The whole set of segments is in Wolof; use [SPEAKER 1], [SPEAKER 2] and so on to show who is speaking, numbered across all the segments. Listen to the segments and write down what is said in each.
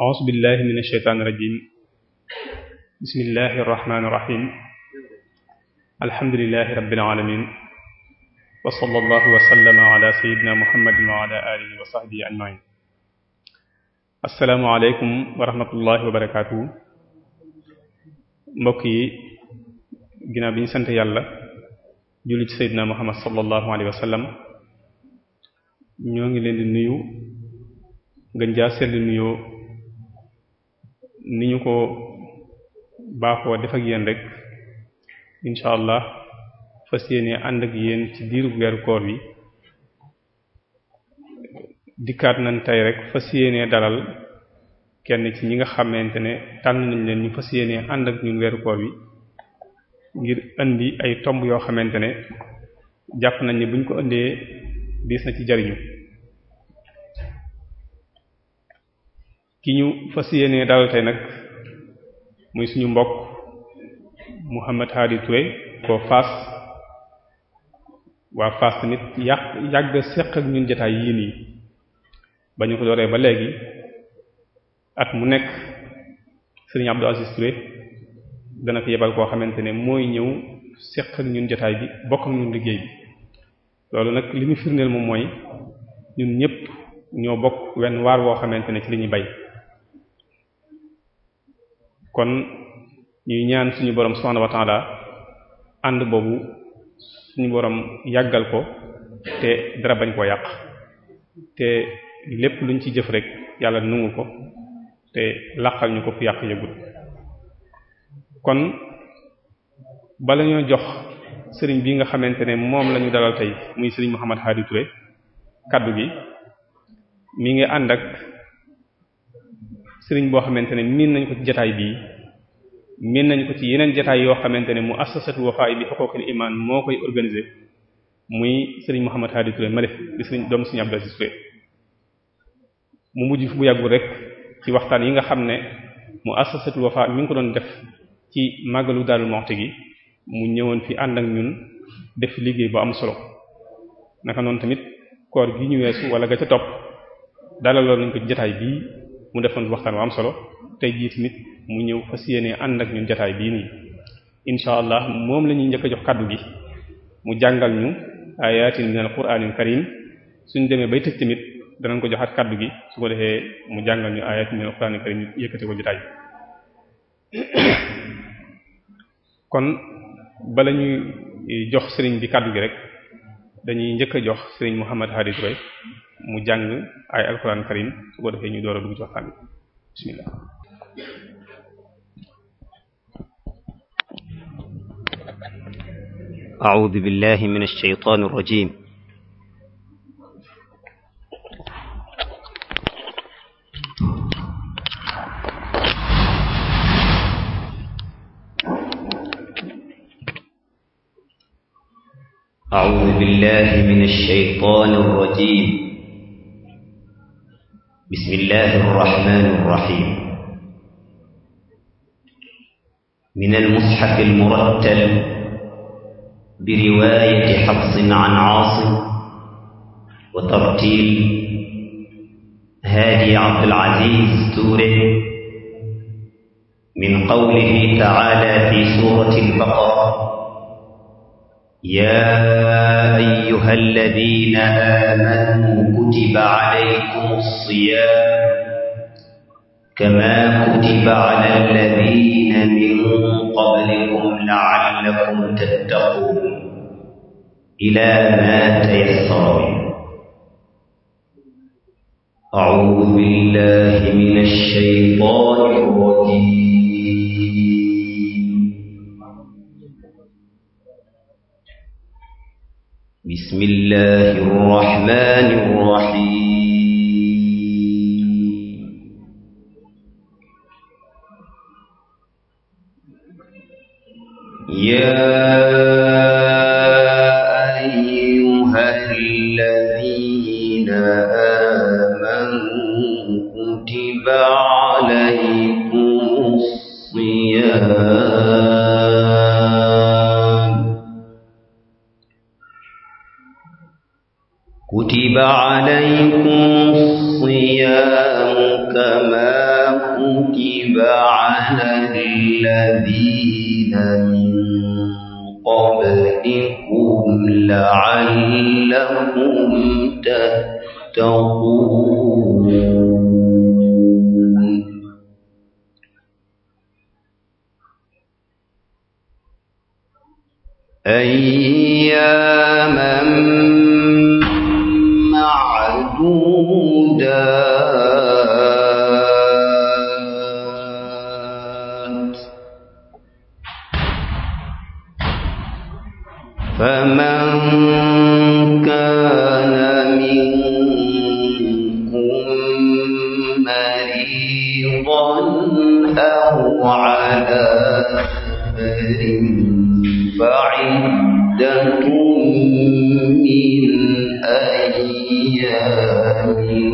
[SPEAKER 1] a'uuzu billahi mina shaytaani rajiim bismillahi rahmaani rahiim alhamdulillahi rabbil aalamiin wa sallallahu wa sallama ala sayyidina muhammadin wa ala aalihi wa sahbihi ajma'iin assalaamu aleykum wa rahmatullahi wa barakaatuh mbokk yi ginnaaw bi ñu sant yàlla julli ci sayyidina muhammad sallallahu alayhi wa sallam ñoo ngi leen di nuyu gën jaa seetlu nuyoo ni ñu ko baaxoo def ak rek incha allah fas yéene ànd ak yéen ci diiru weeru koor bi dikkaat nañ tey rek fas yéene dalal kenn ci ñi nga xamante ne tànn nañ leen ñu fas yéene ànd ak ñun weeru koor bi ngir indi ay tomb yoo xamante ne jàpp nañ ne buñ ko indee diis na ci jariñu ki ñu fas yéene dalal tey nag muy suñu mbokk Mouhamed Hadi Touré koo Fass waa Fass tamit yàq yàgg seq ak ñun jotaay yii nii ba ñu ko dooree ba léegi at mu nekk sëriñ Abdou Aziz Touré dana fi yebal koo xamante ne mooy ñëw seq ak ñun jotaay bi bokk ñun liggéey bi loolu nag li ñu firndeel moom mooy ñun ñëpp ñoo bokk wenn waar woo xamante ne ci li ñuy bay kon ñuy ñaan suñu borom subhanahu wa ta'ala ànd boobu suñu boroom yàggal ko te dara bañ koo yàq te lépp luñ ci jëf rek yàlla nungu ko te laqal ñu ko fu yàq yëgut kon bala ñoo jox sëriñ bi nga xamante ne moom la ñu dalal tey muy sëriñ Mouhamed Hadi Touré kaddu gi ngi ànd ak sëriñ boo xamante ne miin nañ ko ci jataay bii miin nañ ko ci yeneen jataay yoo xamante ne mu assasatu wafa'i bi huquqil iman moo koy organiser muy sëriñ Mouhamed Hadi Touré Malif di sëriñ doomu sëriñ Abdou Aziz Touré mu mujj bu yàggul rek ci waxtaan yi nga xam ne mu assasatu wafa mi ngi ko doon def ci màggalu Darou Moukhty gi mu ñëwoon fi ànd ak ñun def liggéey bu am solo naka noonu tamit koor gi ñu weesu wala ga ca topp dalaloon nañ ko jataay bii mu defoon waxtaan wa am solo tey jii tamit mu ñëw fas yéenee ànd ak ñun jotaay bii nii incha allah moom la ñuy njëkk a jox kàddu gi mu jàngal ñu ayatin min alquranil karim suñ demee bay tëj tamit danañ ko joxaat kàddu gi su ko defee mu jàngal ñu ayatin min alquranil karim yëkkati ko jotaay kon bala ñuy jox sëriñ bi kàddu gi rek dañuy njëkk a jox sëriñ Mouhamed Hadi Touré mu jàng ay alquran karim su ko defee ñu door a dugg ci waxtaan bi bismillah
[SPEAKER 2] أعوذ بالله من الشيطان الرجيم
[SPEAKER 3] أعوذ بالله من الشيطان الرجيم بسم الله الرحمن الرحيم من المصحف المرتل برواية حفص عن عاصم وترتيل هادي عبد العزيز توري من قوله تعالى في سورة البقرة يا أيها الذين آمنوا كتب عليكم الصيام كما كتب على الذين من قبلكم لعلكم تتقون إلى ما تيسر أعوذ بالله من الشيطان الرجيم بسم الله الرحمن الرحيم يا أيها الذين آمنوا كتب عليكم الصيام كتب عليكم الصيام كما كتب على الذين من قبلكم لعلكم تتقون أياما عدة من أيام أخر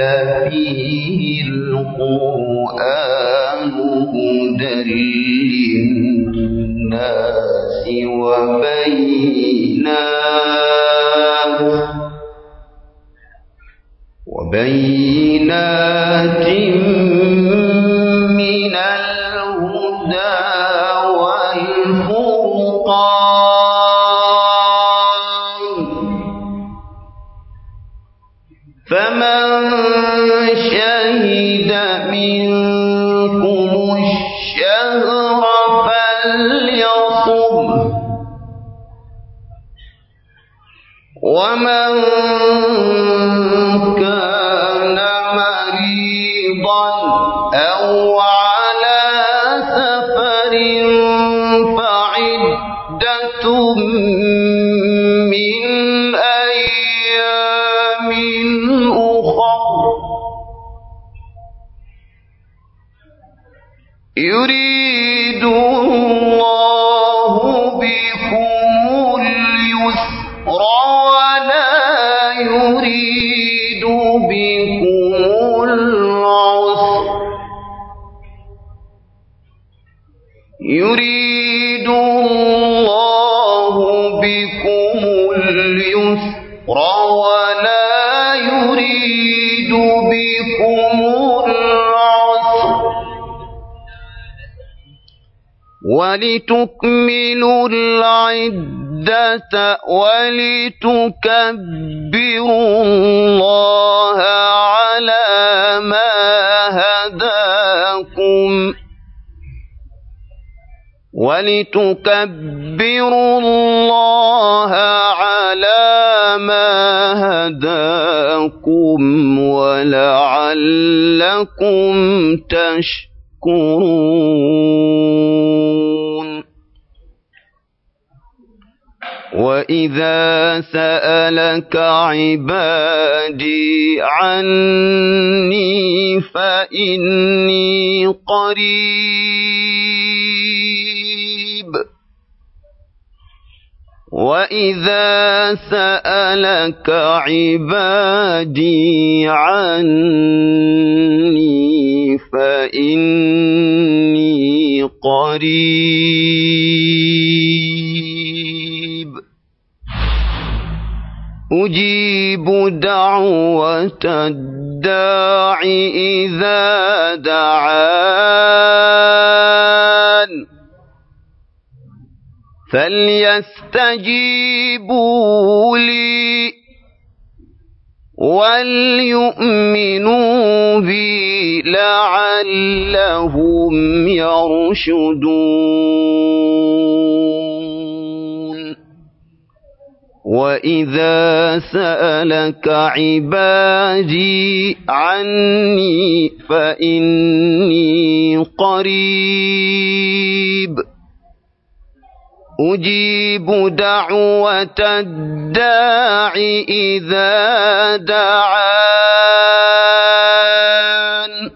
[SPEAKER 3] قتل فيه القرآن هدى للناس وبينات وبينات من ولتكملوا العدة ولتكبروا الله على ما هداكم ولتكبروا الله على ما هداكم ولعلكم تشكرون تشكرون وإذا سألك عبادي عني فإني قريب وإذا سألك عبادي عني فإني قريب أجيب دعوة الداع إذا دعان فليستجيبوا لي وليؤمنوا بي لعلهم يرشدون وإذا سألك عبادي عني فإني قريب أجيب دعوة الداع إذا دعان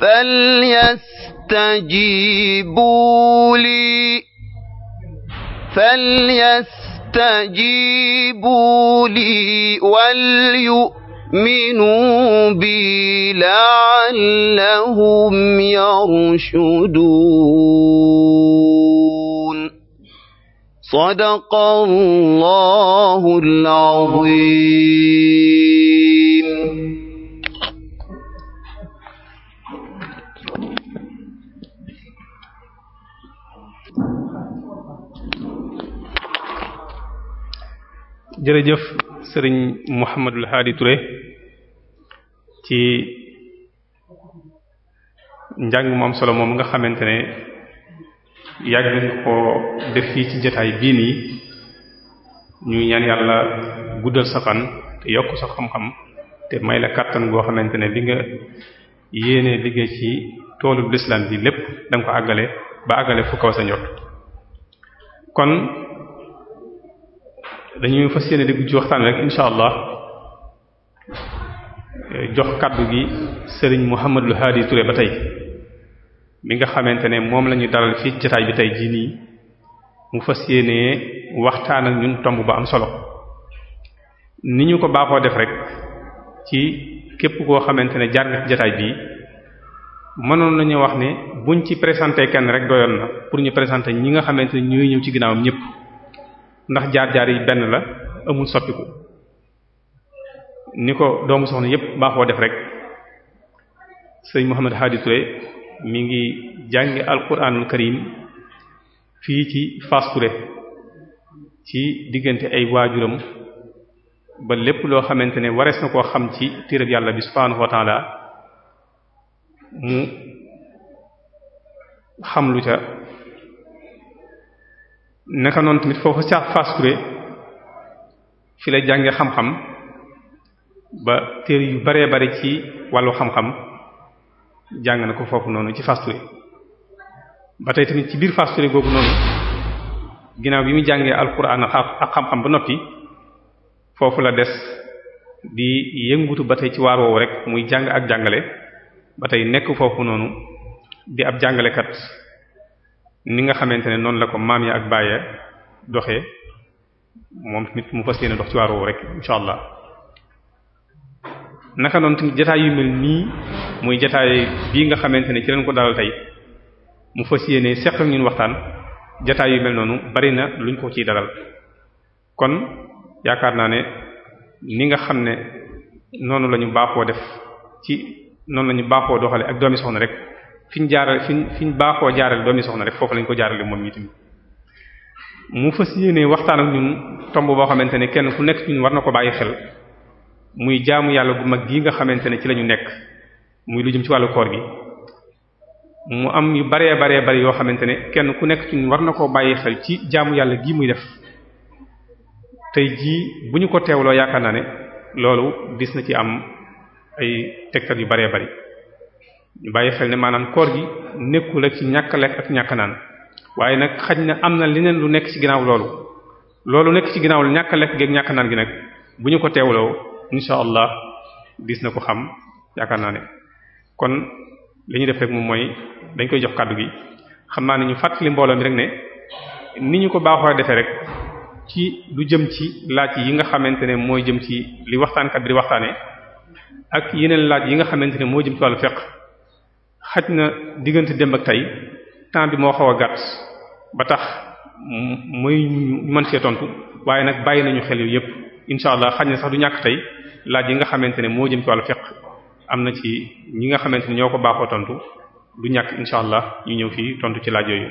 [SPEAKER 3] فليستجيبوا لي فليستجيبوا لي وليؤمنوا بي لعلهم يرشدون صدق الله العظيم
[SPEAKER 1] jërëjëf Serigne Mouhamadou Hadi Touré ci njàng moom solo moom nga xamante ne yàgg nañ koo def fii ci jotaay bii nii ñu ñaan yàlla guddal sa te yokk sa xam-xam te may la kàttan goo xamante ne li nga yéene liggéey ci toolu lislaam bii lépp danga ko àggale ba àggale fu kaw sa njot kon dañuy fas yéene dégg ci waxtaan rek insha allah jox kàddu gi sëriñ Muhammadul Hadi Touré ba tey mi nga xamante ne moom la ñu dalal fii jotaay bi tey jii nii mu fas yéenee waxtaan ak ñun tomb ba am solo ni ñu ko baaxoo def rek ci képp koo xamante ne jaar nga jotaay bii mënoon nañu wax ne buñ ci présenté kenn rek doyoon na pour ñu présenté ñi nga xamante ni ñooy ñëw ci ginnaawam ñépp ndax jaar-jaar yi benn la amul soppiku ni ko doomu soxna yëpp baaxoo def rek sëñ Mouhamed Hadi Touré mi ngi jàngi alquranul karim fii ci Fass ci diggante ay waajuram ba lépp loo xamante ne warees na koo xam ci téereb yàlla bi subhaanahu wa mu xam lu ca naka noonu tamit foofu ca Fass Touré la jànge xam-xam ba téere yu baree bare ci wàllu xam-xam jàng na ko foofu noonu ci fasture ba tey tamit ci biir fasture googu noonu ginnaaw bi mu jàngee alquran ak xam-xam ba noppi foofu la des di yëngutu ba tey ci waar woowu rek muy jàng ak jàngale ba tey nekk foofu noonu di ab jàngalekat ni nga xamante ne noonu la ko maam ya ak bàyyee doxe moom tamit mu fas yéene dox ci waar woowu rek incha allah naka noonu tamit jotaay yu mel muy jotaay bii nga xamante ne ci lañ ko dalal tey mu fas yéene seq ñun waxtaan jotaay yu mel noonu bari na luñ ko ciy dalal kon yaakaar naa ne ni nga xam ne noonu la ñu baaxoo def ci noonu la ñu baaxoo doxale ak doomi soxna rek fi ñu jaaral fi ñu fi ñu baaxoo jaarale doomi soxna rek foofu lañ ko jaarale moom ñi tamit mu fas yéene waxtaan ak ñun tomb boo xamante ne kenn ku nekk ñun war na ko bàyyi xel. muy jaamu yàlla gu mag gii nga xamante ne ci la ñu nekk muy lu ci wàllu koor gi mu am yu baree baree bari yoo xamante ne kenn ku nekk ci ñun war na koo bàyyi xel ci jaamu yàlla gii muy def tey jii bu ñu ko teewloo yaakaar naa ne loolu gis na ci am ay tegtal yu baree bari ñu bàyyi xel ne maanaam koor gi nekkul ak ci ñàkk lekk ak ñàkk naan waaye nag xaj na am na neen lu nekk ci ginnaaw loolu loolu nekk ci ginnaaw ñàkk lekk gi ak ñàkk naan gi nag bu ñu ko teewloo incha allah diis na ko xam yaakaar naa ne kon li ñu def rek moom mooy dañ koy jox kàddu gi xam naa ne ñu fàttali mbooloo mi rek ne ni ñu ko baaxoo defee rek ci lu jëm ci laaj yi nga xamante ne mooy jëm ci li waxtaankat bi di waxtaanee ak yeneen laaj yi nga xamante ne moo jëm ci xaj na diggante démb ak tey temps bi moo xaw a gàtt ba tax muy mën see tontu waaye nag bàyyi nañu xel yu yëpp incha allah xaj na sax du ñàkk tey. laaj yi nga xamante ne moo jëm ci wàllu fiqh am na ci ñi nga xamante ne ñoo ko baaxoo tontu du ñàkk insha allah ñu ñëw fii tontu ci laaj yi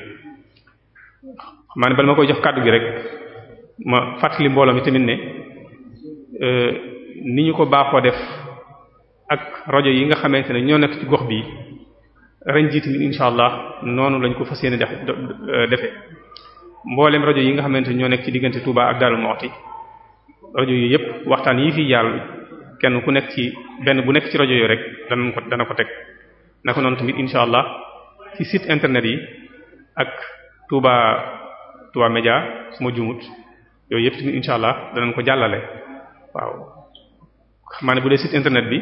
[SPEAKER 1] maa ne ma koy jox kàddu gi rek ma fàttali mbooloo mi tamit ne euh, ni ñu ko baaxoo def ak rajo yi nga xamante ne ñoo nekk ci gox bi ren jiitu noonu lañ ko fas yéene def euh, defee mboolem rajo yi nga xamante ne ñoo nekk ci diggante Touba ak Darou Moukhty rajo yi yëpp waxtaan yi fi jàll kenn ku nekk ci benn bu nekk ci rajo yooyu rek danañ ko dana ko teg naka noonu tamit incha allah ci sit internet yi ak Touba Touba Média su ma jumut yooyu yëpp tamit incha allah danañ ko jàllale waaw xamaa ne bu dee site internet bi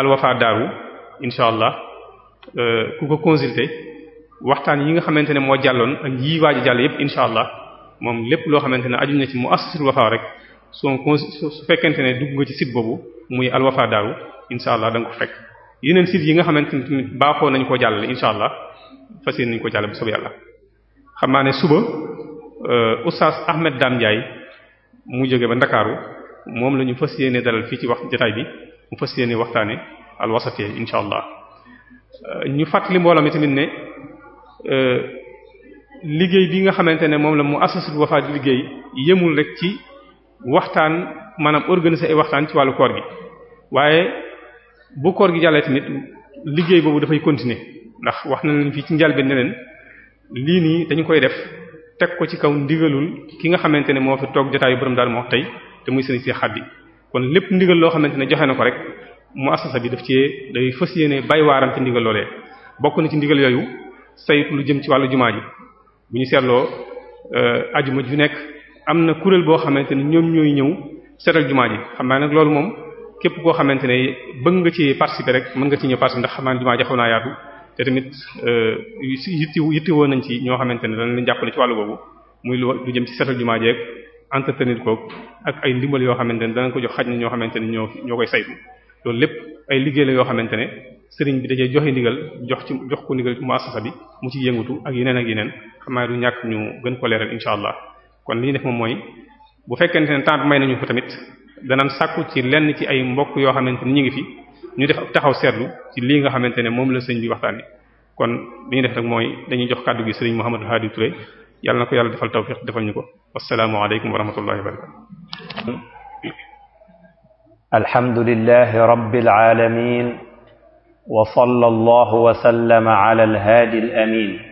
[SPEAKER 1] Al Wafa Daaru incha allah euh, ku ko consulter waxtaan yi nga xamante ne moo jàlloon ak yi waaj jàll yëpp incha allah moom lépp loo xamante ne aju na ci mu assasul Wafa rek. soo ko su fekkente ne dugg nga ci site boobu muy alwafa daaru incha allah da nga ko fekk yeneen site yi nga xamante ni baaxoo nañu ko jàllale incha allah fas yéene nañu ko jàllale bu soobee yàlla. xam naa ne suba euh, Oustaz Ahmed Dame Ndiaye mu jóge ba Ndakaaru moom la ñu fas yéene dalal fii ci wax jotaay bi mu fas yéene waxtaane alwasatiyya incha allah euh, ñu fàttali mbooloo mi tamit ne euh, liggéey bi nga xamante ne moom la mu assasul Wafa di liggéey yemul waxtaan maanaam organiser ay waxtaan ci wàllu koor gi waaye bu koor gi jàllee tamit liggéey boobu dafay continuer ndax wax na leen fii ci njàlbeen ne leen lii nii dañu koy def teg ko ci kaw ndigalul ki nga xamante ne moo fi toog jotaayu borom daal moo tey te muy sëriñ si xat bi kon lépp ndigal loo xamante ne joxe na ko rek mu asasa bi daf ci day fas yéene bay waaram ci ndigal loolee bokk na ci ndigal yooyu saytu lu jëm ci wàllu jumaa ji bu ñu seetloo euh, ajuma ju nekk am na kuréel boo xamante ne ñoom ñooy ñëw setal jumaa ji xam naa nag loolu moom képp koo xamante ne bëgg nga ci participer rek mën nga ci ñëw participer ndax xam naa jumaa ji xaw naa yaatu te tamit euh, yitti yittiwoon ci ñoo xamante ne dañ leen jàppale ci wàllu boobu muy lu jëm ci setal jumaa ji entretenir ko ak ay ndimbal yoo xamante ne danañ ko jox xaj na ñoo xamante ne ñoo ñoo koy saytu loolu lépp ay liggéey la yoo xamante ne sëriñ bi dajee joxe ndigal jox ci jox ko ndigal ci muassasa bi mu ci yëngutu ak yeneen ak yeneen xam naa du ñàkk ñu gën ko leeral insha allah kon li ñu def moom mooy bu fekkente ne temps bi may nañu ko tamit danañ sàkku ci lenn ci ay mbokk yoo xamante ni ñu ngi fi ñu def taxaw seetlu ci lii nga xamante ne moom la sëñ bi waxtaanee kon li ñu def rek mooy dañuy jox kàddu gi sëriñ Mouhamadou Hadi Touré yàlla na ko yàlla defal tawfiq defal ñu ko wasalaamualeykum wa rahmatullahi wa barakatuh.
[SPEAKER 4] alhamdulillahi rabbil alamin wa sallallahu wa sallama ala al-hadi al-amin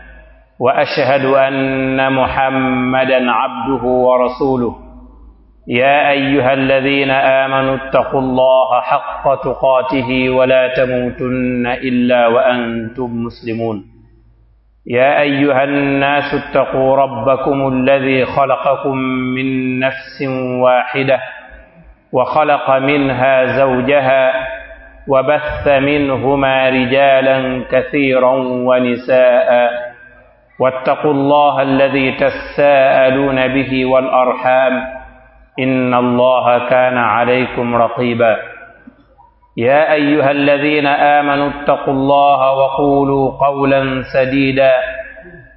[SPEAKER 4] واشهد ان محمدا عبده ورسوله يا ايها الذين امنوا اتقوا الله حق تقاته ولا تموتن الا وانتم مسلمون يا ايها الناس اتقوا ربكم الذي خلقكم من نفس واحده وخلق منها زوجها وبث منهما رجالا كثيرا ونساء واتقوا الله الذي تساءلون به والأرحام إن الله كان عليكم رقيبا يا أيها الذين آمنوا اتقوا الله وقولوا قولا سديدا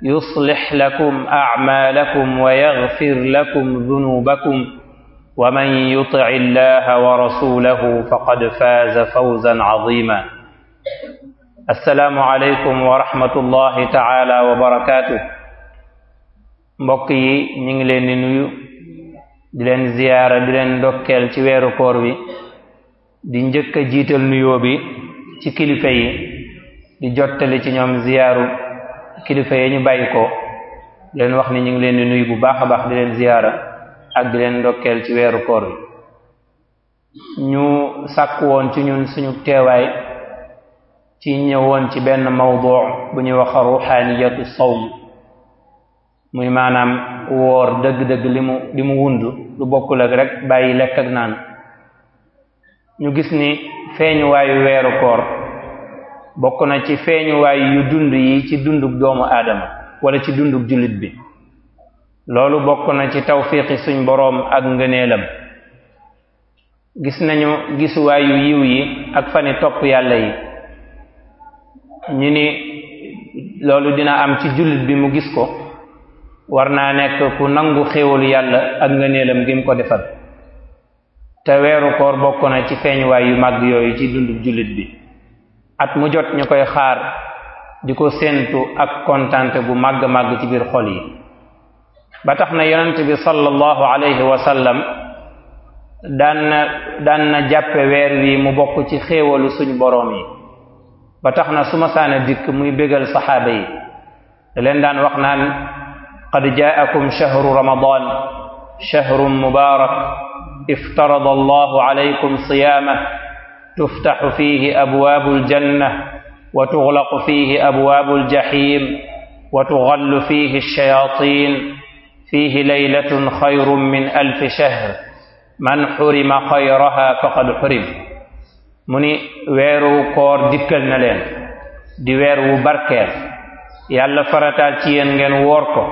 [SPEAKER 4] يصلح لكم أعمالكم ويغفر لكم ذنوبكم ومن يطع الله ورسوله فقد فاز فوزا عظيما assalaamu aleykum wa rahmatullahi taala wa barakaatu mbokk yi ñu ngi leen di nuyu di leen ziyaara di leen ndokkeel ci weeru koor bi di njëkk a jiital nuyoo bi ci kilifa yi di jottali ci ñoom ziyaaru kilifa yi ñu bàyyi ko leen wax ni ñu ngi leen di nuyu bu baax a baax di leen ziyaara ak di leen ndokkeel ci weeru koor bi ñu sàkk woon ci ñun suñu teewaay ci ñëwoon ci benn mawduu bu ñuy wax ruxaaniyatu sawm muy maanaam woor dëgg-dëgg li mu li mu wund lu bokkul ak rekk bàyyi lekk ak naan ñu gis ni feeñuwaayu weeru koor bokk na ci feeñuwaay yu dund yi ci dundug doomu aadama wala ci dundug jullit bi loolu bokk na ci tawfiqi suñ boroom ak ngëneelam gis nañu gisuwaayu yiw yi ak fani topp yàlla yi ñu ni loolu dina am ci jullit bi mu gis ko war naa nekk ku nangu xéewalu yàlla ak ngëneelam gi mu ko defal te weeru koor bokk na ci feeñuwaay yu màgg yooyu ci dundu jullit bi at mu jot ñu koy xaar di ko séentu ak kontante bu màgg màgg ci biir xol yi ba tax na yonent bi sallallahu alayhi wa daan na daan na jàppe weer wi mu bokk ci xéewalu suñ boroom yi ba tax na su ma saana dikk muy bégal saxaaba yi da leen daan wax naan qad jaakum shahru ramadan shahrun mubaarak iftarada allahu alaykum siyaamah tuftaxu fiihi abwaabu aljanna wa tuglaqu fiihi abwaabu aljahim wa tugallu fiihi alshayaatin fiihi laylatun xayrun min alfi shahr man xurima xayraha faqad xurim mu ni weeru koor dikkal na leen di weer wu barkeel yàlla farataal ci yéen ngeen woor ko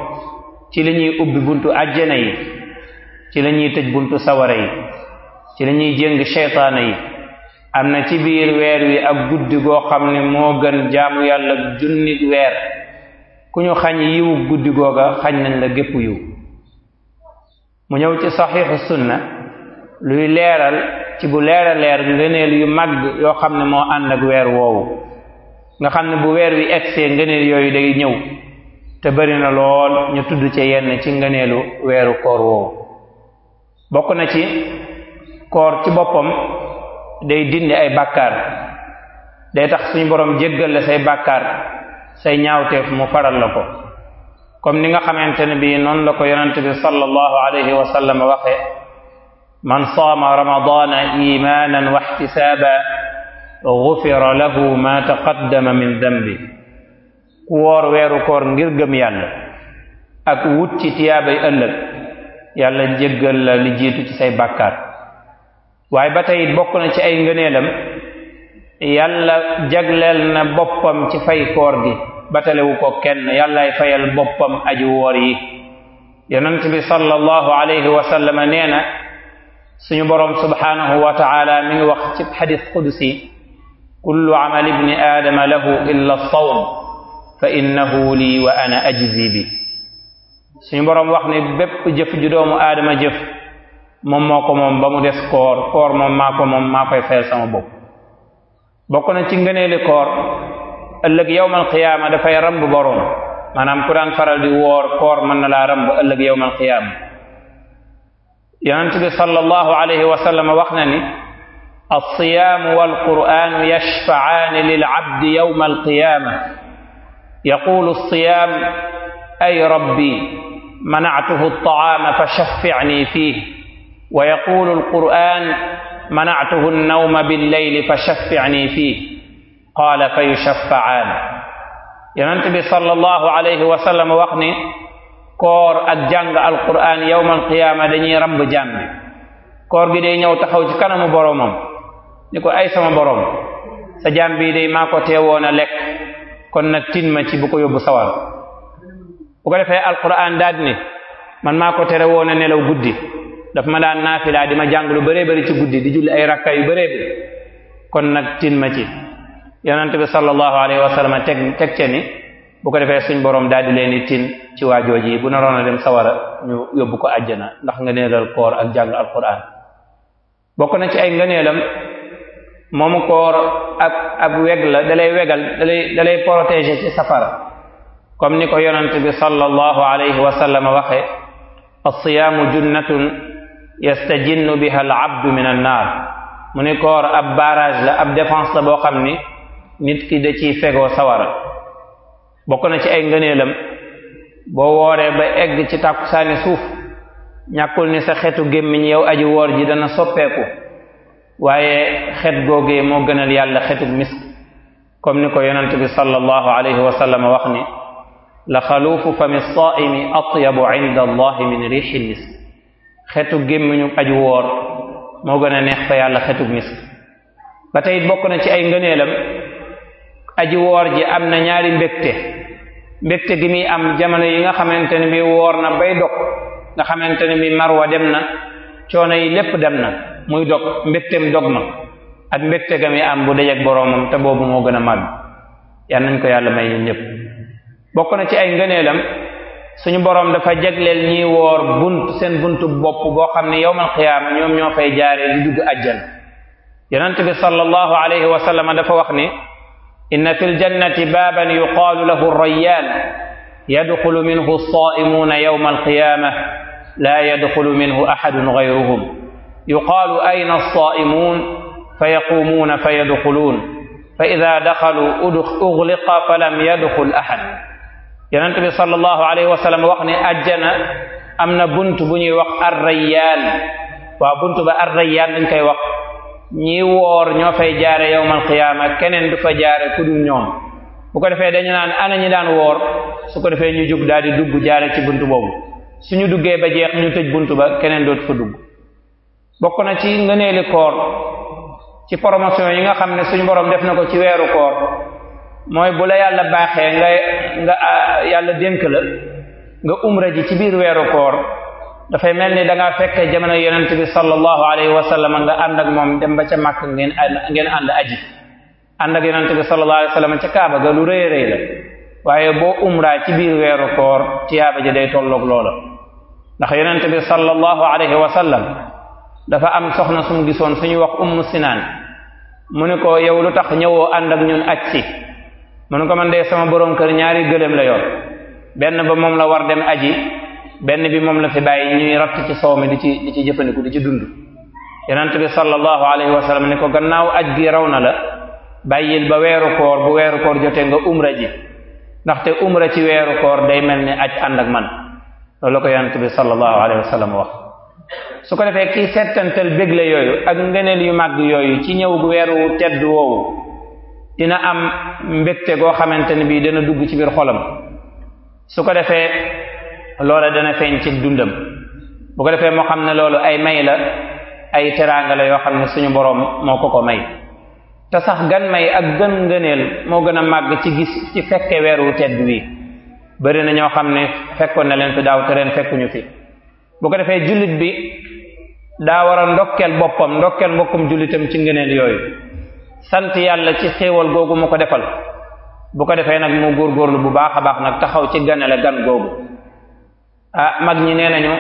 [SPEAKER 4] ci la ñuy ubbi buntu àjjana yi ci lañuy tëj buntu sawara yi ci lañuy ñuy jéng seytaana yi am na ci biir weer wi ak guddi goo xam ne moo gën jaamu yàlla junni weer ku ñu xañ yiwu guddi googa xañ nañ la gépp yiw mu ñëw ci saxiixu sunna luy leeral ci bu leer a leer yu màgg yoo xam ne moo ànd ak weer woowu nga xam ne bu weer wi egsee ngëneel yooyu day ñëw te bari na lool ñu tudd ci yenn ci ngëneelu weeru koor woowu bokk na ci koor ci boppam day dindi ay bàkkaar day tax suñu boroom jéggal la say bàkkaar say ñaawteef mu faral la ko comme ni nga xamante ne bii noonu la ko yonent bi sallallahu alayhi wa waxe man saama ramadaana imaanan wa ihtisaaban gufira lahu ma taqaddama min dambi ku woor weeru koor ngir gëm yàlla ak wut ci tiyaabay ëllëg yàlla jéggal la li jiitu ci say bàkkaar waaye ba tey bokk na ci ay ngëneelam yàlla jagleel na boppam ci fay koor gi batalewu ko kenn yàllaay fayal boppam aji woor yi yonent bi sallallahu alayhi wa sallam nee na suñu boroom subhanahu wa taala mi ngi wax ci xadis qudsi kullu amali ibni aadama lahu illa sawm fa innahu lii wa ana ajzi bi suñu boroom wax ne bépp jëf ju doomu aadama jëf moom moo ko moom ba mu des koor koor moom maa ko moom maa koy fayal sama bopp bokk na ci ngëneeli koor ëllëg yawmal qiyaama dafay ramb boroom maanaam ku daan faral di woor koor mën na laa ramb ëllëg yawmal qiyaama yonent bi sallallahu alayhi wa sallam wax na ni alsiyaamu walqur'aanu yashfacaani lilcabdi yowma alqiyaama yaqulu alsiyaam ay rabbi manactuhu alطacaama fashafficnii fiih wa yaqulu alqur'aan manactuhu alnawma billeyli fashafficnii fiih qaala fayushaffacaani yonent bi sallallahu alayhi wa sallam wax ni koor ak jàng alquran yawmal qiyaama dañuy ramb jaam bi koor gi dey ñëw taxaw ci kanamu boroomam ni ko ay sama boroom sa jaam bi day maa ko teewoon a lekk kon nag tin ma ci bu ko yóbbu sawar bu ko defee alquran daad ni man maa ko tere woon a nelaw guddi daf ma daan naafilaa di ma jàng lu bëree bëri ci guddi di julli ay rakka yu bëree kon nag tin ma ci yonent bi sallallahu alayhi wa sallam teg teg ce ni bu ko defee suñ boroom daal di leen tin ci waajooji yi bu naroon a dem sawara ñu yóbbu ko àjjana ndax nga neelal koor ak jàng alquran na ci ay ngëneelam moom koor ak ak weg la dalay wegal dalay dalay ci safara comme ni ko yonent bi sallallahu alayhi wa sallam waxe as-siyaamu junnatun yastajinnu biha al-abdu min an mu ni koor ab barrage la ab défense la boo xam ni nit ki da ci fegoo sawara bokk na ci ay ngëneelam boo wooree ba egg ci tàkkusaani suuf ñàkkul ni sa xetu gémmiñ yow aju woor ji dana soppeeku waaye xet googee moo gënal yàlla xetu misk comme ni ko yonent bi sallallahu alayhi wa sallam wax ni la xaluufu fami saa'imi atyabu inda allahi min riixil misk woor moo gën a neex fa yàlla xetu misk ba tey bokk ci ay ngëneelam aji woor ji am na ñaari mbégte mbégte gi muy am jamono yi nga xamante ne bi woor na bay dog nga xamante ne bi marwa dem na coono yi lépp dem na muy dog mbégtem dog ma ak mbégte ga muy am bu dajeg boroomam te boobu moo gën a màgg yal nañ ko yàlla may ñun ñëpp bokk na ci ay ngëneelam suñu boroom dafa jagleel ñiy woor bunt seen buntu bopp boo xam ne yowmal xiyaama ñoom ñoo fay jaareel di dugg ajjan yonent bi sallallahu alayhi wa dafa wax ni inna fi ljannati baaban yuqaalu lahu rayyaan yadxulu minhu saa'imuuna yawma alqiyaama laa yadxulu minhu axadun gayruhum yuqaalu ayna assaa'imuun fayaquumuuna fayadxuluun fa idaa daxaluu ugliqa falam yadxul axad yonent bi sallallahu alayhi wa sallam wax ne àjjana am na bunt bu ñuy wax ar-rayyaan waa bunt ba ar-rayyaan dañ koy wax ñi woor ñoo fay jaare yowmal qiyaama keneen du fa jaare ku dul ñoom bu ko defee dañu naan ana ñi daan woor su ko defee ñu jub daal di dugg jaare ci buntu boobu suñu duggee ba jeex ñu tëj buntu ba keneen dootu fa dugg bokk na ci nga ngëneeli koor ci promotion yi nga xam ne suñ borom def na ko ci weeru koor mooy bu la yàlla baaxee nga nga yàlla dénk la nga umra ji ci biir weeru koor dafay mel ni da ngaa fekk jamono yonent bi sallallahu alayhi wa sallam nga ànd ak moom dem ba ca màkk ngeen ngeen ànd aji ànd ak yonent bi sallallahu alayhi wa sallam ca kaaba lu rëy waaye boo umraa ci biir weeru koor tiyaaba ji day tolloog loola ndax yonent bi sallallahu alayhi wa sallam dafa am soxna sum gisoon suñu wax sinaan mu ni ko yow lu tax ñëwoo ànd ak ñun aj si mu ko man dee sama borom kër ñaari gëléem la yoon benn ba moom la war dem aji benn bi moom la fi bàyyi ñuy ratt ci soow mi di ci di ci jëfandiku di ci dund yonent bi sallallahu alayhi wa sallam ne ko gannaaw aj gi raw na la bàyyil ba weeru koor bu weeru koor jotee nga umra ji ndaxte umra ci weeru koor day mel ni aj ànd ak man loolu la ko yonent bi sallallahu alayhi wa sallam wax su ko defee kii settantal bégle yooyu ak ngëneel yu màgg yooyu ci ñëw weeru tedd woowu dina am mbégte goo xamante ne bii dana dugg ci biir xolam su ko defee loola dena feeñ ci dundam bu ko defee moo xam ne loolu ay may la ay teraanga la yoo xam ne suñu boroom moo ko ko may te sax gan may ak gën ngëneel moo gën a màgg ci gis ci fekke weeru tedd wi bëri na ñoo xam ne fekkoon na leen fi daaw te fekkuñu fi bu ko defee jullit bi daa war a ndokkeel boppam ndokkeel mbokkum jullitam ci ngëneel yooyu sant yàlla ci xéewal googu mu ko defal bu ko defee nag mu góor góorgóorlu bu baax a baax nag taxaw ci ganale gan googu ah mag ñi nee nañu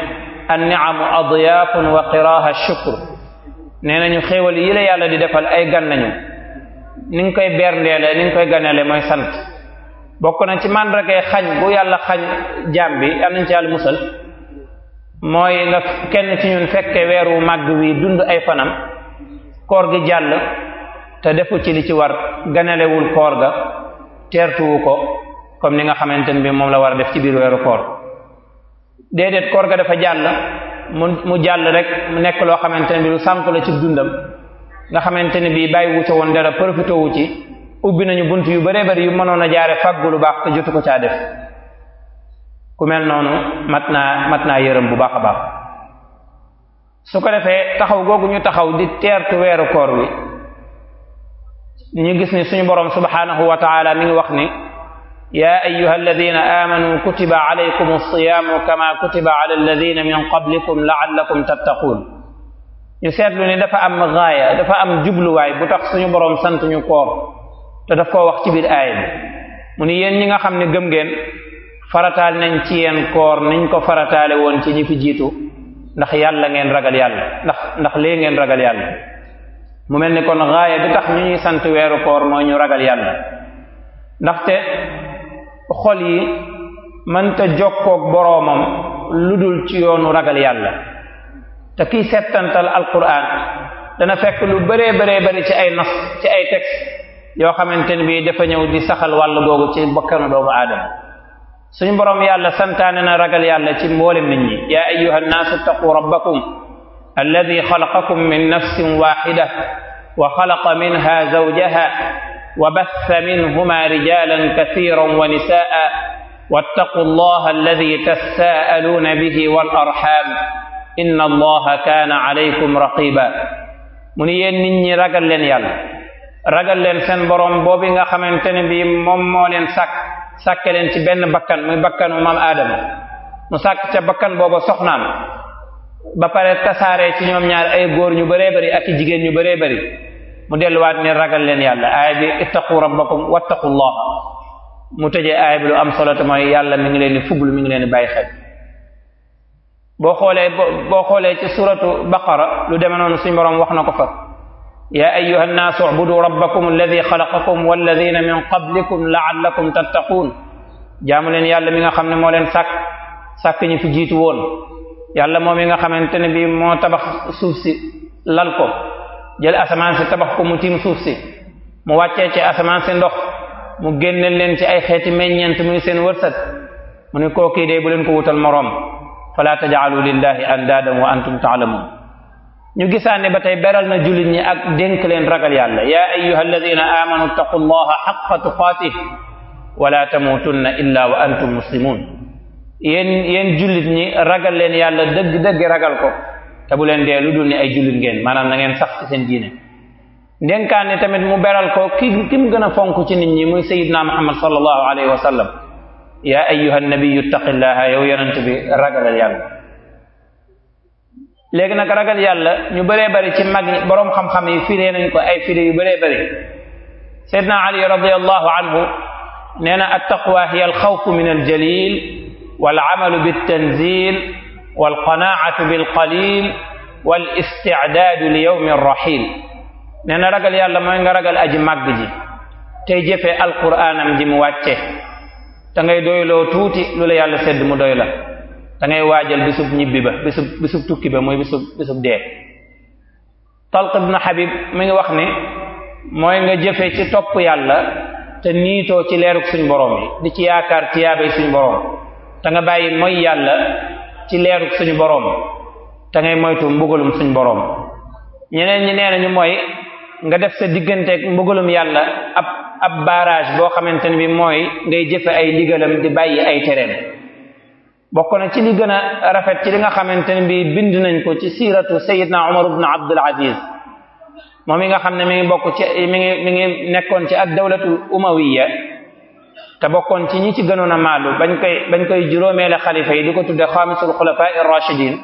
[SPEAKER 4] an niamu adyafun wa qiraha shukr nee nañu xéewal yi yàlla di defal ay gan lañu ni nga koy berndeele ni nga koy ganeele mooy sant bokk nañ ci màndargay xañ bu yàlla xañ jaam bi am nañ ci yàlla musal mooy nga kenn ci ñun fekke weeru màgg wi dund ay fanam koor gi jàll te defu ci li ci war ganelewul koor ga teertuwu ko comme ni nga xamante ne bi moom la war a def ci biir weeru koor déedéet koor ga dafa jàll mu mu jàll rek mu nekk loo xamante ne bi lu sànq la ci dundam nga xamante ne bii bàyyi wu ca woon dara profité wu ci ubbi nañu bunt yu bëree bëri yu mënoon a jaare fàggu lu baax te jotu ko caa def ku mel noonu mat naa mat naa yërëm bu baax a baax su ko defee taxaw googu ñu taxaw di teertu weeru koor wi ñu gis ni suñu boroom subhanahu wa taala mi ngi wax ni يا أيها الذين آمنوا كتب عليكم الصيام كما كتب على الذين من قبلكم لعلكم تتقون ñu seetlu ni dafa am gaaya dafa am jubluwaay bu tax suñu boroom sant ñu koor te daf koo wax ci biir aaya mu ni yéen ñi nga xam ne gëm ngeen farataal nañ ci yéen koor niñ ko farataale woon ci ñi fi jiitu ndax yàlla ngeen ragal yàlla ndax ndax lee ngeen mu mel ni kon gaaya bi tax ñu sant weeru koor mooy ñu ragal yàlla xol yi mënta jokkoog boroomam lu dul ci yoonu ragal yàlla te kiy settantal alquran dana fekk lu bëree bëree bëri ci ay nas ci ay texte yoo xamante ne bii dafa ñëw di saxal wàllu googu ci bakkanu doomu aadama suñu boroom yàlla santaane na ragal yàlla ci mboolem nit ñi yaa ayyuha nnaasu taqu rabbakum alladi xalaqakum min nafsin waxida wa xalaqa minha zawjaha وبث منهما رجالا كثيرا ونساء واتقوا الله الذي تساءلون به والأرحام إن الله كان عليكم رقيبا mu ni yéen nit ñi ragal leen yàlla ragal leen seen borom boobi nga xamante ne bii moom moo leen sàkk sàkke leen ci benn bakkan muy bakkanu maam aadama mu sàkk ca bakkan booba soxnaam ba pare tasaaree ci ñoom ñaar ay góor ñu bëree bëri ak i jigéen ñu bëree bëri mu delluwaat ne ragal leen yàlla aaya bi ittaqu rabbakum wattaqullah mu tëjee aaya bi lu am solo te mooy yàlla mi ngi leen di fuglu mi ngi leen di bàyyi xel boo xoolee boo xoolee ci suratu baqara lu deme noonu wax na ko fa yaa ayyuha nnaasu ubudu rabbakum alladi xalaqakum walladina min qablikum laallakum tattaquun jaamu leen yàlla mi nga xam ne moo leen sàkk sàkk ñi fi jiitu woon yàlla moom mi nga xamante ne bi moo tabax suuf si lal ko jël asamaan si tabax ko mu tiim suuf si mu wàccee ci asamaan si ndox mu génne leen ci ay xeeti meññeent muy seen wërsat mu ne koo kii de bu leen ko wutal moroom fala tajaalu lillahi andaadan wa antum taalamun ñu gisaane ba tey beral na jullit ñi ak dénk leen ragal yàlla ya ayuha alladina amanu taqu llaha xaqa tuqaatih wala tamuutunna illa wa antum muslimun yéen yéen jullit ñi ragal leen yàlla dëgg dëgg ragal ko te bu leen dee lu dul ne ay jullit ngeen maanaam na ngeen sax ci seen diine ndenkaane tamit mu beral ko ki ki mu gën a fonk ci nit ñi muy sayidna muhammad sallallahu alayhi wa sallam yaa ayyuha nabiyyu ittaqillaha yow yonent bi ragalal yàlla léegi nag ragal yàlla ñu bëree bëri ci mag ñi boroom xam-xam yi firee nañ ko ay firi yu bëree bëri sayidna ali radiallahu anhu nee na attaqwa hiya alxawfu min aljalil wal amalu bittanzil walqanaatu bilqalil wal istidaadu li yawmi raxil nee na ragal yàlla mooy nga ragal aji màgg ji tey jëfee alquraanam ji mu wàcce da ngay doyloo tuuti lu la yàlla sedd mu doy la da ngay waajal bisub ñibbi ba bisub bisub tukki ba mooy bisub bisub dee talq ibn habib mi ngi wax ni mooy nga jëfe ci topp yàlla te niitoo ci leeruk suñ borom yi di ci yaakaar tiyaabay suñ borom te nga bàyyi mooy ci leeru suñu boroom te ngay moytu mbugalum suñu boroom ñeneen ñi nee nañu mooy nga def sa digganteeg mbugalum yàlla ab ab barrage boo xamante ne bi mooy ngay jëfe ay ndigalam di bàyyi ay tereem bokk na ci li gën a rafet ci li nga xamante ne bi bind nañ ko ci siiratu sayidna umar ibn abdul aziz moom mi nga xam ne mi ngi bokk ci mi ngi mi ngi nekkoon ci ad dawlatu umawiya te bokkoon ci ñi ci gënoon a maandu bañ koy bañ koy juróomeele xalifa yi di ko tudde xaamisul xulafa irrachidin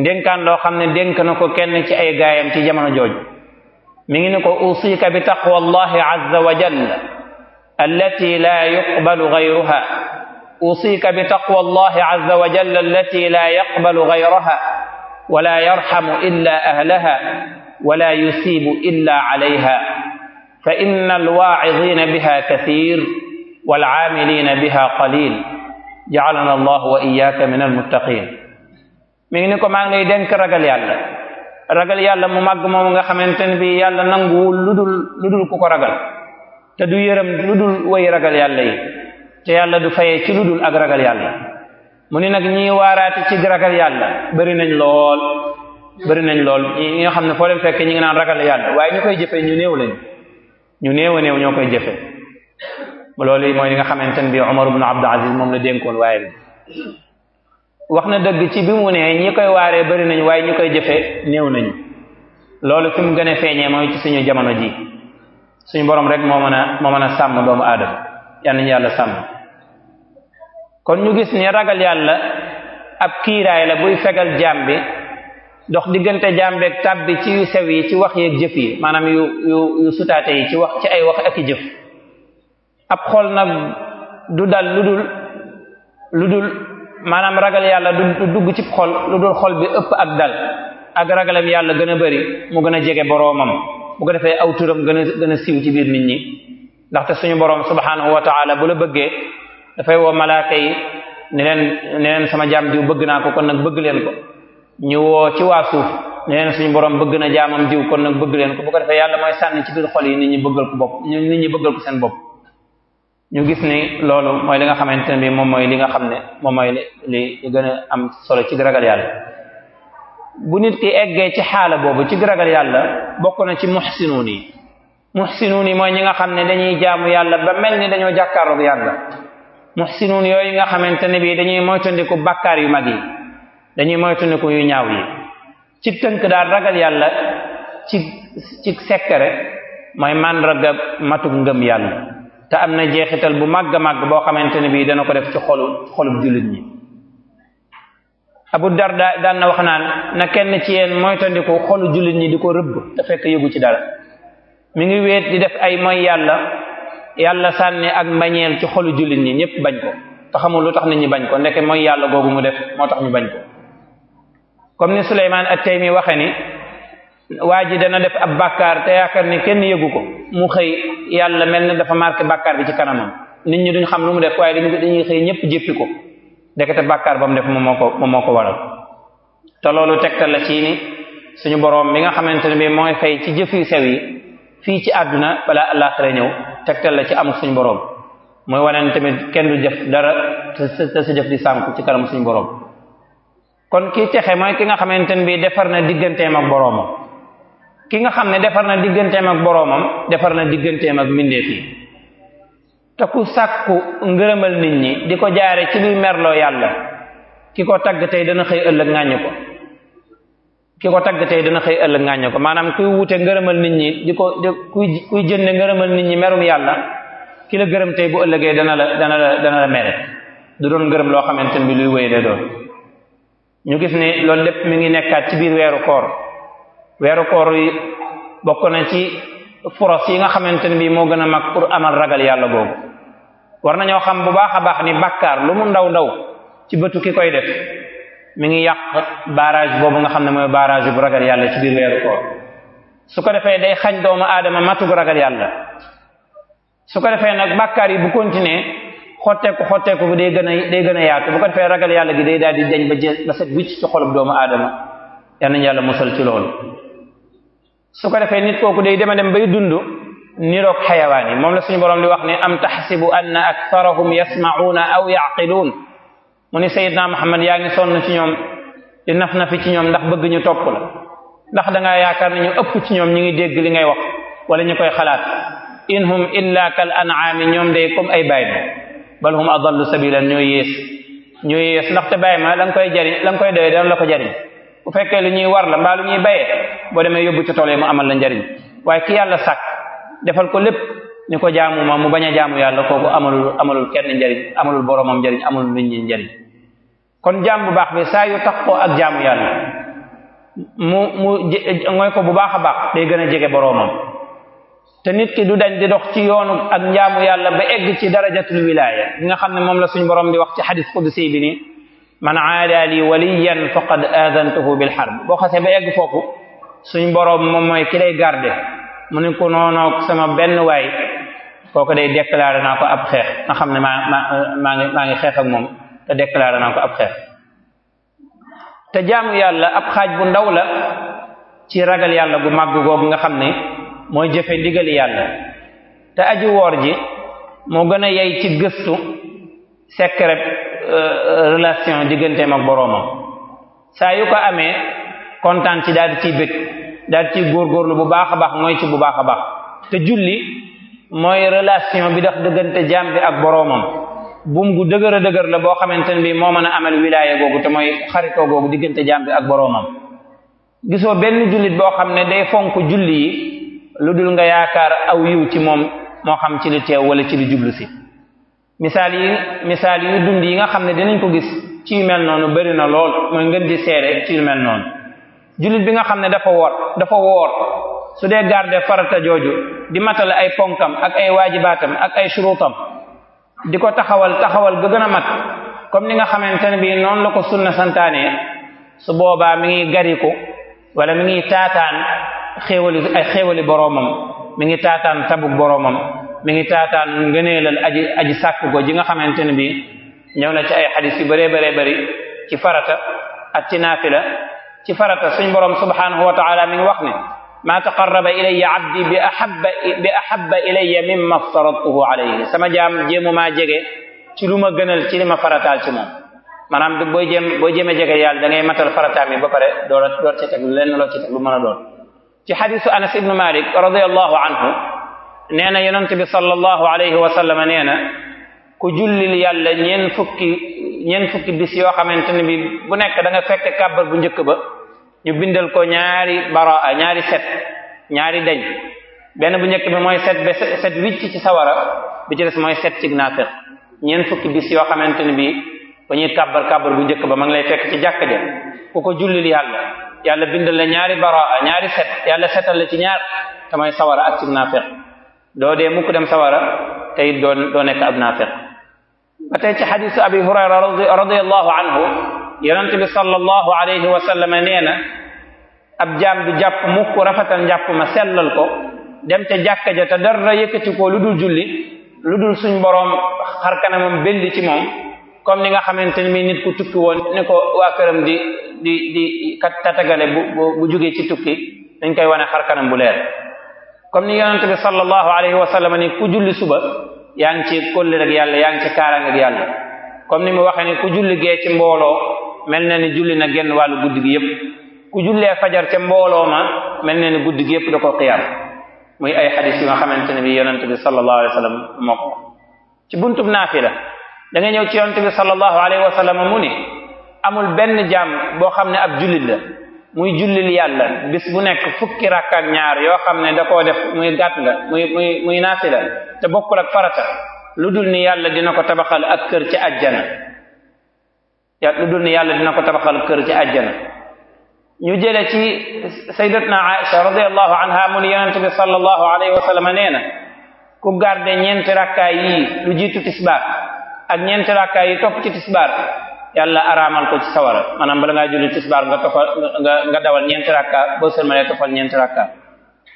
[SPEAKER 4] ndénkaan loo xam ne dénk na ko kenn ci ay gaayam ci jamono jooju mi ngi ne ko usika bi taqwa allahi azza wa jalla allati la yuqbalu gayruha usika bi taqwa allahi azza wa jalla allati la yaqbalu gayraha wala yarhamu illa ahlaha wala yusibu illa alayha fa inna alwaacidina biha kathir walcaamilina biha qalil jacalana allah wa iyaka min almuttaqin mi ngi ni ko maa ngi lay dénk ragal yàlla ragal yàlla mu màgg moom nga xamante ne bi yàlla nanguwul ludul ludul ku ko ragal te du yërëm ludul way ragal yàlla yi te yàlla du fayee ci ludul ak ragal yàlla mu ni nag ñi waaraate ci ragal yàlla bari nañ lool bëri nañ lool ñi nga xam ne foo leen fekk ñi ngi naan ragal yàlla waaye ñu koy jëfe ñu néew lañ ñu néew a néew koy jëfe loolu yi mooy li nga xamante ne bi Umar ibn Abdul Aziz moom la dénkoon waaye wax na dëgg ci bi mu ne ñi koy waaree bari nañu waaye ñu koy jëfe néew nañu loolu fi mu gën a feeñee mooy ci suñu jamono ji suñu borom rek moo mën a moo mën a sàmm doomu aadama yal nañu yàlla sàmm kon ñu gis ne ragal yàlla ab kiiraay la buy fegal jaam bi dox diggante jaam beeg tàbbi ci sew yi ci wax yeeg jëf yi maanaam yu yu yu sutaate yi ci wax ci ay wax ak i jëf ab xol nag du dal lu dul lu dul maanaam ragal yàlla du dugg ci xol lu dul xol bi ëpp ak dal ak ragalam yàlla gën a bari mu gën a jege boroomam bu ko defee aw turam gën a gën ci biir nit ñi ndaxte suñu boroom subhanahu wa taala bu la bëggee dafay woo malaaka yi ne leen ne leen sama jaam diw bëgg naa ko kon nag bëgg leen ko ñu woo ci waa suuf ne leen suñu borom bëgg na jaamam diw kon nag bëgg leen ko bu ko defee yàlla mooy sànni ci biir xol yi nit ñi bëggal ko bopp nit ñi bëggal ko seen bopp ñu gis ni loolu mooy li nga xamante ne bi moom mooy li nga xam ne moom mooy li li gën a am solo ci ragal yàlla bu nit ki eggee ci xaala boobu ci ragal yàlla bokk na ci muxsinuun yi muxsinuun yi mooy ñi nga xam ne dañuy jaamu yàlla ba mel ni dañoo jàkkaaroog yàlla muxsinuun yooyu nga xamante ne bi dañuy moytandiku bàkkaar yu mag yi dañuy moytandiku yu ñaaw yi ci tënk daal ragal yàlla ci ci sekkare mooy màndarga matuk ngëm yàlla te am na jeexital bu màgg a màgg boo xamante ne bii dana ko def ci xolu xolub jullit ñi abu darda daan na wax naan na kenn ci yéen moytandiku xolu jullit ñi di ko rëbb te fekk yëgu ci dara mu ngi wéet di def ay mooy yàlla yàlla sànni ak mbañeel ci xolu jullit ñi ñëpp bañ ko te xamul lu tax nit ñi bañ ko ndeke mooy yàlla googu mu def moo tax ñu bañ ko comme ni Suleymaan at-Taymi waxe ni waa ji dana def ab bàkkaar te yaakaar ni kenn yëgu ko mu xëy yàlla mel na dafa marqué bàkkaar bi ci kanamam nit ñi duñ xam lu mu def waaye dañu dañuy xëy ñëpp jéppi ko dekete bàkkaar ba mu def moom moo ko moom moo ko waral te loolu tegtal la ci suñu boroom mi nga xamante ne bi mooy fay ci jëf yu fii ci àdduna balaa àllaaxira ñëw tegtal la ci amul suñu boroom mooy wane ne tamit kenn du jëf dara te sa jëf di sànku ci kanam suñu borom kon kii texe mooy ki nga xamante ne bi defar na digganteem ak boroomam ki nga xam ne defar na digganteem ak boroomam defar na digganteem ak mbindeef yi te ku sàkku ngërëmal nit ñi di ko jaare ci luy merloo yàlla ki ko tagg tey dana xëy ëllëg ŋàññi ko tagg tey dana xëy ëllëg ŋàññi ko maanaam kuy wuute ngërëmal nit ñi di ko kuy kuy jënde ngërëmal nit ñi merum yàlla ki la gërëm tey bu ëllëgee dana la dana la dana la mere du doon ngërëm loo xamante ne bi luy wéy de doon ñu gis ne loolu lépp mi ngi nekkaat ci biir weeru koor weeru koor yi bokk na ci foros yi nga xamante ne bii moo gën a mag pour amal ragal yàlla googu war nañoo xam bu baax a baax ni bàkkaar lu mu ndaw ndaw ci bëtu ki koy def mu ngi yàq barrage boobu nga xam ne mooy barrage bu ragal yàlla ci biir weeru koor su ko defee day xañ doomu aadama matug ragal yàlla su ko defee nag bàkkaar yi bu continuer xotteeku xotteeku bi day gën a day gën a yaatu bu ko defee ragal yàlla gi day daal di dañ ba jël ba set wicc ci xolub doomu aadama yal nañu yàlla musal ci loolu su ko defee nit kooku day dema dem bay dund niroog xayawaan yi moom la suñu borom di wax ne am taxsibu anna aktharahum yasma'una aw ya'qiluun mu ni Seydina Muhammad yaa ngi sonn ci ñoom di naf na fi ci ñoom ndax bëgg ñu topp ndax da ngaa yaakaar ne ëpp ci ñoom ñu ngi dégg li ngay wax wala ñu koy xalaat in hum illa kal an'aami ñoom day comme ay baay bal hum adallu sabilan ñooy yées ñooy yées baay ma la nga koy jariñ la nga koy doyee dana la ko jariñ bu fekkee lu ñuy war la mbaa lu ñuy bayee boo demee yóbbu ci yi mu amal la njariñ waaye ki yàlla sàkk defal ko lépp ni ko jaamu mu bañ a jaamu yàlla kooku amalul amalul kenn njariñ amalul boromam njariñ amalul nit ñi njariñ kon jaam bu baax bi saa yu tax ko ak jaamu yàlla mu mu ngoy ko bu baax a baax day gën a jege boromam te nit ki du dañ di dox ci yoonu ak njaamu yàlla ba egg ci darajatul wilaaya bi nga xam ne moom la suñ borom di wax ci xadis qudsi bi nii man aada li waliyan faqad aadantuhu bil harb boo xasee ba egg foofu suñ boroom moom mooy ki lay garde mu ne ko noonoog sama benn waay kooku day déclaré naa ko ab xeex nga xam ne maa ma maa ngi maa ngi xeex ak moom te déclaré naa ko ab xeex te jaamu yàlla ab xaaj bu ndaw la ci ragal yàlla gu màgg googu nga xam ni mooy jëfe ndigali yàlla te aji woor ji moo gën a yey ci gëstu secret Euh, relation digganteem ak boroomam saa yu ko amee kontaan ci daal di ciy bëgg daal di ciy góorgóorlu bu baax a baax mooy ci bu baax a baax te julli mooy relation bi dox diggante jàmbi bi ak boroomam buum gu dëgër a dëgër la boo xamante ne bii moo mën a amal wilaaya googu te mooy xaritoo googu diggante jaam bi ak boroomam gisoo benn jullit boo xam ne day fonk julli yi lu dul nga yaakaar aw yiw ci moom moo xam ci lu teew wala ci lu jublu si misaal yi misaal yu dund yi nga xam ne dinañ ko gis ci yu mel noonu bëri na lool mooy ngeen di seere ci yu mel noonu jullit bi nga xam ne dafa wor dafa woor su dee garde farata jooju di matal ay ponkam ak ay waajibaatam ak ay shuruutam di ko taxawal taxawal ba gën a mat comme ni nga xamante ne bii noonu la ko sunna santaane su boobaa mi ngi gariku walla mi ngi taataan xéewali ay xéewali boroomam mi ngi taataan tabuk boroomam mi ngi taataan aji aji sàkk ji nga xamante ne bi ñëw na ci ay xadis yu bëree bëree bëri ci farata ak ci naafila ci farata suñ borom subhanahu wa taala mi ngi wax ne maa taqarraba ilayya abdi bi ahabba bi ahabba ilayya mimma aftaradtuhu alayhi sama jaam jéemu maa jege ci lu ma gënal ci li ma farataal ci moom maanaam du booy jéem a jege yàlla da ngay matal farataam yi ba pare doo door ci teg lenn loo ci teg lu mën a doon ci xadisu anas ibnu malik radiyallahu anhu nee na yonent bi sallallahu alayhi wa sallam nee na ku jullil yàlla ñeen fukki ñeen fukki bis yoo xamante ne bi bu nekk danga nga fekk kàbbar bu njëkk ba ñu bindal ko ñaari baraa ñaari set ñaari deñ benn bu njëkk bi mooy set ba ci sawara bi ci des mooy ñeen bis yoo xamante ne bi ba ñuy kàbbar kàbbar bu njëkk ba ma lay fekk ci jàkk ja ku ko jullil yàlla yàlla bindal la ñaari baraa ñaari yàlla setal la ci ñaar te mooy sawara ak ci naafiq doo dee mukk dem sawara te it doo nekk ab naafiq ba tey ci xadisu abi hurayra radiallahu anhu yonente bi alayhi wa sallam nee na ab jaam du jàpp mukk rafetal njàpp ma sellal ko dem ta jàkka ja te dara yëkkati ko lu dul julli lu dul suñ boroom xar kanamam belli ci moom comme ni nga xamante ni nit ku tukki woon ni ko waa këram di di di kat tatagale bu bu jógee ci tukki dañ koy wane xar kanam bu leer comme ni yonente bi sallallahu alayhi wa sallam ni ku julli suba yaa ngi ci kóllëre ak yàlla yaa ngi ci kaaraange ak yàlla comme ni mu waxee ni ku julli gee ci mbooloo mel na ni julli na genn wàllu guddi gi yépp ku jullee fajar ca mbooloo ma mel na ni guddi gi yépp da ko xiyaam muy ay xadis yu nga xamante ne bi yonente bi sallallahu alayhi wa sallam moo ko ci buntub naafila da nga ñëw ci yonente bi sallallahu alayhi wa sallam mu ni amul benn jaam boo xam ne ab jullit la muy jullil yàlla bis bu nekk fukki rakk ñaar yoo xam ne dakoo koo def muy gàtt la muy muy muy naafila te bokkul ak farata lu dulni ni yàlla dina ko tabaxal ak kër ci àjjana ya lu dul ni yàlla dina ko tabaxal kër ci àjjana ñu jële ci sayyidatna Aisha radiyallahu anha mun yonente bi sallallahu alayhi wa sallam nee na ku garde ñeenti rakkaay yi lu jiitu tisbaar ak ñeenti rakkaay yi topp ci yàlla araamal ko ci sawara maanaam bala ngaa julli tisbaar nga tofal nga nga dawal ñeenti rakka boo sëlmalee tofal ñeenti rakka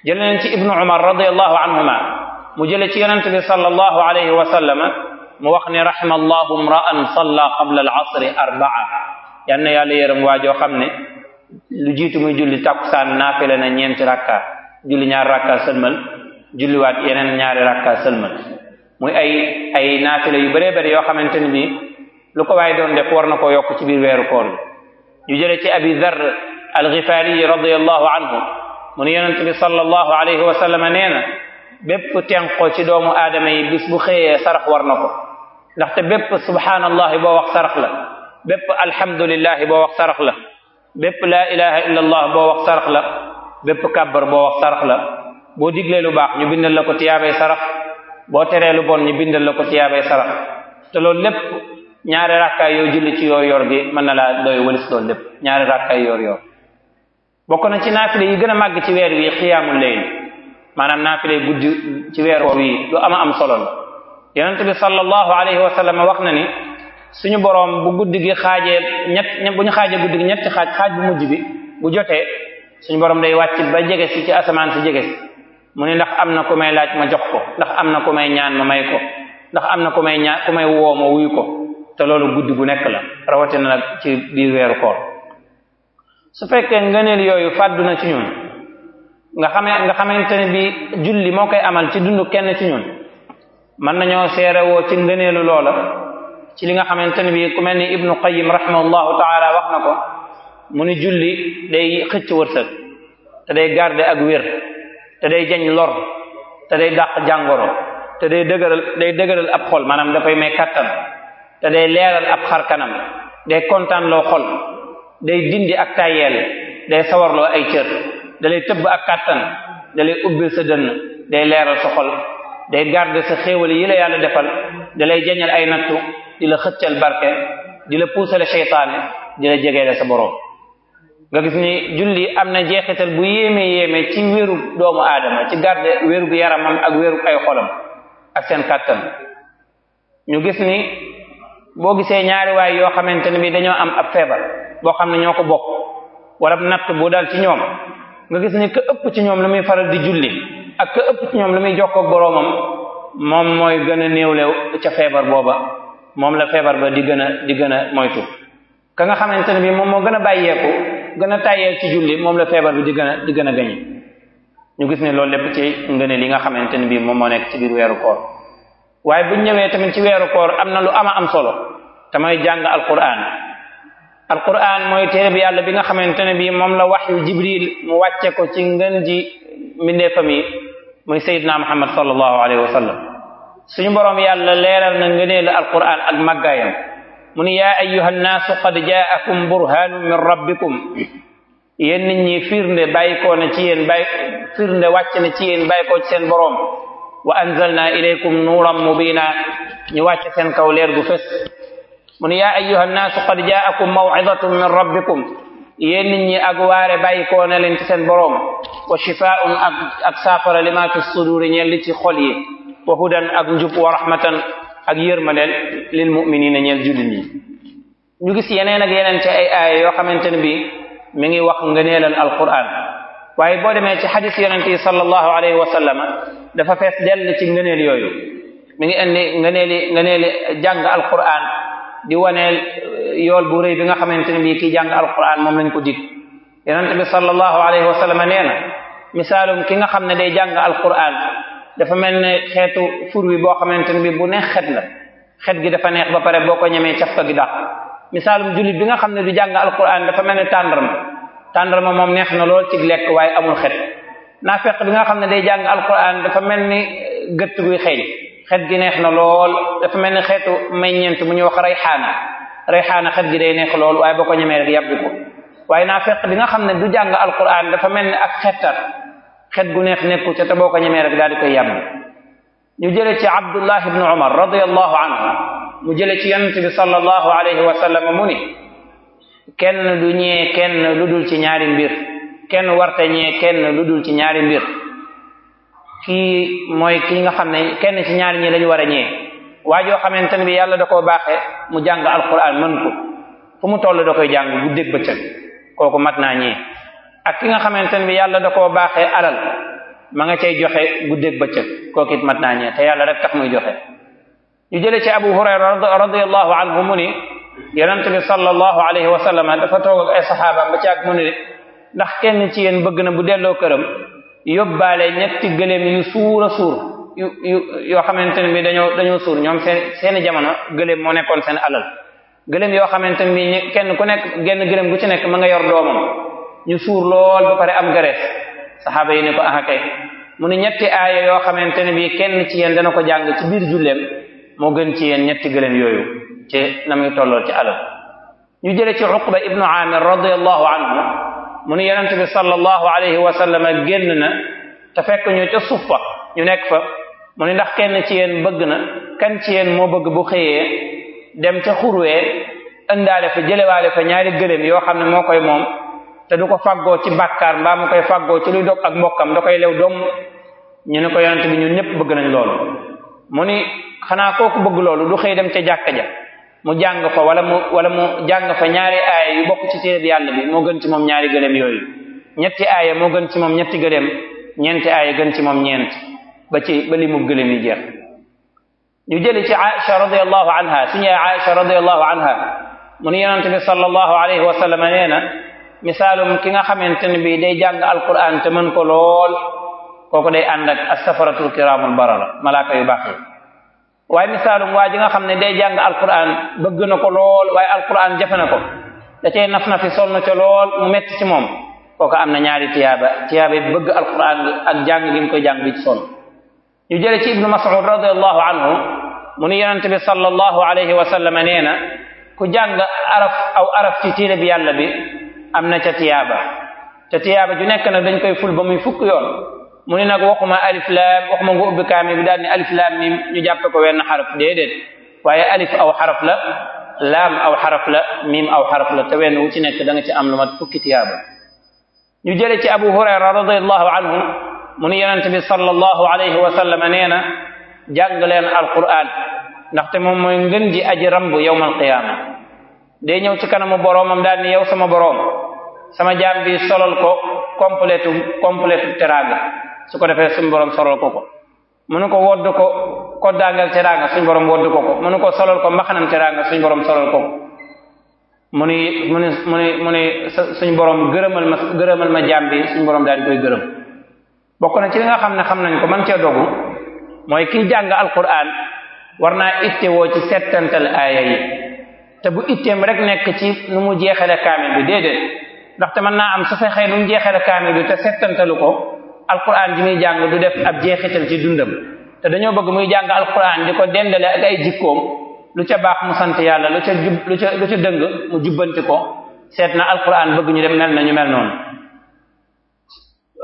[SPEAKER 4] jële nañ ci ibnu umar radiyallahu anhuma mu jële ci yonent bi sallallahu alayhi wa sallama mu wax ne rahima allahu mra'an salla qabla al asri arbaa yal na yàlla yërëm waajoo xam ne lu jiitu muy julli takkusaan naafile na ñeenti rakka julli ñaari rakka sëlmal julliwaat yeneen ñaari rakka sëlmal muy ay ay naafile yu bëree bëri yoo xamante ni bi lu ko waaye doon def war na koo yokk ci biir weeru koor bi ñu jële ci abi dar alxifaari radiallahu anhu mu ne yonente bi sallallahu alayhi wa sallam nee na bépp tenqo ci doomu aadama yi bis bu xëyee sarax war na ko ndaxte bépp subhaanallahi boo wax sarax la bépp alhamdulillahi boo wax sarax la bépp laa ilaha illa allah boo wax sarax la bépp kàbbar boo wax la boo diglee lu baax ñu bindal la ko tiyaabay sarax boo teree lu bon ñu bindal la ko tiyaabay sarax te loolu lépp ñaari rakkaay yoo julli ci yoor yor gi mën na laa doy walis loolu lépp ñaari rakkaay yoor yor bokk na ci naafile yi gën a màgg ci weer wi xiyaamul layl maanaam naafile guddi ci weer wi lu ama am solo la yonent bi sallallahu alayhi wa sallam wax na ni suñu borom bu guddi gi xaajee ñett bu ñu xaajee guddi gi ñetti xaaj xaaj bu mujj bi bu jotee suñu borom day wàcc ba jege si ci asamaan si jege si mu ni ndax am na ku may laaj ma jox ko ndax am na ku may ñaan may ko ndax am na ku may ñaan ku may woo ma wuyu ko te loolu guddi gu nekk la rawatina nag ci biir weeru koor su fekkee ngëneel yooyu fàddu na ci ñun nga xamee nga xamante ne bi julli moo koy amal ci dund kenn ci ñun mën nañoo seerewoo ci ngëneelu loola ci li nga xamante ne bi ku mel ni ibnu qayyim rahimahullahu taala wax na ko mu ni julli day xëcc wërsëg te day garder ak wér te day jañ lor te day dàq jàngoro te day dëgëral day dëgëral ab xol maanaam dafay may kàttan te day leeral ab xar kanam day kontaanloo xol day dindi ak tayeel day sawarloo ay cër dalay tëbb ak kàttan dalay ubbil sa dënn day leeral sa xol day garder sa xéewal yi la yàlla defal dalay jañal ay nattu di la xëccal barke di la puusale seytaane di la jegeele sa boroom nga gis ni julli am na jeexital bu yéeme yéeme ci wéru doomu aadama ci garde wéru yaramam ak wéru ay xolam ak seen kàttan ñu gis ni boo gisee ñaari waay yoo xamante ne bi dañoo am ab feebar boo xam ne ñoo ko bokk wala natt bu dal ci ñoom nga gis ni ka ëpp ci ñoom lu muy faral di julli ak ka ëpp ci ñoom lu muy jox ak boroomam moom mooy gën a néewlew ca feebar booba moom la feebar ba di gën a di gën a moytu ka nga xamante ne bi moom moo gën a bàyyeeku gën a tàyyeel ci julli moom la feebar bi di di gën a gañe ñu gis ne loolu lépp ci ngëne li nga xamante ne bii moom moo nekk ci biir weeru koor waaye buñ ñëwee tamit ci weeru koor am na lu am am solo damay jàng alquran alquran mooy téere bi yàlla bi nga xamante ne bi moom la waxyu jibril mu wàcce ko ci ngën ji mbindeefam yi muy sayidna muhammad sallallahu alayhi wa sallam suñu boroom yàlla leeral na ngëneelu alquran ak màggaayam mu ni yaa ayyuha nnaasu qad jaakum burhanun min rabbikum yéen nit ñi firnde bàyyi na ci yéen bàyyi wàcc na ci yéen seen boroom wa anzalna ilaykum nuuran mubina ñu wàcc seen kaw leer gu fes mu ne yaa ayyuha nnaasu qad jaakum maw'idatun min rabbikum yéen nit ñi ak waare bàyyi koo na leen seen boroom wa shifaa'un ak ak saafara limaa fi suduri ñeel li ci xol yi wa hudan ak njub wa rahmatan ak yërmandeel lil mu'miniina ñeel jullit ñi ñu gis yeneen ak yeneen ci ay aaya yoo xamante ne bi mi ngi wax ngëneelal alquran waaye boo demee ci xadis yonent yi sallallahu alayhi wa sallam dafa fees dell ci ngëneel yooyu mi ngi indi ngëneeli ngëneeli jàng alquran di waneel eh, yool bu rëy bi nga xamante ne bii kii jàng alquran moom lañ ko dig yonente bi sallallahu alayhi wa sallam nee na misaalum ki nga xam ne day jàng alquran dafa mel ne xeetu fur boo xamante ne bii bu neex xet la xet gi dafa neex ba pare boo ko ñemee cafka gi dàq misaalum jullit bi nga xam ne du jàng alquran dafa mel ne tàndarma tàndarma moom neex na lool ci lekk waaye amul xet naafeq bi nga xam ne day jàng alquran dafa mel ni eh, gëtt guy xeeñ xet gi neex na lool dafa mel ni xeetu meññeent bu rey xaana rey xaana xet gi day neex lool waaye boo ko ñemee rek yàbbi ko waaye naa fekk bi nga xam ne du jàng alquran dafa mel ni ak xettar xet gu neex nekku ca te boo ko ñemee rek daal di koy yàbbi ñu jële ci abdullah ibnu umar radiallahu anhu mu jële ci yonent bi sallallahu alayhi wa sallam mu ni kenn du kenn lu dul ci ñaari mbir kenn warte ñee kenn lu dul ci ñaari mbir kii mooy ki nga xam ne kenn ci ñaar ñi lañu ñu war a ñëwee waa joo xamante ne bi yàlla da koo baaxee mu jàng alquran mën ko fu mu toll da koy jàng bu dégg bëccëg kooku mat naa ñëwee ak ki nga xamante ne bi yàlla da koo baaxee alal ma nga cay joxe guddeeg bëccëg kooku it mat naa ñëwee te yàlla rek tax muy joxe ñu jëlee ci abu hurayra radiyallahu anhu mu ni yonent bi sallallahu alayhi wa sallam dafa toog ak ay saxaabaam ba ci mu ni ndax kenn ci yéen bëgg na bu delloo këram yóbbaale ñetti gëléem yu suur suur yu yu yoo xamante ne bi dañoo dañoo suur ñoom seen seeni jamono gëléem moo nekkoon seen alal gëléem yoo xamante ne bi kenn ku nekk genn gëléem gu ci nekk ma nga yor doomam ñu suur lool pare am garees saxaaba yi ne ko aha mu ne ñetti aaya yoo xamante ne bi kenn ci yéen dana ko jàng ci biir julleem moo gën ci yéen ñetti gëléem yooyu ci na muy tollool ci alal ñu jële ci Uqba ibnu Amir radiyallahu anhu mu ni yonent bi sallallahu alayhi wa sallam génn na te fekk ñu ca suffa ñu nekk fa mu ni ndax kenn ci yéen bëgg na kenn ci yéen moo bëgg bu xëyee dem ca xurwee ëndaale fa jëlewaale fa ñaari gëléem yoo xam ne moo koy moom te du ko faggoo ci bàkkaar mbaa mu koy faggoo ci luy dog ak mbokkam da koy lew doom ñu ne ko yonent bi ñun ñëpp bëgg nañ loolu mu ni xanaa kooku bëgg loolu du xëy dem ca jàkka ja mu jàng fa wala mu wala mu jàng fa ñaari aaya yu bokk ci téere bi yàlla bi moo gën ci moom ñaari gëléem yooyu ñetti aaya moo gën ci moom ñetti gëléem ñeenti aaya gën ci moom ñeent ba ci ba limu gëléem yi jeex ñu jëli ci Aisha radiyallahu anha suñu anha mu ni yonente bi sallallahu alayhi wa sallam na misaalum ki nga xamante ne bi day jàng alquran te mën ko lool kooku day ànd ak asafaratul kiraamul barara malaaka waaye misaalum waa ji nga xam ne day al alquran bëgg na ko lool waaye alquran jafe na ko da cay naf na fi sonn ca lool mu metti ci moom kooku am na ñaari tiyaaba tiyaaba yi bëgg alquran gi ak jàng gi mu koy jàng bi ci sonn ñu jële ci ibnu mas'ud radiyallahu anhu mu ni yonente bi sallallahu alayhi wa sallam nee na ku jàng araf aw araf ci tiire bi yàlla bi am na ca tiyaaba ca tiyaaba ju nekk nag dañ koy ful ba muy fukk yoon mu ne nag waxuma alif laam waxuma ma ubbi kaami bi daal ni alif laam mim ñu jàppe ko wenn xaraf déedéet waaye alif aw xaraf la laam aw xaraf la mim aw xaraf la te wenn wu ci nekk da nga ci am lu mat fukki tiyaaba ñu jële ci abu hurayra radiyallahu anhu mu ni yonent bi sallallahu alayhi wa sallam nee na jàng leen alquran ndaxte moom mooy ngën ji aji ramb yawmal qiyaama day ñëw ci kanamu boroomam daal ni yow sama boroom sama jaam bi solal ko complétu complétu su ko defee suñu borom sorol ko ko mënu ko wodd ko ko dangal teraanga suñ borom wodd ko ko mënu ko solol ko mbaxanam teraanga suñu borom solol ko ko mu ni mu ni mu ni mu borom gërëmal ma gërëmal ma jaam bi suñu borom daal di koy gërëm bokk na ci li nga xam ne xam nañ ko man cee dogu mooy ki jàng al alquran war naa ittewoo ci settantal aaya yi te bu itteem rek nekk ci nu mu jeexale kaamil bi déedéet ndaxte mën naa am su fexee nu mu jeexale kaamil bi te settantalu ko alquran ji muy jàng du def ab jeexital ci dundam te dañoo bëgg muy jàng alquran di ko dendale ak ay jikkoom lu ca baax mu sant yàlla lu ca jub lu ca lu dëng mu jubbanti seet na alquran bëgg ñu dem mel na ñu mel noonu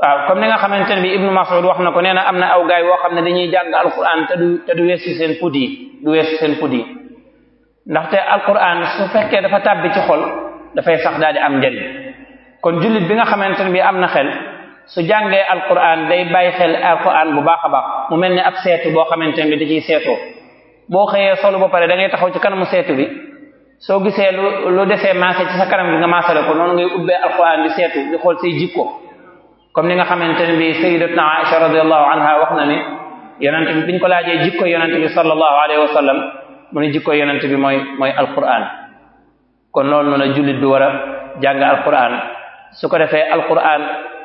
[SPEAKER 4] waaw comme ni nga xamante ne bi Ibnu Mas'ud wax na ko nee na am na aw gaay woo xam ne dañuy jàng alquran te du te du weesu seen pud ndaxte du weesu seen pud yi su fekkee dafa tàbbi ci xol dafay sax daal di am njëriñ kon jullit bi nga xamante bi am na xel su jàngee alquran day bàyyi xel alquran bu baax a baax mu mel ni ak seetu boo xamante ne bi da ciy seetoo boo xëyee solo ba pare da ngay taxaw ci kanamu seetu bi soo gisee lu lu desee maase ci sa kanam gi nga maasale ko noonu ngay ubbee alquran di seetu xool say jikko comme ni nga xamante ne bi sayyidatuna Aisha radiyallahu anha wax na ne yonent bi biñ ko laajee jikko yonent bi sallallahu alayhi wa sallam mu ne jikko yonent bi mooy mooy alquran kon loolu noonu la jullit bi war a jàng alquran su ko defee alquran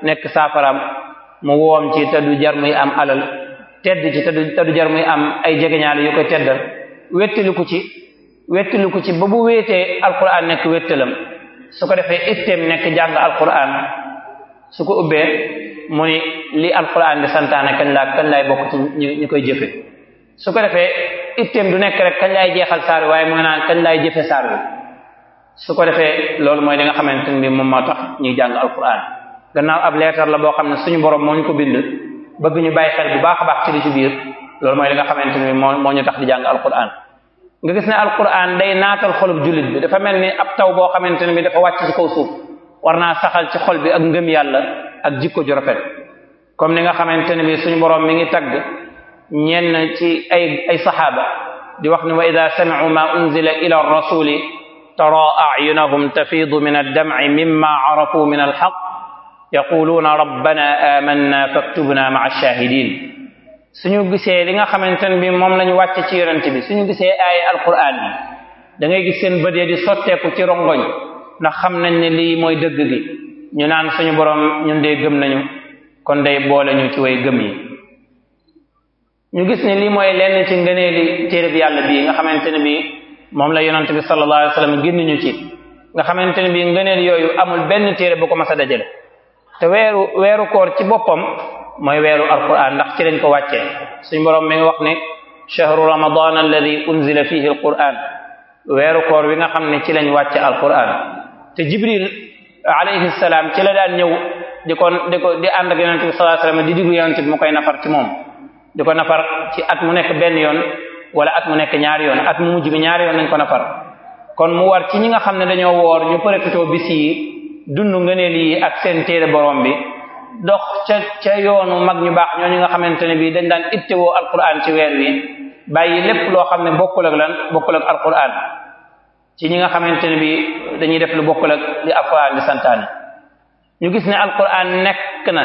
[SPEAKER 4] nekk saafaraam mu woom ci te du jar muy am alal tedd ci te du te du jar muy am ay jegeñaale yu koy teddal wettaliku ci ko ci ba bu wéetee alquran nekk wettalam su ko defee itteem nekk jàng alquran su ko ubbee mu ni li alquran di santaane kañ laa kañ laay bokk ci ñu koy jëfe su ko defee itteem du nekk rek kañ laay jeexal saar waaye mu ngi kañ laay jëfe saar bi su ko defee loolu mooy li nga xamante ni moom moo tax ñuy jàng alquran gannaaw ab leetar la boo xam ne suñu borom moo ñu ko bind bëgg ñu bàyyi xel bu baax a baax ci li ci biir loolu mooy li nga xamante ni moo moo ñu tax di jàng alquran nga gis ne alquran day naatal xolub jullit bi dafa mel ni ab taw boo xamante ne bi dafa wàcc ci kaw suuf war naa saxal ci xol bi ak ngëm yàlla ak jikko ju rafet comme ni nga xamante ne bi suñu borom mi ngi tagg ñenn ci ay ay saxaaba di wax ni wa ida sami'u ترى أعينهم تفيض من الدمع مما عرفوا من الحق يقولون ربنا آمنا فاكتبنا مع الشاهدين suñu gisee li nga xamante ne bi moom lañu wàcce ci yonent bi suñu gisee ay alquran bi da ngay gis seen bët di sotteeku ci rongoñ ndax xam nañ ne lii mooy dëgg gi ñu naan suñu borom ñun dee gëm nañu kon day boole ñu ci way gëm yi ñu gis ne lii mooy lenn ci ngëneeli téere bi yàlla bii nga xamante bi moom la yonent bi sallallahu alayhi wasallam génn ñu ci nga xamante ne bii ngëneel yooyu amul benn téere bu ko mas a dajale te weeru weeru koor ci boppam mooy weeru alquran ndax ci lañ ko wàcce suñ boroom mi ngi wax ne shahru ramadan alladi unzila fihi alquran weeru koor wi nga xam ne ci lañ wàcce alquran te jibril alayhi salaam ci la daan ñëw di ko di ko di ànd ak yonent bi sallallahu alayhi di diggu yonent bi mu koy nafar ci moom di ko nafar ci at mu nekk benn yoon wala at mu nekk ñaari yoon at mu mujj bi ñaari yoon lañ ko nafar kon mu war ci ñi nga xam ne dañoo woor ñu profitoo bis yi dund ngëneel yi ak seen téere borom bi dox ca ca yoonu mag ñu baax ñooñu nga xamante ne bii dañ daan ittewoo alquran ci weer wi bàyyi lépp loo xam ne bokkul ak lan bokkul ak alquran ci ñi nga xamante ne bii dañuy def lu bokkul ak li alquran di santaane ñu gis ne alquran nekk na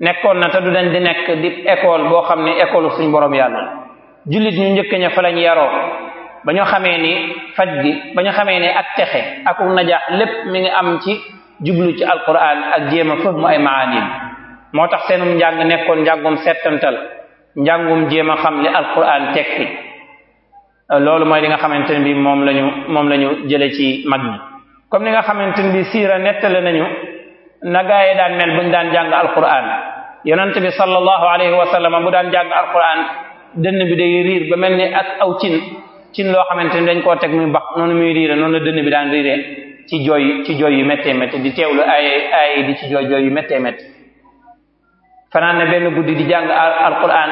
[SPEAKER 4] nekkoon na te du dañ di nekk di école boo xam ne école suñ borom yàlla jullit ñu njëkk ña fa lañ yaroo ba ñu xamee ni faj gi ba ñu xamee ni ak texe ak najaax lépp mi ngi am ci jublu ci alquran ak jéem a fahmu ay maaniim moo tax seenum njàng nekkoon njàngum settantal njàngum jéem a xam li alquran tekki loolu mooy li nga xamante ne bi moom lañu moom lañu jële ci mag ñi comme ni nga xamante ni bi siira nettale nañu na gaaye daan mel buñ daan jàng alquran yonent bi sallallahu alayhi wa sallam bu daan jàng alquran dënn bi day riir ba mel ni ak aw cin cin loo xamante ni dañ ko teg muy bax noonu muy riire noonu la dënn bi daan riiree ci jooy ci jooy yu méttee métti di teewlu ay ay di ci jooy jooy yu méttee métti fanaan na benn guddi di jàng alquran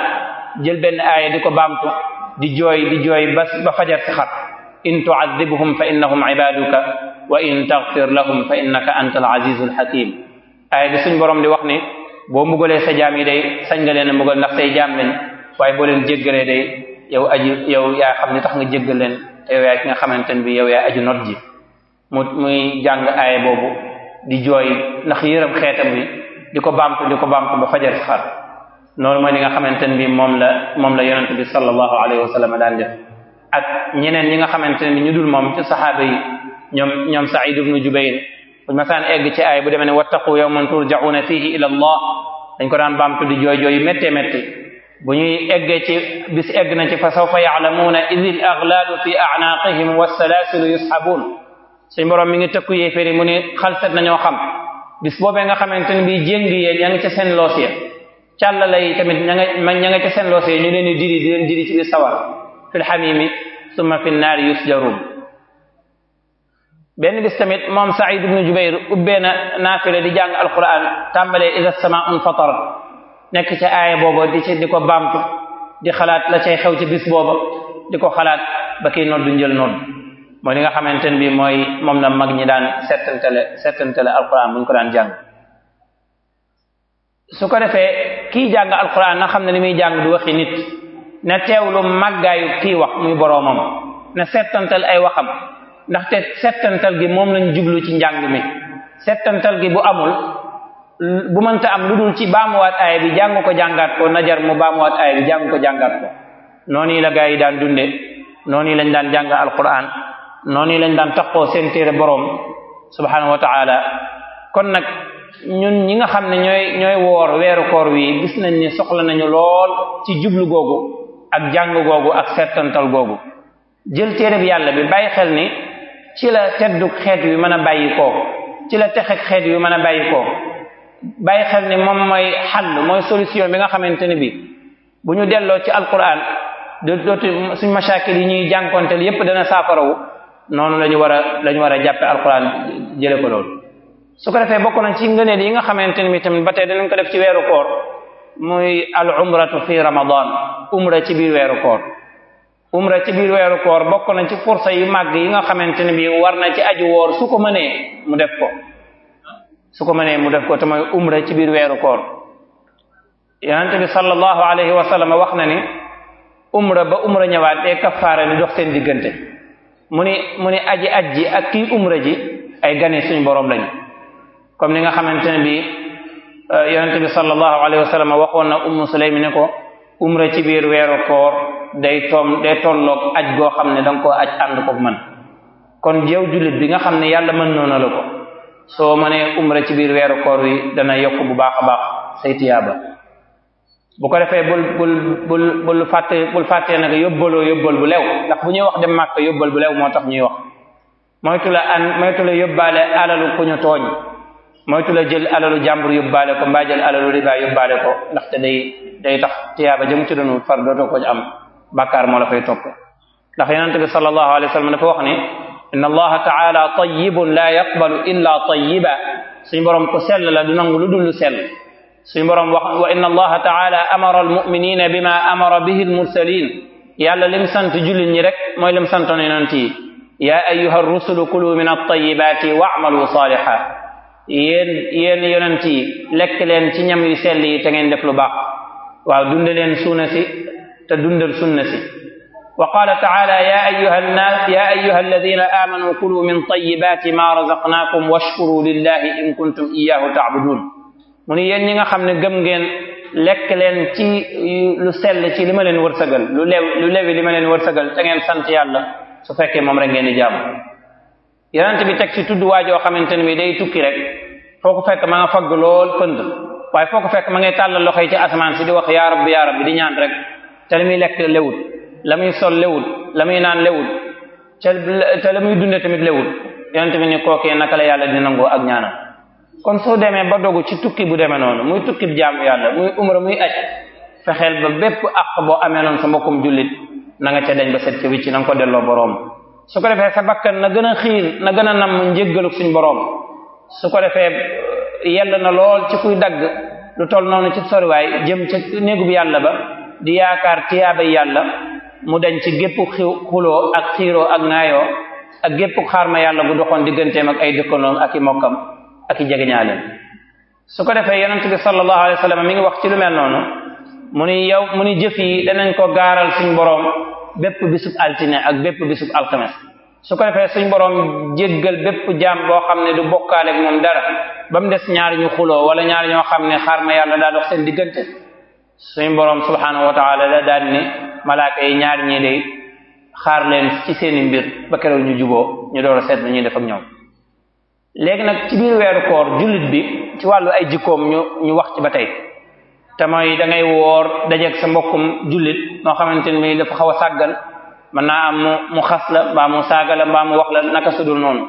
[SPEAKER 4] jël benn aaya di ko baamtu di jooy di jooy ba ba fajar si xar in tu'adhibhum fa innahum ibaduka wa in taghfir lahum fa innaka antal azizul hakim aaya bi suñ borom di wax ni boo mbugalee sa jaam yi day sañ nga leen a mbugal ndax say jaam lañ waaye boo leen jéggalee day yow aji yow yaa xam li tax nga jéggal leen te yaa ki nga xamante ne bi yow yaa aju not ji mu muy jàng aaye boobu di jooy ndax yërëm xeetam bi di ko baamtu di ko baamtu ba fajar xar noonu mooy li nga xamante ne bi moom la moom la yonente bi sallallahu alayhi wa sallam daan def ak ñeneen ñi nga xamante ne bi ñu dul moom ci saxaaba yi ñoom ñoom Sa'id ibn Jubayr buñ masaan egg ci aay bu demee ne wattaqu yawman turja'una fihi ila Allah dañ ko daan baamtu di jooy jooy yu méttee bu ñuy eggee ci bis egg na ci fa sawfa ya'lamuuna idil aghlaalu fi a'naaqihim wassalaasilu yushabuun suñ boroom mi ngi tëkku yéeféri mu ni xalsat nañoo xam bis boobee nga xamante ne bii jéngi yee ña nga ca seen loos ya càllala yi tamit ña nga ña nga ca seen loos ya ñu leen di diri di leen diri ci biir sawar fil xamiimi summa fi naari yusjaruun benn bis tamit moom Saïd ibnu Jubayr ubbee na naafile di jàng alquran tàmbalee ida samaa unfatarat nekk ca aaya booba di ci di ko baamtu di xalaat la cay xew ci bis booba di ko xalaat ba kiy noddu njël noddu mooy li nga xamante ne bii mooy moom la mag ñi daan settantale settantale alquran bu ñu ko daan jàng su ko defee kii jàng alquran na xam ne li muy jàng du waxi nit na teewlu màggaayu kii wax muy boroomam na settantal ay waxam ndaxte settantal gi moom lañ jublu ci njàng mi setantal gi bu amul bu mënta am lu dul ci baamuwaat aaya bi jàng ko jàngaat ko najar mu baamuwaat aaya bi jàng la gaa yi daan dunde noonu yi lañ daan jàng alquran noonu yi lañ daan taqoo seen téere boroom subhanahu wa taala kon nag ñun ñi nga xam ne ñooy ñooy woor weeru koor wi gis nañ ni soxla nañu lool ci jublu googu ak jàng googu ak settantal googu jël téere bi yàlla bi bàyyi xel ni ci la teddug xeet wi mën a bàyyi koo ci la texe xeet wi mën a bàyyi koo bàyyi xel ni moom mooy xàll mooy solution bi nga xamante ne bi bu ñu delloo ci alquran do dootu suñ masaakil yi ñuy jànkonteel yépp dana saafarawu noonu la ñu war a la ñu war a jàppe alquran jële ko loolu su ko defee bokk na ci ngëneel yi nga xamante ne bi tamit ba tey danañ ko def ci weeru koor muy al umratu fi ramadan umra ci biir weeru koor umra ci biir weeru koor bokk nañ ci forsa yi màgg yi nga xamante ne bi war na ci aji woor su ko mënee mu def ko su ko manee mu def ko te mooy umra ci biir weeru koor yonente bi sallallahu alayhi wa sallam wax na ni umra ba umra ñëwaat day kafaara ni dox seen diggante mu ni mu ni aj aj ji ak kii umra ji ay gane suñ boroom lañu comme ni nga xamante ne bi euh, yonente bi sallallahu alayhi wa waxoon na ummu mi ne ko umra ci biir weeru koor day toom day tolloog aj goo xam ne danga nga koo aj ànd koog man kon yow jullit bi nga xam ne yàlla mën noona la ko soo mënee umra ci biir weeru koor wi dana yokk bu baax a baax say tiyaaba bu ko defee bul bul bul bul fàtte bul fàttee nag yóbbaloo yóbbal bu lew ndax bu ñuy wax dem màkk yóbbal bu lew moo tax ñuy wax moytu la an moytu la yóbbaale alalu ku ñu tooñ moytu la jël alalu jàmbur yóbbaale ko mbaa jël alalu riba yóbbaale ko ndaxte day day tax tiyaaba jëm ci doon far dootoo ko am bàkkaar moo la fay topp ndax yonente bi sallallahu alayhi wax ne inna allaha taala tayibun la yaqbalu illa tayiba suñu borom ku sell la du nangu lu dul lu sell suñu borom wax wa inna allaha taala amara almuminina bima amara bihi almursalin yàlla lim sant jullit ñi rek mooy lim santoon yonent yi yaa ayyuha rusulu kulu min altayibaati waamalu saaliha yéen yéen yonent yi lekk leen ci ñam yu sell yi te ngeen def lu baax waaw dundaleen suuna si te dundal sunna si وقال تعالى يا أيها الناس يا أيها الذين آمنوا كلوا من طيبات ما رزقناكم واشكروا لله إن كنتم إياه تعبدون mu ni yéen ñi nga xam ne gëm ngeen lekk leen ci lu sell ci li ma leen wërsëgal lu lew lu lewi li ma leen wërsëgal te ngeen sant yàlla su fekkee moom rek ngeen di jaamu yonent bi teg ci tudd waajoo xamante ne bi day tukki rek foo ko fekk ma nga fagg lool pënd waaye foo ko fekk ma ngay tàllal loxo yi ci asamaan si di wax yaa rabbi yaa rabbi di ñaan rek te li muy lekk lewut la muy sol lewul la muy naan lewul ca te la muy dunde tamit lewul yonent bi ni kookee naka la yàlla di nangoo ak ñaana kon soo demee ba dogu ci tukki bu demee noonu muy tukki jaamu yàlla muy umra muy aj fexeel ba bépp àq boo amee noonu sa mbokkum jullit nanga nga ca dañ ba set ci wicci na ko delloo boroom su ko defee sa bakkan na gën a xiir na gën a nam njéggalu suñ boroom su ko defee eh, yell na lool ci kuy dagg lu toll noonu ci soriwaay jëm ca bi yàlla ba di yaakaar tiyaabay yàlla mu dañ ci gépp xuloo ak xiiroo ak ŋaayoo ak gépp xaar ma yàlla gu doxoon digganteem ak ay dëkkanoom ak i mokkam ak i jegeñaaleem su ko defee yonent bi sallallahu alayhi mi ngi wax ci lu mel noonu yow mu ni jëf yi danañ ko gaaral suñ boroom bépp bisub altine ak bépp bisub alxames su ko defee suñ boroom jéggal bépp jaam boo xam ne du bokkaale ak moom dara ba mu des ñaari ñu xuloo wala ñaari ñoo xam ne xaar ma yàlla daa dox seen diggante suñu boroom subhaanahu wa taala da daan ne malaaka yi ñaar ñi day xaar leen ci seeni mbir ba keroog ñu juboo ñu door a seet ñuy def ak ñoom léegi nag ci biir weeru koor jullit bi ci wàllu ay jikkoom ñu ñu wax ci ba tey te mooy da ngay woor dajeeg sa mbokkum jullit noo xamante ni dafa xaw a sàggan mën naa am mu xas la mbaa mu saaga la mbaa mu wax la naka sudul noonu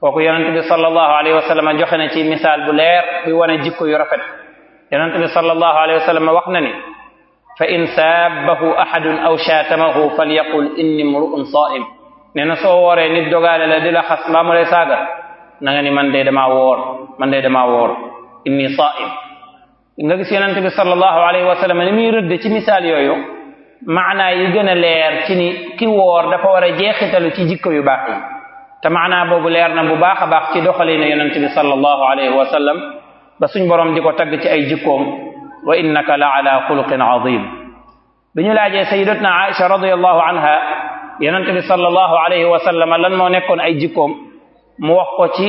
[SPEAKER 4] kooku yonent bi sallallahu alayhi wa joxe na ci misaal bu leer bi wane jikko yu rafet yonent bi sallallahu alayhi wa sallam wax na ni fa in saabahu ahadun aw shaatamahu falyaqul inni mru'un saa'im nee na soo wooree nit dogaale la di la xas mbaa mu lay saaga na nga ni man de damaa woor man de damaa woor inni saa'im nga gis yonent bi sallallahu alayhi wa sallam ni muy rëdd ci misaal yooyu maanaa yi gën a leer ci ni ki woor dafa war a jeexitalu ci jikko yu baax yi te maanaa boobu leer na bu baax a baax ci doxalinu yonent bi sallallahu alayhi wa sallam ba suñ borom di ko tagg ci ay jikkoom wa innaka la ala xuluqin azim bi ñu laajee sayidatna aisha radiallahu anha yonent bi sallallahu alayhi wa sallam lan moo nekkoon ay jikkoom mu wax ko ci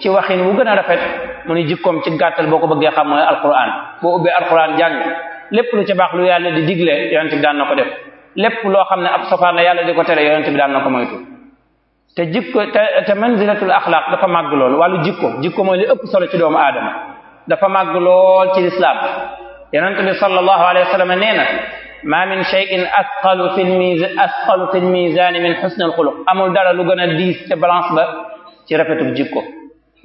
[SPEAKER 4] ci waxin wu gën a rafet mu ni jikkoom ci gàttal boo ko bëggee xam mooy alquran boo ubbee alquran jàng lépp lu ci baax lu yàlla di digle yonent bi daan na ko def lépp loo xam ne ab safaan la yàlla di ko tere yonent bi daan na ko moytu te jikko te te manzilatul axlaaq dafa màgg loolu wàllu jikko jikko mooy li ëpp solo ci doomu aadama dafa màgg lool ci lislaam yonent bi sallallahu alayhi wa sallam nee na maa min shay'in asqalu fi lmizan asqalu fi lmizan min husn alxuluq amul dara lu gën a diis te balance ba ci rafetu jikko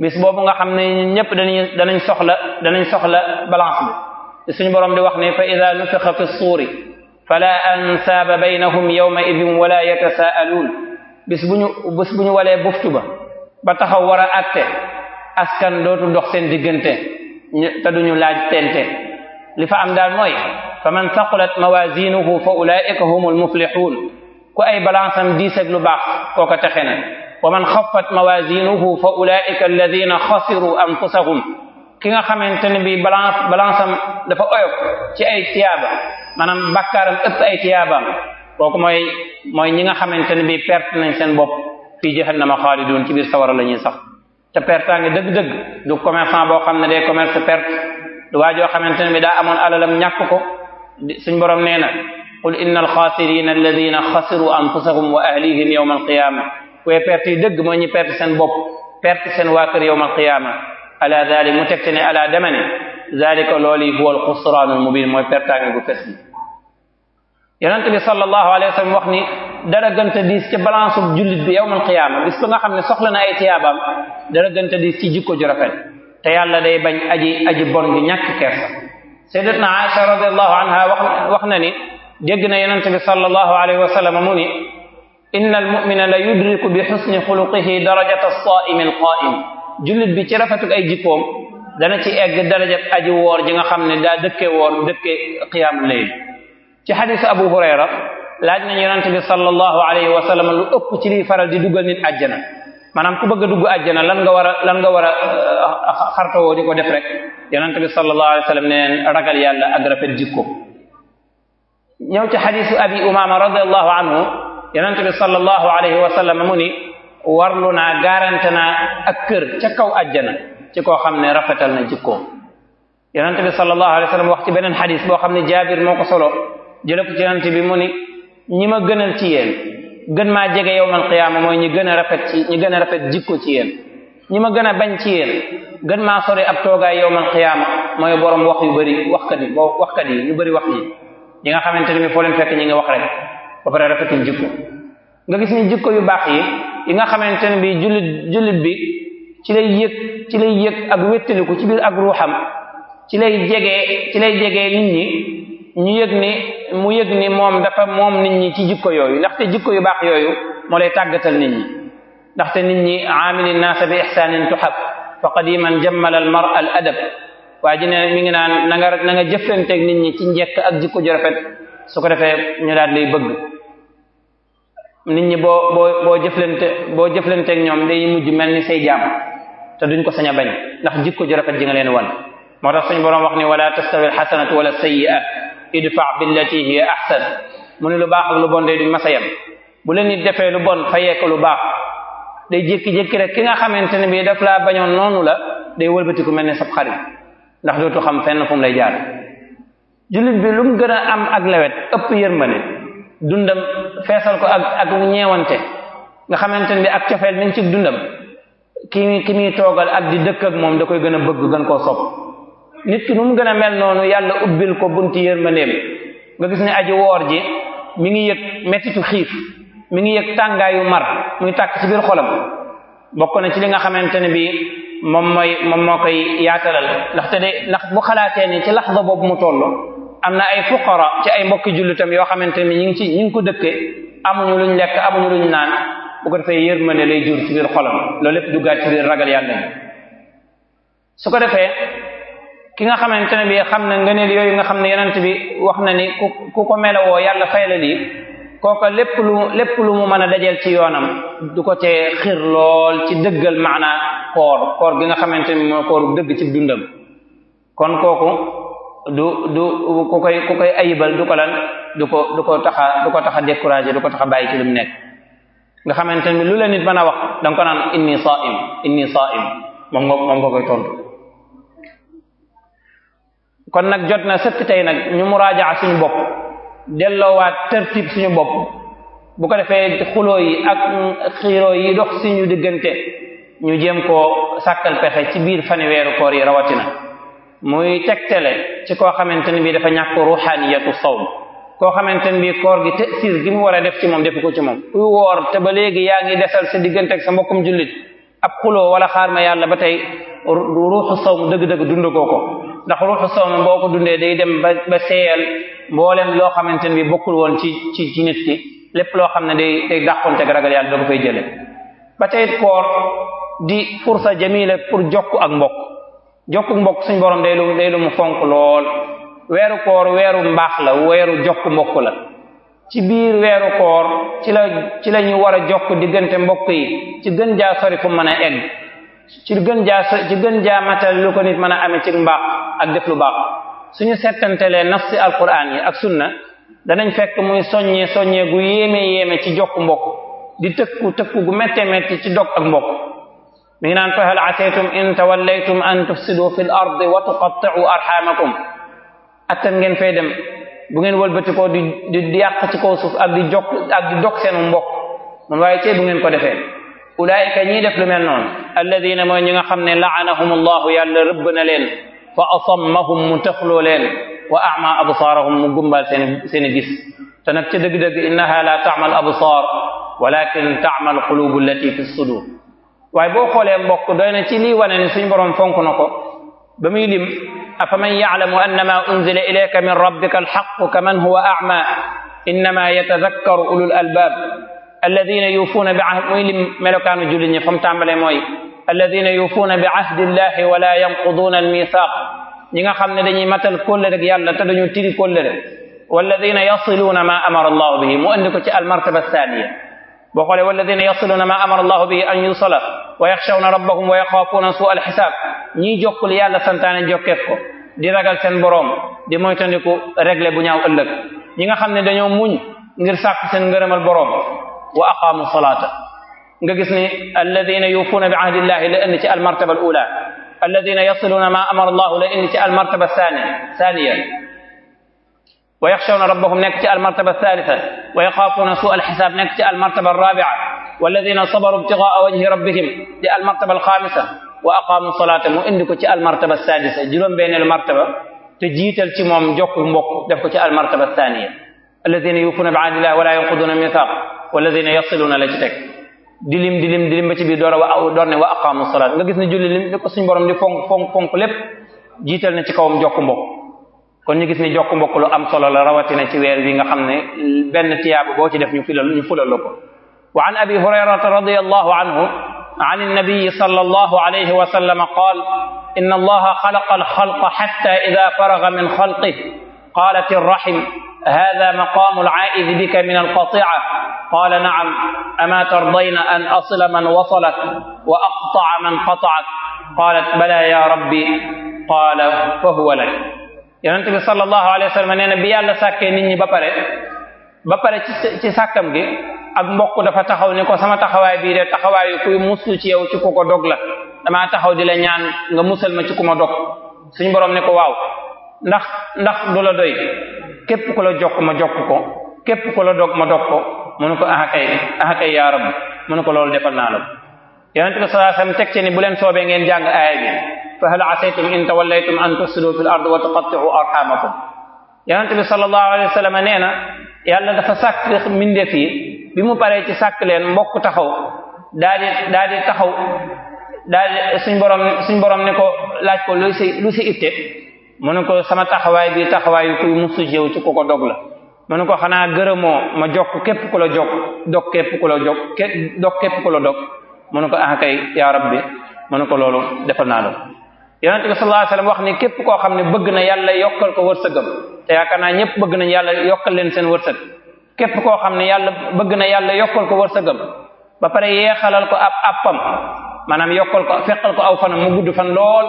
[SPEAKER 4] bis boobu nga xam ne ñëpp dañuy danañ soxla danañ soxla balance bi te suñu borom di wax ne fa ida nufixa fi suuri fala ansaaba baynahum yawma idin wala yatasaaluun bis bu ñu bis bu ñu walee buftu ba ba taxaw war a atte askan dootu dox seen diggante te duñu laaj tente li fa am daal mooy fa man saqulat mawazinuhu fa ulaika humul muflihun ku ay balance am diis ak lu baax kooka texe na wa man xaffat mawazinuhu fa ulaika alladina xasiru anfusahum ki nga xamante ne bi balance balance am ci ay tiyaaba maanaam bakkaaram ëpp ay tiyaabaam kooku mooy mooy ñi nga xamante ne bi perte nañ seen bopp fii jahannama xaalidun ci biir sawara la ñuy sax te pertaange dëgg-dëgg du commerçant boo xam ne day commerce perte du waa joo xamante ne bi daa amoon alalam ñàkk ko suñ borom nee na qul inna alxaasirina alladina xasiru anfusahum wa ahlihim yawma alqiyama kuwe perte yi dëgg mooy ñi perte seen bopp perte seen waa kër yawma alqiyama ala dalik mu tegte ne ala demane dalika loolu yi huwa alxusraanu almubin mooy pertaange bu fes yonent bi sallallahu alayhi wa sallam wax ni dara gënta diis ci balance jullit bi yawmal qiyaama bis ba nga xam ne soxla na ay tiyaabaam dara gënta diis ci jikko ju rafet te yàlla day bañ aji aji bon ju ñàkk kersa sayyidatna Aisha radiyallahu anha wax wax na ni dégg na yonent bi sallallahu alayhi wa sallam mu ni inna almu'mina la yudriku bi husni xuluqihi darajata as-saa'imi al-qaa'im jullit bi ci rafetuk ay jikkoom dana ci egg darajat aji woor ji nga xam ne daa dëkke woor dëkke qiyaamul layl ci xadisu abu hurayra laaj nañu yonente bi sallallahu alayhi wa sallam lu ëpp ci liy faral di duggal nit àjjana maanaam ku bëgg a dugg àjjana lan nga war a lan nga war a xartawoo di ko def rek yonente bi sallallahu alayhi wa sallam neen ragal yàlla ak rafet jikko ñëw ci xadisu abi umama radiallahu anhu yonente bi sallallahu alayhi wa sallam mu ni warlu naa garante naa ak kër ca kaw àjjana ci koo xam ne rafetal na jikkoom yonente bi sallallahu alayhi wa sallam wax ci beneen xadis boo xam ne jaabir moo ko jële ko ci yonent bi mu ni ñi ma gënal ci yéen gën maa jege yowmal qiyaama mooy ñi gën a rafet ci ñi rafet jikko ci yéen ñi ma gën a bañ ci yéen gën maa sore ak toogaay yowmal qiyaama mooy borom wax yu bëri wax yi yu waxkat bëri wax yi ñi nga xamante ni bi foo leen ñi nga wax rek ba rafet rafetul jikko nga gis ni jikko yu baax yi yi nga xamante ne bi jullit jullit bi ci lay yëg ci lay yëg ak wéttaliku ci biir ak ruuxam ci lay jege ci lay jege nit ñi ñu yëg ni mu yëg ni moom dafa moom nit ñi ci jikko yooyu ndaxte jikko yu baax yooyu moo lay tàggatal nit ñi ndaxte nit ñi aamili naasa bi ihsaanin tuhab fa qadiman jammala al mar al adab waa ji ne mi ngi naan na nga na nga nit ñi ci njekk ak jikko ju rafet su ko defee ñu daal lay bëgg nit ñi boo boo boo jëflante boo jëflanteeg ñoom day mujj mel ni say jaam te duñ ko sañ a bañ ndax jikko ju rafet ji nga leen wan moo tax suñu boroom wax ni wala tastawi alxasanatu wala sayyi'at idfa billati hiya ahsan mu ne lu baax ak lu bon day duñ masa yem bu leen nit defee lu bon fayee ko lu baax day jékki-jékki rek ki nga xamante ne bii def laa bañoon noonu la day ku mel ne sab xarit ndax dootu xam fenn fu lay jaar jullit bi lu mu gën a am ak lewet ëpp yërmande dundam feesal ko ak ak ñeewante nga xamante ne bi ak cofeel nañ ci dundam ki ki muy toogal ak di dëkk moom da koy gën a bëgg gën koo sopp nit ki nu mu gën a mel noonu yàlla ubbil ko bunti yërmandeem nga gis ne aji woor ji mu ngi yëg mettitu xiif mu ngi yëg tàngaayu mar mu ngi tàkk ci biir xolam bokk na ci li nga xamante ne bii moom mooy moom moo koy yaatalal ndaxte de ndax bu xalaatee ni ci laxda boobu mu toll am na ay fuqara ci ay mbokki jullitam yoo xamante ne ñu ngi ci ñi ngi ko dëkke amuñu lu ñu lekk amuñu luñ naan bu ko defee yërmande lay jur ci biir xolam loolu lépp duggaat ci biir ragal yàlla su ko defee ki nga xamante ne bi xam na ngëneel yooyu nga xam ne yonent bi wax na ni ku ku ko melowoo yàlla fay la lii kooka lépp lu lépp lu mu mën a dajeel ci yoonam du ko tee xir lool ci dëggal maanaa koor koor gi nga xamante ne bi mooy koor dëgg ci dundam kon kooku du du ku koy ku koy ayibal du ko lan du ko du ko taxa du ko taxa découragé du ko taxa bàyyi ci lu mu nekk nga xamante ne bi lu la nit mën a wax da nga ko naan inni saim inni saim moom nga moom nga koy tontu kon nag jot na sëkk tey nag ñu muraajaa suñu bopp delloowaat tërtib suñu bopp bu ko defee xuloo yi ak xiiroo yi dox ñu diggante ñu jëm koo sàkkal pexe ci biir weeru koor yi rawatina muy tegtale ci koo xamante ni bii dafa ñàkk ruxaaniyatu sawm koo xamante ni bii koor gi tësiir gi mu war a def ci moom def ko ci moom kuy woor te ba léegi yaa ngi desal sa diggante ak mbokkum jullit ab xuloo wala xaar ma yàlla ba tey ruuxu sawm dëgg-dëgg dundagoo ko ndax ruuxu sawm boo ko dundee day dem ba ba seeyal mboolem loo xamante ne bi bokkul woon ci ci ci ki lépp loo xam ne day day dàqunte ak yàlla da ko fay jële ba tey koor di fursa jamila pour jokk ak mbokk jokku mbokk suñ borom day lu mu fonk lool weeru weeru mbaax la weeru jokku mbokk la ci biir weeru koor ci la ci la ñu war a jokk diggante mbokk yi ci gën jaa sori fu mën a egg ci gën jaa ci gën jaa matal lu ko nit mën a amee ci mbaax ak def lu baax suñu settantelee nafsi alquran yi ak sunna danañ fekk muy soññee soññee gu yéeme yéeme ci jokk mbokk di tëkku tëkku gu métte métti ci dog ak mbokk mu ngi naan fa hal asaytum in tawallaytum an tufsidu fil ardi ngeen fay dem bu ngeen wëlbatikoo di di yàq ci kaw suuf ak di jokk ak di dog seen mbokk man waaye cee bu ngeen ko defee ulaayika ñii def lu mel noonu alladina mooy ñi nga xam ne laanahum allahu yàlla rëbb na leen fa asammahum mu tëxloo leen wa ama absaarahum mu gumbal seen seen gis te nag ci dëgg-dëgg innaha la taamal absaar walakin taamal qulubu allati fi sudur waaye boo xoolee mbokk doy na ci lii wane ni suñ boroom fonk na ko ba muy lim afa man yaclamu annama unzila ilayka min rabbika alxaqu kaman huwa acma innama yatadakkaru ulul albab alladina yuufuuna bi ahd muy lim melokaanu jullit ñi fa mu tàmbale mooy alladina yuufuuna bi ahdillahi wala yanquduuna almisaaq ñi nga xam ne dañuy matal kóllëreg yàlla te dañu tigi kóllëre walladina yasiluuna ma amara allahu bihi mu andi ko ci almartaba thaniya boo xoolee walladina yasiluuna ma amara allahu bihi an yusala wa yaxshawna rabbahum wa yaxaafuuna suu alxisaab ñiy jokkul yàlla santaane jokkeef ko di ragal seen boroom di moytandiku régler bu ñaaw ëllëg ñi nga xam ne dañoo muñ ngir sàkk seen ngërëmal boroom wa aqaamu salaata nga gis ne alladina yuufuuna bi ahdillahi la indi ci almartaba al ula alladina yasiluuna ma amara allahu la indi ci almartaba thaniya thaniya wa yaxshawna rabbahum nekk ci almartaba thalitha wa yaxaafuuna suu alxisaab nekk ci almartaba alrabia walladina sabaru ibtigaa wajhi rabbihim di almartaba alxaamisa wa aqaamu salaata mu indi ko ci almartaba sadisa juróom benneelu martaba te jiital ci moom jokk mbokk def ko ci almartaba thaniya alladina yuufuuna bi ahdillah wala yanquduuna misaaq walladina yasiluuna la ci teg dilim dilim dilim ba ci biir door a wa door ne wa aqaamu salaat nga gis ne julli lim ni ko suñ borom di fonk fonk fonk lépp jiital na ci kawam jokk mbokk kon ñu gis ne jokk mbokk lu am solo la rawatina ci weer wi nga xam ne benn tiyaaba boo ci def ñu fulal ñu fulal la ko wa an abi hurayrata radiyallahu anhu an annabiyi sallallahu alayhi wa sallam qaal inna allaha xalaqa alxalqa xatta ida faraga min xalqihi qaalat irrahim هذا مقام العائذ بك من القطيعة قال نعم أما ترضين أن أصل من وصلك وأقطع من قطعك قالت بلى يا ربي قال فهو لك yonent bi sallallahu alayhi wa sallam nee na bi yàlla sàkkee nit ñi ba pare ba pare sàkkam gi ak mbokk dafa taxaw ni ko sama taxawaay bii de taxawaayu kuy muslu ci yow ci ku ko dog la damaa taxaw di la ñaan nga musal ma ci ku ma dog suñu boroom ne ko waaw ndax ndax du doy képp ku la jokk ma jokk ko képp ko la dog ma dog ko mu ne ko ah kay ah kay yaa ko loolu defal naa la yonente bi sallallahu alayhi bu leen soobee ngeen jàng aaya bi fa hal asaytum in tawallaytum an tufsidu fil ard wa tuqatti'u arhamakum yonente bi sallallahu alayhi wasallam nee na yàlla dafa sàkk mbindeef yi bi mu paree ci sàkk leen mbokk taxaw daa di daa di taxaw daa di suñ borom suñ borom ne ko laaj ko lu itte mu ne ko sama taxawaay bi taxawaayu kuy musu jeew ci ku ko dog la mu ne ko xanaa gërëmoo ma jokk képp ku la jokk dog képp ku la jokk dog képp ku la dog mu ko ah kay bi rabbi ne ko loolu defal naa loolu yonente bi sallallahu alayhi wasallam wax ni képp koo xam ne bëgg na yàlla yokkal ko wërsëgam te yaakaar naa ñëpp bëgg nañu yàlla yokkal leen seen wërsëg képp koo xam ne yàlla bëgg na yàlla yokkal ko wërsëgam ba pare yeexalal ko ab appam maanaam yokkal ko fekkal ko aw fanam mu gudd fan lool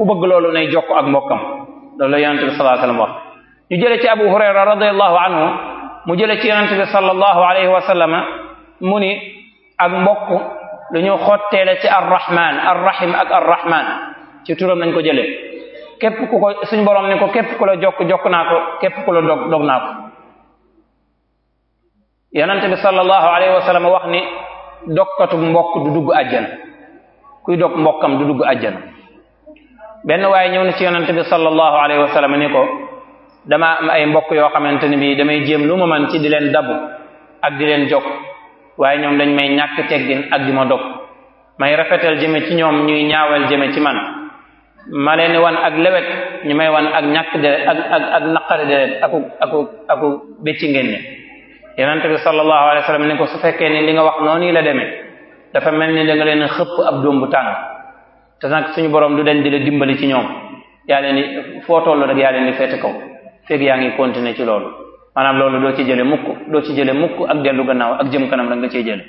[SPEAKER 4] ku bëgg loolu nay jokk ak mbokkam loolu la yonente bi sallallahu wax ñu jëlee ci abu hurayra radiyallahu anhu mu jëlee ci yonente bi sallallahu alayhi wasallam mu ni ak mbokk lu ñu xotteele ci arrahman arrahim ak arrahman ci turam nañ ko jëlee képp ku ko suñ borom ni ko képp ku la jokk jokk naa ko képp ku la dog dog naa ko yonente bi sallallahu alayhi wasallam wax ni dokkatu mbokk du dugg àjjana kuy dog mbokkam du dugg àjjana benn waaye ñëw na ci yonent bi sallallahu alayhi wa sallam ni ko damaa ay mbokk yoo xamante ni bii damay jéem lu ma man ci di leen dabu ak di leen jog waaye ñoom dañ may ñàkk teggin ak gi ma dog may rafetal jëme ci ñoom ñuy ñaawal jëme ci man ma leen wan ak lewet ñu may wan ak ñàkk deret ak ak ak naqari deret aku aku aku bécci ngeen ne yonent bi sallallahu alayhi wa sallam ni ko su fekkee ni li nga wax noonu la demee dafa mel ni da leen xëpp ab dóom bu te nag suñu borom du dañ di la dimbali ci ñoom yaa leen di foo toll rek yaa leen di féete ko fekk yaa ngi continuer ci loolu maanaam loolu doo ci jële mukk doo ci jële mukk ak dellu gannaaw ak jëm kanam rek nga cee jële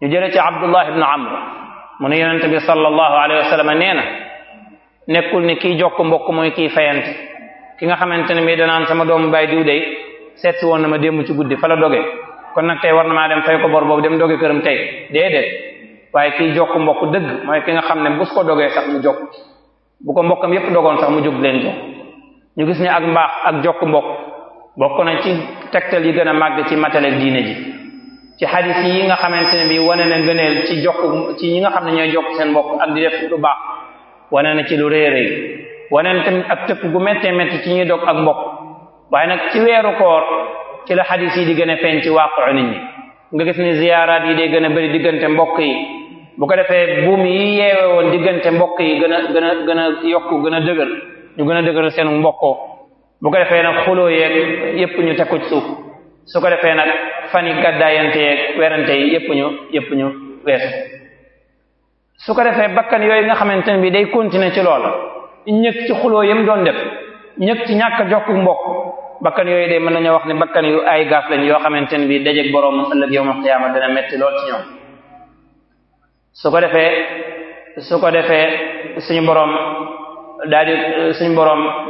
[SPEAKER 4] ñu jële ci abdullah ibn amr mu ne yonente bi sallallahu alayhi wa sallam nee na nekkul ni kii jokk mbokk mooy kii fayante ki nga xamante ne mii danaan sama doomu baay diw day seet si woon na ma démb ci guddi fa la doge kon nag tey war na maa dem ko bor boobu dem doge këram tey déedéet waaye kiy jokk mbokk dëgg mooy ki nga xam ne bu su ko dogee sax mu jokk bu ko mbokkam yëpp dogoon sax mu jóg leen jokk ñu gis ne ak mbaax ak jokk mbokk bokk nañ ci tegtal yi gën a màgg ci mataleeg diine ji ci xadis yi nga xamante ne bi wane na gëneel ci ci ñi nga xam ne ñooy jokk seen mbokk ak di lu baax wane na ci lu réeréy wane tamit ak tëkk gu méttee métti ci ñuy dog ak mbokk waaye nag ci weeru koor ci la xadis yi di gën a feeñ ci waaqu nit ñi nga gis ni ziyaaraat yi day gën a bari diggante mbokk yi bu ko defee buum yi yeewe woon diggante mbokk yi gën a gën a gën a yokk gën a dëgër ñu gën a dëgër seenu mbokkoo bu ko defee nag xuloo yeeg yépp ñu te ko ci suuf su ko defee nag fan yi gàddaayante yeeg werante yi yépp ñu yépp su ko defee bakkan yooyu nga xamante ne bi day continuer ci loola ñëkk ci xuloo yam doon def ñëkk ci ñàkk a jokku mbokk bakkan yooyu de mën nañoo wax ne bakkan yu ay gaaf lañ yoo xamante ne bii dajeeg borom ëllëg yawmal qiyaama dina metti lool ci ñoom su ko defee su ko defee suñu boroom daal di suñu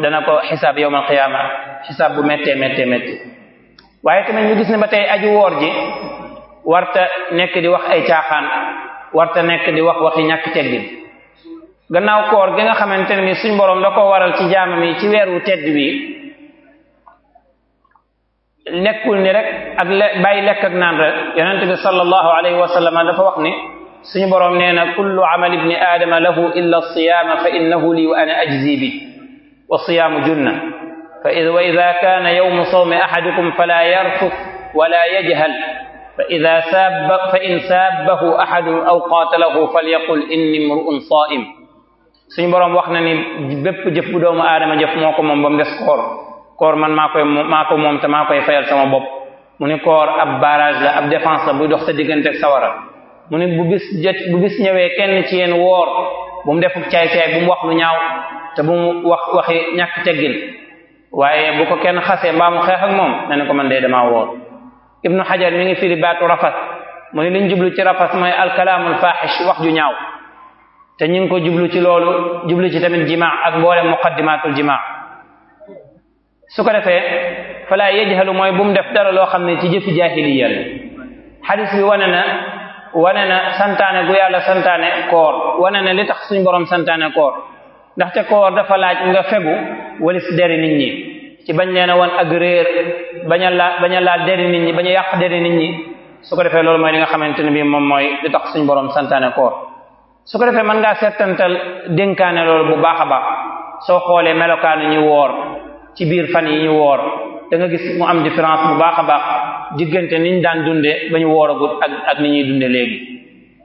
[SPEAKER 4] dana ko xisaab yawmal qiyaama xisaab bu méttee méttee métti waaye gis ba tey aju woor ji warta nekk di wax ay caaxaan warta nekk di wax waxi da ko waral ci jaamam yi ci weeru tedd bi. nekkul ni rek ak le bàyyi lekk ak naan rek yonent bi sallallahu alayhi wa sallam dafa wax ni suñu boroom nee na kullu amal ibni aadama lahu illa siyaama fa innahu li wa ana ajzi bi wa siyaamu junna fa id wa ida kaana yawmu sawmi ahadikum fala yarfuf wala yajhal fa ida saabba fa in saabbahu ahadun aw qaatalahu falyaqul inni mru'un saa'im suñu boroom wax na ni bépp jëf bu doomu aadama jëf moo ko moom ba mu des koor koor man maa koy ko moom te maa koy fayal sama bopp mu ni koor ab barrage la ab défense la buy dox sa diggante ak sawara mu ni bu bis jot bu bis ñëwee kenn ci yéen woor bu mu defuk caay-caay bu mu wax lu ñaaw te bu mu wax waxi ñàkk teggin waaye bu ko kenn xasee mbaa mu xeex moom ne ni ko man dee damaa woor ibnu xajar mi ngi firi baatu rafas mu ni liñ jublu ci rafas mooy alkalaamul faaxish wax ju ñaaw te ñu ngi ko jublu ci loolu jublu ci tamit jimaa su ko defee falaa yajhalu mooy bu mu def dara loo xam ne ci jëfi jaahiliya la xadis bi wane na wane na santaane gu yàlla santaane koor wane na li tax suñ borom santaane koor ndaxte koor dafa laaj nga fegu walis deri nit ñi ci bañ leen a wan ak réer bañ a bañ laal deri nit ñi bañ a yàq deri nit ñi su ko defee loolu mooy li nga xamante ne bii moom mooy li suñ borom santaane koor loolu bu baax a baax soo xoolee melokaanu ñu woor ci biir fan yi ñu woor danga gis mu am différence bu baax a baax diggante niñ daan dundee ba ñu a ak ak ni ñuy dundee léegi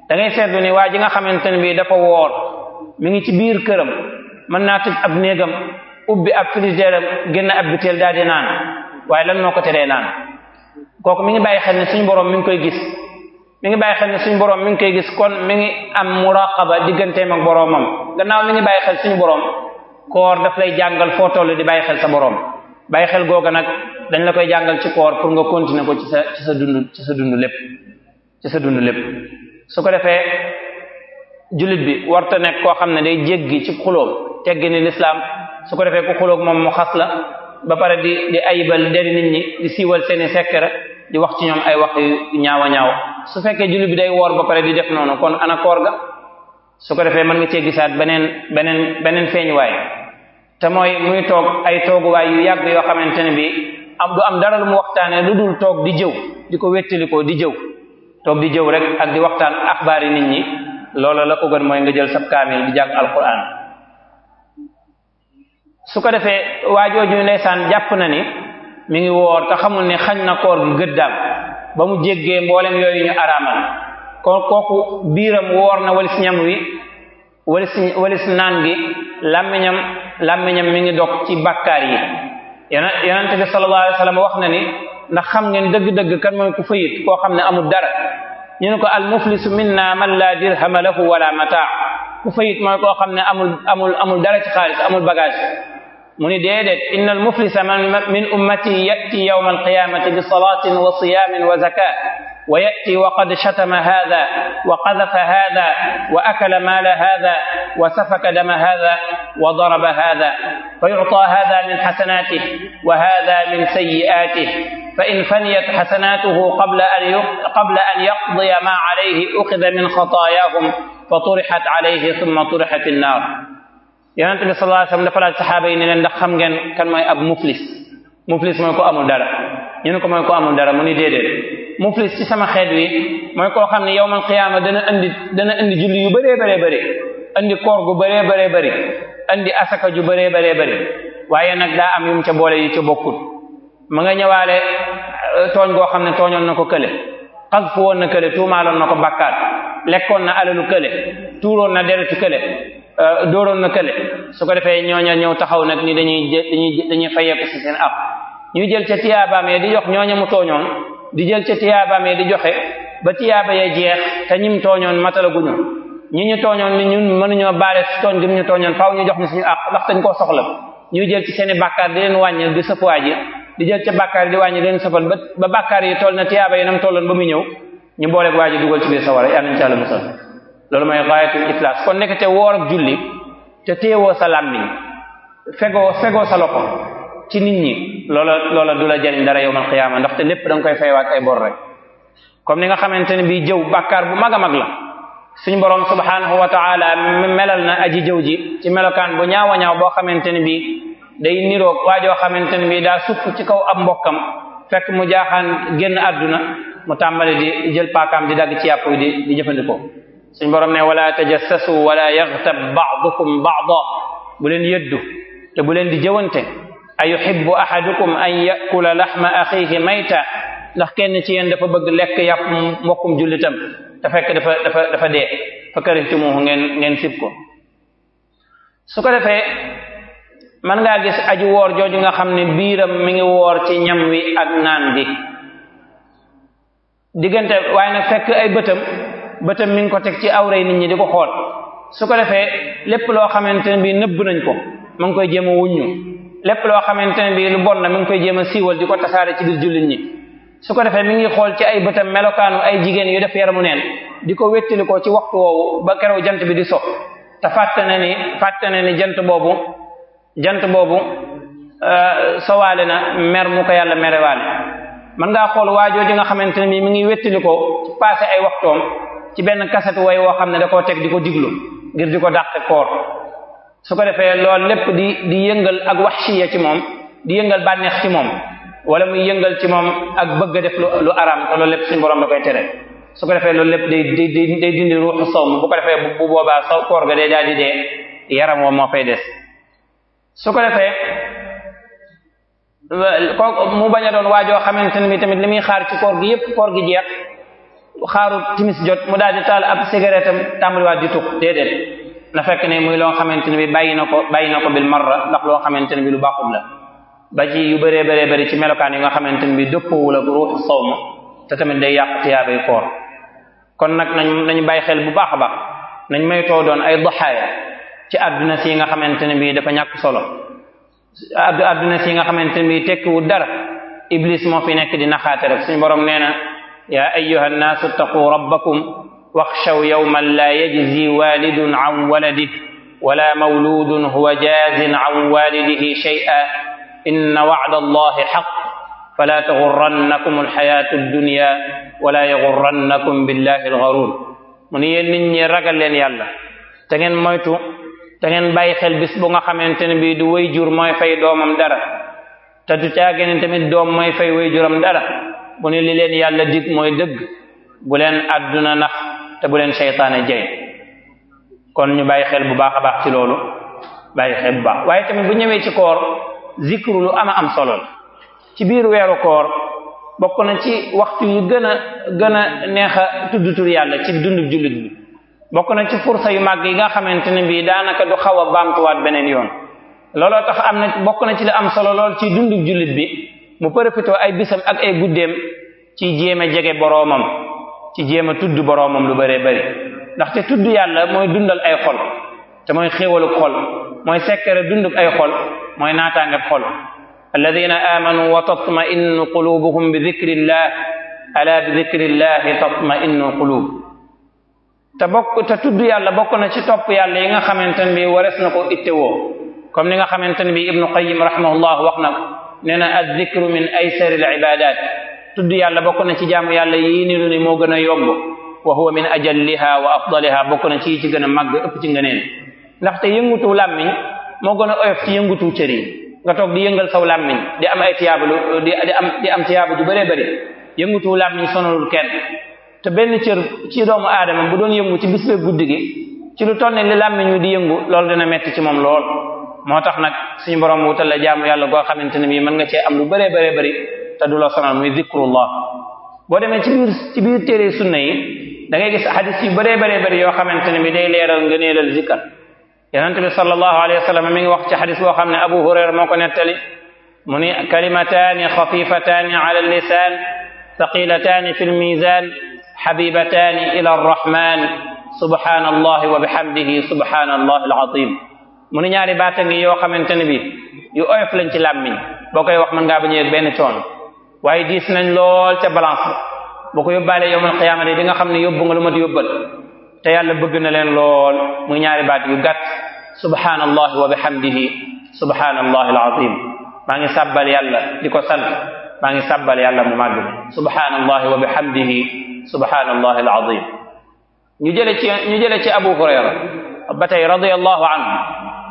[SPEAKER 4] da ngay seetlu ne waa ji nga xamante ne bii dafa woor mi ngi ci biir këram mën naa tëj ab néegam ubbi ab frigidaire am génn ab butéel daal di naan waaye lan moo ko teree naan kooku mi ngi bàyyi xel ne suñu borom mi ngi koy gis mi ngi bàyyi xel ne suñu borom mi ngi koy gis kon mi ngi am muraqaba digganteem ak boromam gannaaw mi ngi bàyyi suñu borom koor daf lay jàngal foo toll di bàyyi xel sa borom bàyyi xel googa nag dañ la koy jàngal ci koor pour nga continuer ko ci sa dund ci sa dund lépp ci sa dund lépp su ko defee jullit bi warta nekk koo xam ne day jéggi ci xuloom teggi ni lislaam su ko defee ku xuloog moom mu xas la ba pare di di ayibal deri nit ñi di siiwal seeni sekkere di wax ci ñoom ay wax yu ñaawa ñaaw su fekkee jullit bi day woor ba pare di def noonu kon ana koor ga su ko defee mën nga cee gisaat beneen beneen beneen feeñuwaay te mooy muy toog ay tooguwaay yu yàgg yoo xamante ne bi am du am dara lu mu waxtaane lu dul toog di jëw di ko wettalikoo di jëw toog di jëw rek ak di waxtaan axbaari nit ñi loola la ko gën mooy nga jël sab kaamil di jàng alquran su ko defee waa jooju ndeysaan jàpp na ni mu ngi woor te xamul ne xañ na koor gi gëddaam ba mu jéggee mboolem yooyu ñu araamal kon kooku biiram woor na walis ñam wi walis walis naan gi làmmiñam làmmiñam mi ngi dog ci bàkkaar yi yonente bi sallallahu alayhi wasallam wax na ni ndax xam ngeen dëgg-dëgg kan mooy ku fayit koo xam ne amul dara ñu ne ko al muflisu minna man la dirhama lahu wala mataa ku fayit mooy koo xam ne amul amul amul dara ci xaalis amul bagage mu ni déedéet inna al muflisa man min ummati yati yawma alqiyamati bi salatin wa siyamin wa zakat wa yati wa qad shatama hada wa qadafa hada wa akala maala hada wa safaka dama hada wa daraba hada fa yuctaa hada min xasanatih wa hada min sayi'atih fa in faniyat xasanatuhu qabla an qabla an yaqdiya ma alayhi uxida min xataayahum fa turixat alayhi summa turixat innaar yonent bi sallallahu alayhi wa sallam dafa laaj saxaaba yi ne leen ndax xam ngeen kan mooy ab muflis muflis mooy ko amul dara ñu ne ko mooy ko amul dara mu ni déedéet muflis ci sama xeet wi mooy koo xam ne yawmal qiyaama dana indi dana andi julli yu bëree bëree bëri andi koor gu bëree bëree bëri andi asaka ju bëree bëree bëri waaye nag daa am yu ca boole yu ca bokkul ma nga ñëwaale euh, tooñ goo xam ne tooñoon na ko kële xas fu woon na kële tuumaaloon na ko bakkaat lekkoon na alalu kële tuuroon na deretu kële euh, dooroon na kële su ko defee ñooña ñëw taxaw nag ni dañuy dañuy dañuy fayeeku seen ak ñuy jël ca tiyaabaam yi di jox ñooña di jël ca tiyaabaam yi di joxe ba tiyaaba ya jeex te ñim tooñoon matalaguñu ñi ñu tooñoon ni ñun mënuñoo baale tooñ gi ñu tooñoon faaw ñu jox ñu suñu àq ndax dañ koo soxla ñuy jël ci seeni bàkkaar di leen wàññil di sëpwaa ji di jël ca bàkkaar yi di wàññi di leen sëpal ba ba bàkkaar yi toll na tiyaaba yi nam tolloon ba mu ñëw ñu booleeg waa ji dugal ci biir sawara yal nañ ci àlla musal loolu mooy gaayatul ixlaas kon nekk te woor ak julli te téewoo sa làmmiñ fegoo fegoo sa loxo ci nit loola loola du la jariñ dara yowmal qiyaama ndaxte lépp dang nga koy faywaat ay bor rek comme ni nga xamante ne bii jëw bàkkaar bu mag a mag la suñu borom subhanahu wa taala melal na aji jaw ji ci melokaan bu ñaaw a ñaaw boo xamante ne bii day niroog waajoo xamante ne bii daa sukk ci kaw ab mbokkam fekk mu jaa jaaxaan génn àdduna mu tàmbali di jël paakaam di dagg ci yàpp di di jëfandikoo suñu borom ne wala tajassasu wala yaghtab ba'dukum ba'da bu leen yëddu te bu leen di jëwante ayuhibbu ahadukum an yakula laxma axihi mayta ndax kenn ci yenn dafa bëgg lekk yàpp mbokkum jullitam te fekk dafa dafa dafa dee fa karihtumuhu ngeen ngeen sib ko su ko defee mën ngaa gis aju woor jooju nga xam ne biiram mi ngi woor ci ñam wi ak naan bi diggante waaye nag fekk ay bëtam bëtëm mi ngi ko teg ci awray nit ñi di ko xool su ko defee lépp loo xamante ne bii nëbb nañ ko ma koy jéem wuññu lépp loo xamante ne bii lu bon na mi ngi koy jéem a siiwal di ko tasaare ci biir jullit ñi su ko defee mi ngi xool ci ay bëtam melokaanu ay jigéen yu def yaramu neen di ko wéttali ci waxtu woowu ba keroog jant bi di so te fàtte ni fàtte ni jant boobu jant boobu euh, sowaale na mer mu ko yàlla merewaale mën ngaa xool waajoo ji nga xamante ne bii mi ngi wéttali ko ci passé ay waxtoom ci benn kaset woy woo xam ne da koo teg di ko diglu ngir di ko dàq koor su ko defee lool lépp di di yëngal ak waxsiya ci moom di yëngal bànneex ci moom wala muy yëngal ci moom ak bëgg a def lu lu araam te loolu lépp suñu borom da koy tere su ko defee loolu lépp day day day dindi bu ko bu boobaa saw koor ga day daal di dee yaram woo moo ko defee ko mu bañ a doon waajoo xamante ne bi tamit li muy xaar ci koor gi yépp koor gi jeex xaaru timis jot mu daal di taal ab cigarette am tàmbaliwaat di tukk déedéet na fekk ne muy loo xamante ne bi bàyyi na ko bàyyi na ko bil marra ndax loo xamante ne bi lu baaxul la ba ji yu bëree bëree bëri ci melokaan yi nga xamante ne bi dëppoowul ak ruuxu sawm te tamit day yàq tiyaabay koor kon nag nañ nañu bàyyi xel bu baax a baax nañ may too doon ay doxaaya ci àdduna si nga xamante ne bi dafa ñàkk solo àdduna si nga xamante ne bi tekkiwul dara iblis moo fi nekk di naxaate rek suñu boroom nee na yaa ayyuha nnaasu taqu rabbakum واخشوا يوما لا يجزي والد عن ولده ولا مولود هو جاز عن والده شيئا إن وعد الله حق فلا تغرنكم الحياة الدنيا ولا يغرنكم بالله الغرور mu ni yéen nit ñi ragal leen yàlla te ngeen moytu te ngeen bàyyi xel bis bu nga xamante ne bii du way jur mooy fay doomam dara te du caagene tamit doom mooy fay way juram dara mu ni li leen yàlla dig mooy dëgg bu leen àdduna nax te bu leen seytaane jey kon ñu bàyyi xel bu baax a baax ci loolu bàyyi xel bu baax waaye tamit bu ñëwee ci koor zikru lu ama am solo la ci biir weeru koor bokk na ci waxtu yu gën a gën a neexa a tudd tur yàlla ci dundub jullit bi bokk na ci fursa yu màgg yi nga xamante ne bii daanaka du xaw a baamtuwaat beneen yoon looloo tax am na bokk na ci la am solo lool ci dundub jullit bi mu profité ay bisam ak ay guddeem ci jéem a jege boroomam ci jéem a tudd boroomam lu bëree bëri ndaxte tudd yàlla mooy dundal ay xol te mooy xéewalug xol mooy sekkere dundug ay xol mooy naataangeb xol alladina amanu wa tatma'innu qulubuhum bi dhikrillah ala bi dhikrillahi tatma'innu qulub te bokk te tudd yàlla bokk na ci topp yàlla yi nga xamante ne bi wares na ko ittewoo comme ni nga xamante ne bi wax na ko nee min aysari al ibadat tudd yàlla bokk na ci jaamu yàlla yii niru ni moo gën a yomb wa huwa min ajalliha wa afdaliha bokk na ci ci gën a màgg ëpp ci ngëneel ndaxte yëngutu làmmiñ moo gën a oyof ci yëngutu cër yi nga toog di yëngal saw làmmiñ di am ay tiyaaba di am di am tiyaaba ju bëree bëri yëngutu làmmiñ sonalul kenn te benn cër ci doomu aadama bu doon yëngu ci bis guddi gi ci lu toll ne li làmmiñ wi di yëngu loolu dina metti ci moom lool moo tax nag suñu borom wutal la jaamu yàlla goo xamante ne bii mën nga cee am lu bëree bëree bëri te du la sonal muy zikrullah boo demee ci biir ci biir téere sunna yi da ngay gis hadis yu bëree bëree bëri yoo xamante ne bi day leeral ngëneelal zikkar yonente bi sallallahu alayhi wa sallam mi ngi wax ci hadis boo xam ne Abu Hurayra moo ko nettali mu ni kalimataani xafifataani ala lisaan thaqilataani fi lmizan xabibataani ila arrahman subhanallahi wa bihamdihi subhanallahi alazim mu ni ñaari baata ngi yoo xamante ne bi yu oyof lañ ci làmmiñ boo koy wax mën ngaa bañ a yëg benn coon waaye diis nañ lool ca balance ba boo ko yóbbaalee yowmal qiyaama di nga xam ne yóbbu nga lu mat yóbbal te yàlla bëgg na leen lool muy ñaari baat yu gàtt subhaanallahi wa bihamdihi subhaanallahi alazim maa ngi sàbbal yàlla di ko sant maa ngi sàbbal yàlla mu màgg subhaanallahi wa bihamdihi subhaanallahi alazim ñu jële ci ñu jële ci abu hurayra ba tey radiyallahu anhu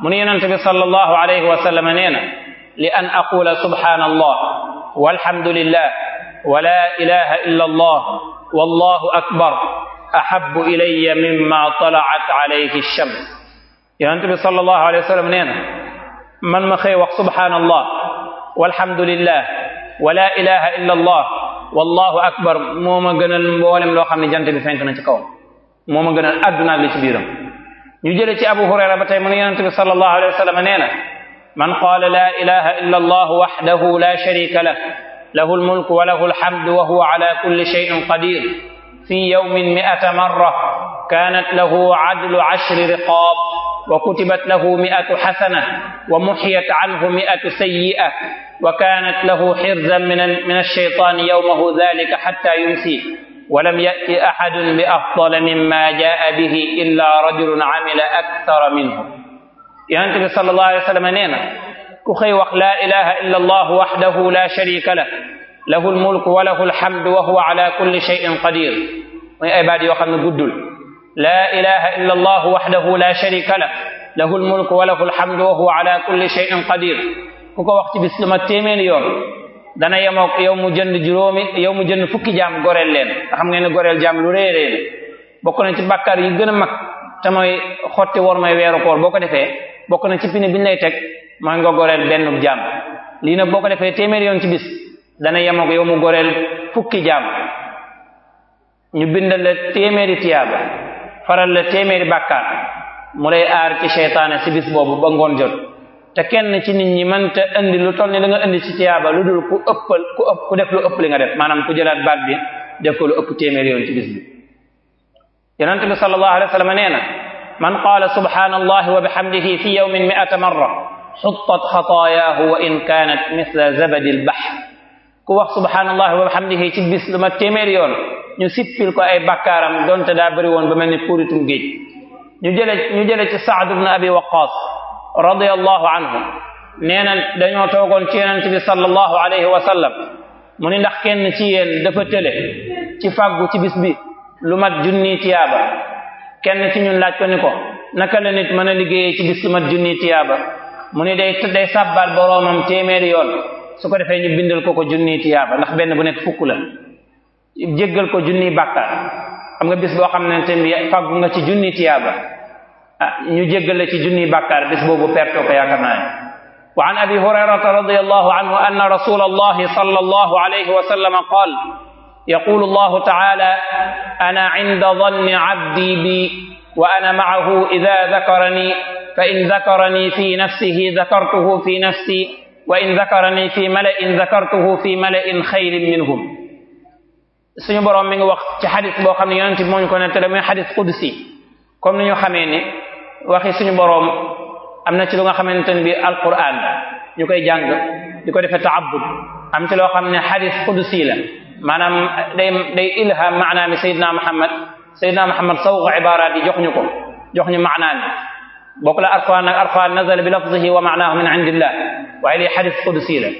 [SPEAKER 4] mu ne yonente bi sallallahu alayhi wa sallam nee na li an aqula subhaanallah walhamdulillah wa la ilaha illa allah wallahu akbar ahabu ilaya mimma talaat alayhi shams yonent bi sallallahu alayhi wa sallam nee na man ma xëy wax subhaanallah walhamdulillah wa la ilaha illa allah wallahu akbar moo ma gënal mboolem loo xam ne jant bi fenk na ci kawam moo ma gënal àdduna li ci biiram ñu jële ci abu hurayra ba tey mu ne yonent bi sallallahu alayhi wa sallam nee na من قال لا إله إلا الله وحده لا شريك له له الملك وله الحمد وهو على كل شيء قدير في يوم مئة مرة كانت له عدل عشر رقاب وكتبت له مئة حسنة ومحيت عنه مئة سيئة وكانت له حرزا من من الشيطان يومه ذلك حتى يمسيه ولم يأت أحد بأفضل مما جاء به إلا رجل عمل أكثر منه yonente bi sallallahu alayhi wa sallam nee na ku xëy wax laa ilaha illa allah waxdahu la sharika lah lahu almulk wa lahu alhamdu wa huwa ala kulli shay'in qadir muy ay baat yoo xam ne guddul laa ilaha illa allah waxdahu la sharika lah lahu almulk wa lahu alhamdu wa huwa ala kulli shay'in qadir ku ko wax ci bis lu ma téeméeri yoon dana yemook yow mu jënd juróomi yow mu jënd fukki jaam goreel leen xam ngeen ne goreel jaam lu réeréer bokk na ci bàkkaar yi gën a mag te mooy xotti war may weeru koor boo ko defee bokk na ci pine bi ñu lay teg maa nga goreel benn jaam lii nag boo ko defee téeméeri yoon ci bis dana yemoog yow mu goreel fukki jaam ñu bindal la téeméeri tiyaaba faral la téeméeri bàkkaar mu lay aar ci seytaane ci bis boobu ba ngoon jot te kenn ci nit ñi mën te indi lu toll ni la nga indi ci tiyaaba lu dul ku ëppal ku ëpp ku def lu ëpp li nga def maanaam ku jëlaat baat bi def ko lu ëpp téeméer yoon ci bis bi yonent bi sallallahu alayhi wa sallam nee man qaala subhaanallahi wa bihamdihi fi yawmin mi'ata marra xuttat xataayaahu wa in kaanat misla zabadil bahr ku wax subhaanallahi wa bihamdihi ci bis lu ma téeméer yoon ñu sippil ko ay bakkaaram donte daa bëri woon ba mel ni puuritum géej ñu jële ñu jële ci Saad ibn Abi Waqqaas radiyallahu anhu nee na dañoo toogoon ci Yonent bi sallallahu alayhi wa sallam mu ni ndax kenn ci yéen dafa tële ci fàggu ci bis bi lu mat junni tiyaaba kenn ci ñu laaj ko ni ko naka la nit mën a liggéeyee ci bis lu mat junni tiyaaba mu ni day day sàbbaal boroomam téeméeri yoon su ko defee ñu bindal ko ko junni tiyaaba ndax benn bu nekk fukk la jéggal ko junni bàkkaar xam nga bis boo xam ne tamit fàggu nga ci junni tiyaaba ah, ñu jéggal la ci junni bàkkaar bis boobu pertoo ko yaakaar naa wa an abi hurayrata radiyallahu anhu anna rasulallahi sallallahu alayhi wa sallam qaal يقول الله تعالى أنا عند ظن عبدي بي وأنا معه إذا ذكرني فإن ذكرني في نفسه ذكرته في نفسي وإن ذكرني في ملأ ذكرته في ملأ خير منهم suñu boroom mi ngi wax ci xadis boo xam ne yonent bi moo ñu ko nettali muy xadis qudsi comme ni ñu xamee ni waxi suñu boroom am na ci lu nga xamante ne bi alquran ñu koy jàng di ko defee taabud am ci loo xam ne xadis qudsi la maanaam day day ilham maanaa mi Seydina Muhammad Seydina Muhammad sawq ibaaraat yi jox ñu ko jox ñu maanaa bokk la arqaan nag arqaan nazala bi lafzihi wa maanaahu min indillah waaye lii xadis qudsi la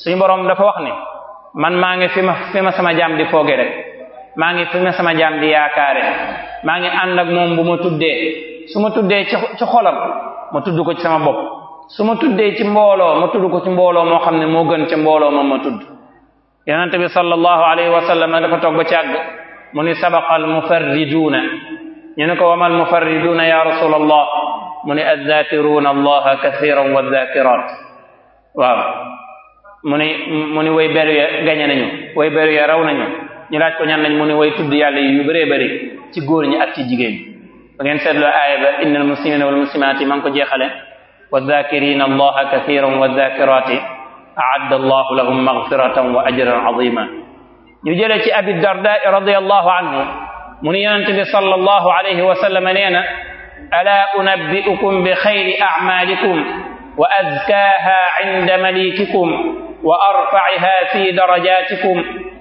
[SPEAKER 4] suñu borom dafa wax ne man maa ngi fi ma fi ma sama jaam di maa ngi fi ma sama jaam di yaakaare maa ngi ànd ak moom bu ma tuddee su tuddee ci ci xolam ma tudd ko ci sama bopp su ma tuddee ci mbooloo ma tudd ko ci mbooloo moo xam ne moo gën ca mbooloo moom ma tudd yonente bi sallallahu alayhi wa sallam dafa toog ba càgg mu ni sabaqal mufarriduuna ñu ne ko wamal mufarriduuna ya rasulallah mu ni azzakiruuna allaha kasiran wa zakirat waaw mu ni mu ni way beru ya nañu way beru raw nañu ñu laaj ko ñan nañ mu ni way tudd yàlla yi yu bëree bëri ci góor ñi ak ci jigéen ba ngeen seetloo aaya ba innal muslimina wal muslimaati man ko jeexale wa zakirina allaha kasiran wa zakirati aadda allahu lahum magfiratan wa ajran azima ñu jëlee ci abi darda radiallahu anhu mu ni yonente bi sallallahu alayhi wa sallam nee na alaa unabbi'ukum bi xayri a'maalikum wa azkaaha 'inda malikikum wa arfa'iha fi darajaatikum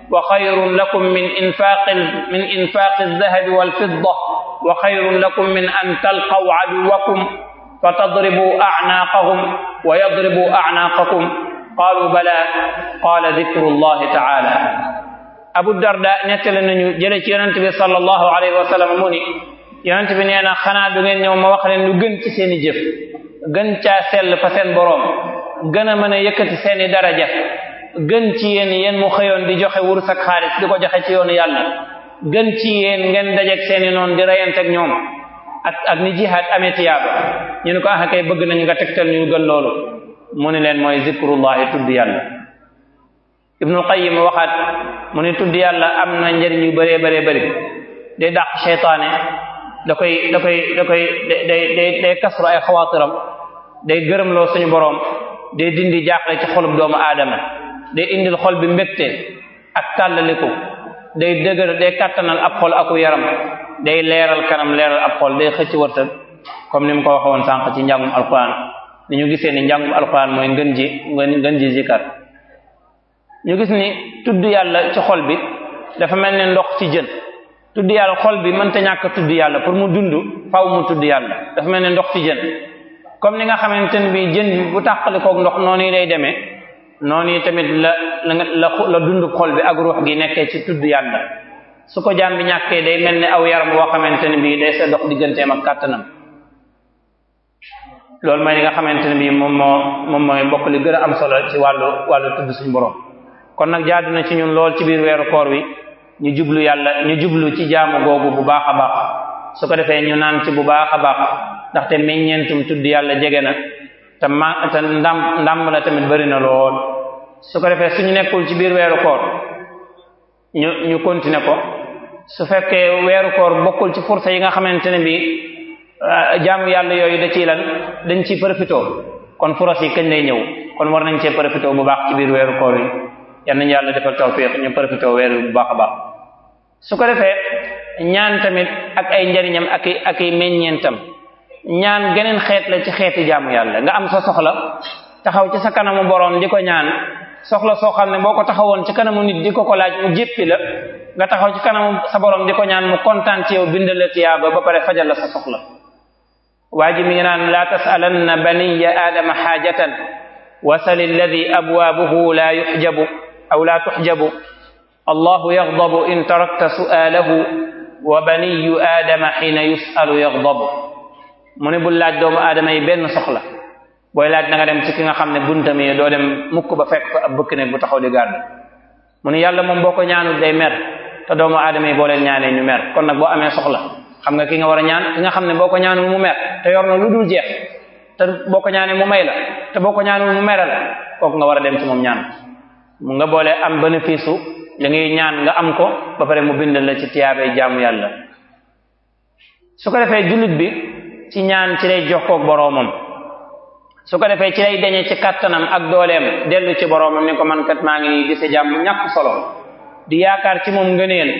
[SPEAKER 4] wa xayrun lakum min infaaqi min infaaqi az-zahabi wal-fidda wa xayrun lakum min an talqaw 'aduwwakum fatadribu a'naaqahum wa yadribu a'naaqakum qaalu bala qaala dikru llahi taala abu darda nettali nañu jële ci yonent bi sallallahu alayhi wa sallam mu ni yonent bi nee na xanaa du ngeen ñëw ma wax leen lu gën ci seeni jëf gën caa sell fa seen boroom gën a mën a yëkkati seeni daraja gën ci yéen yéen mu xëyoon di joxe wurus ak xaalis di ko joxe ci yoonu yàlla gën ci yéen ngeen dajeek seeni noon di rayante ak ñoom ak ak ni jihaad amee tiyaaba ñu ne ko ah kay bëgg nañu nga tegtal ñu gën loolu mu ni leen mooy zikrullahi tudd yàlla ibnul qayyim waxaat mu ni tudd yàlla am na njëriñ yu bëree bëree bëri day dàq seytaane da koy da koy da koy day day day kasru ay xawaatiram day gërëmloo suñu boroom day dindi jaaxle ci xolub doomu aadama day indil xol bi mbégte ak tàllaliku day dëgër day kàttanal ab xol aku yaram day leeral kanam leeral ab xol day xëcc wërtal comme ni mu ko waxoon sànq ci njàngum alquran ni ñu gisee ni njàngum alquran mooy ngën ji ngën ji zikar ñu gis ni tudd yàlla ci xol bi dafa mel ni ndox ci jën tudd yàlla xol bi mënta ñàkk tudd yàlla pour mu dund faw mu tudd yàlla dafa mel ni ndox ci jën comme ni nga xamante ne bi jën bi bu tàqali koog ndox noonu lay demee noonu tamit la la la dund xol bi ak ruux gi nekkee ci tudd yàlla su ko jaam bi ñàkkee day mel ni aw yaram woo xamante ne bii day sa dox digganteem ak kàttanam loolu mooy li nga xamante ne bii moom moom mooy mbokk li gën a am solo ci wàllu wàllu tudd suñu borom kon nag jaadu na ci ñun lool ci biir weeru koor wi ñu jublu yàlla ñu jublu ci jaamu googu bu baax a baax su ko defee ñu naan ci bu baax a baax ndaxte meññeentum tudd yàlla jege na te ma te ndam ndam la tamit bëri na lool su ko defee ñu nekkul ci biir weeru koor ñu ñu continuer ko su fekkee weeru koor bokkul ci force yi nga xamante ne bii Ah, jaamu yàlla yooyu da ciy lan dañ ci profité kon furas yi kañ lay ñëw kon war nañ cee profité bu baax ci biir weeru koor yi yal yàlla defal tawfiq ñu profité weeru bu baax a baax su ko defee ñaan tamit ak ay njariñam ak i ak i meññeentam ñaan geneen xeet la ci xeeti jaamu yàlla nga am sa soxla taxaw ci sa kanamu boroom di ko ñaan soxla soo xam ne boo ko taxawoon ci kanamu nit di ko ko laaj mu jéppi la nga taxaw ci kanamu sa boroom di ko ñaan mu kontaan ci yow bindal la tiyaaba ba pare fajal la sa soxla waa ji mi ngi naan laa tasalanna baniya aadama xaajatan wasal alladi abwaabuhu laa yuxjabu aw laa tuxjabu allahu yaxdabu in tarakta su'aalahu wa baniyu aadama xiina yusalu yaxdabu mu ne bul laaj doomu aadama yi benn soxla booy laaj na nga dem ci ki nga xam ne buntam yi doo dem mukk ba fekk ko ab bëkk ne bu taxaw di gàddu mu ne yàlla moom boo ko ñaanul day mer te doomu aadama yi boo leen ñaanee ñu mer kon nag boo amee soxla xam nga ki nga war a ñaan ki nga xam ne boo ko ñaanul mu mer te yor na lu dul jeex te boo ko ñaanee mu may la te boo ko ñaanul mu mere la kooku nga war a dem ci moom ñaan mu nga boole am bénéfice u li ñaan nga am ko ba pare mu bindal la ci tiyaabee jaamu yàlla su ko defee jullit bi ci ñaan ci lay jox koog boroomam su ko defee ci lay deñe ci kattanam ak dooleem dellu ci boroomam ni ko man kat maa ngi nii gise jàmm ñàkk solo di yaakaar ci moom ngëneel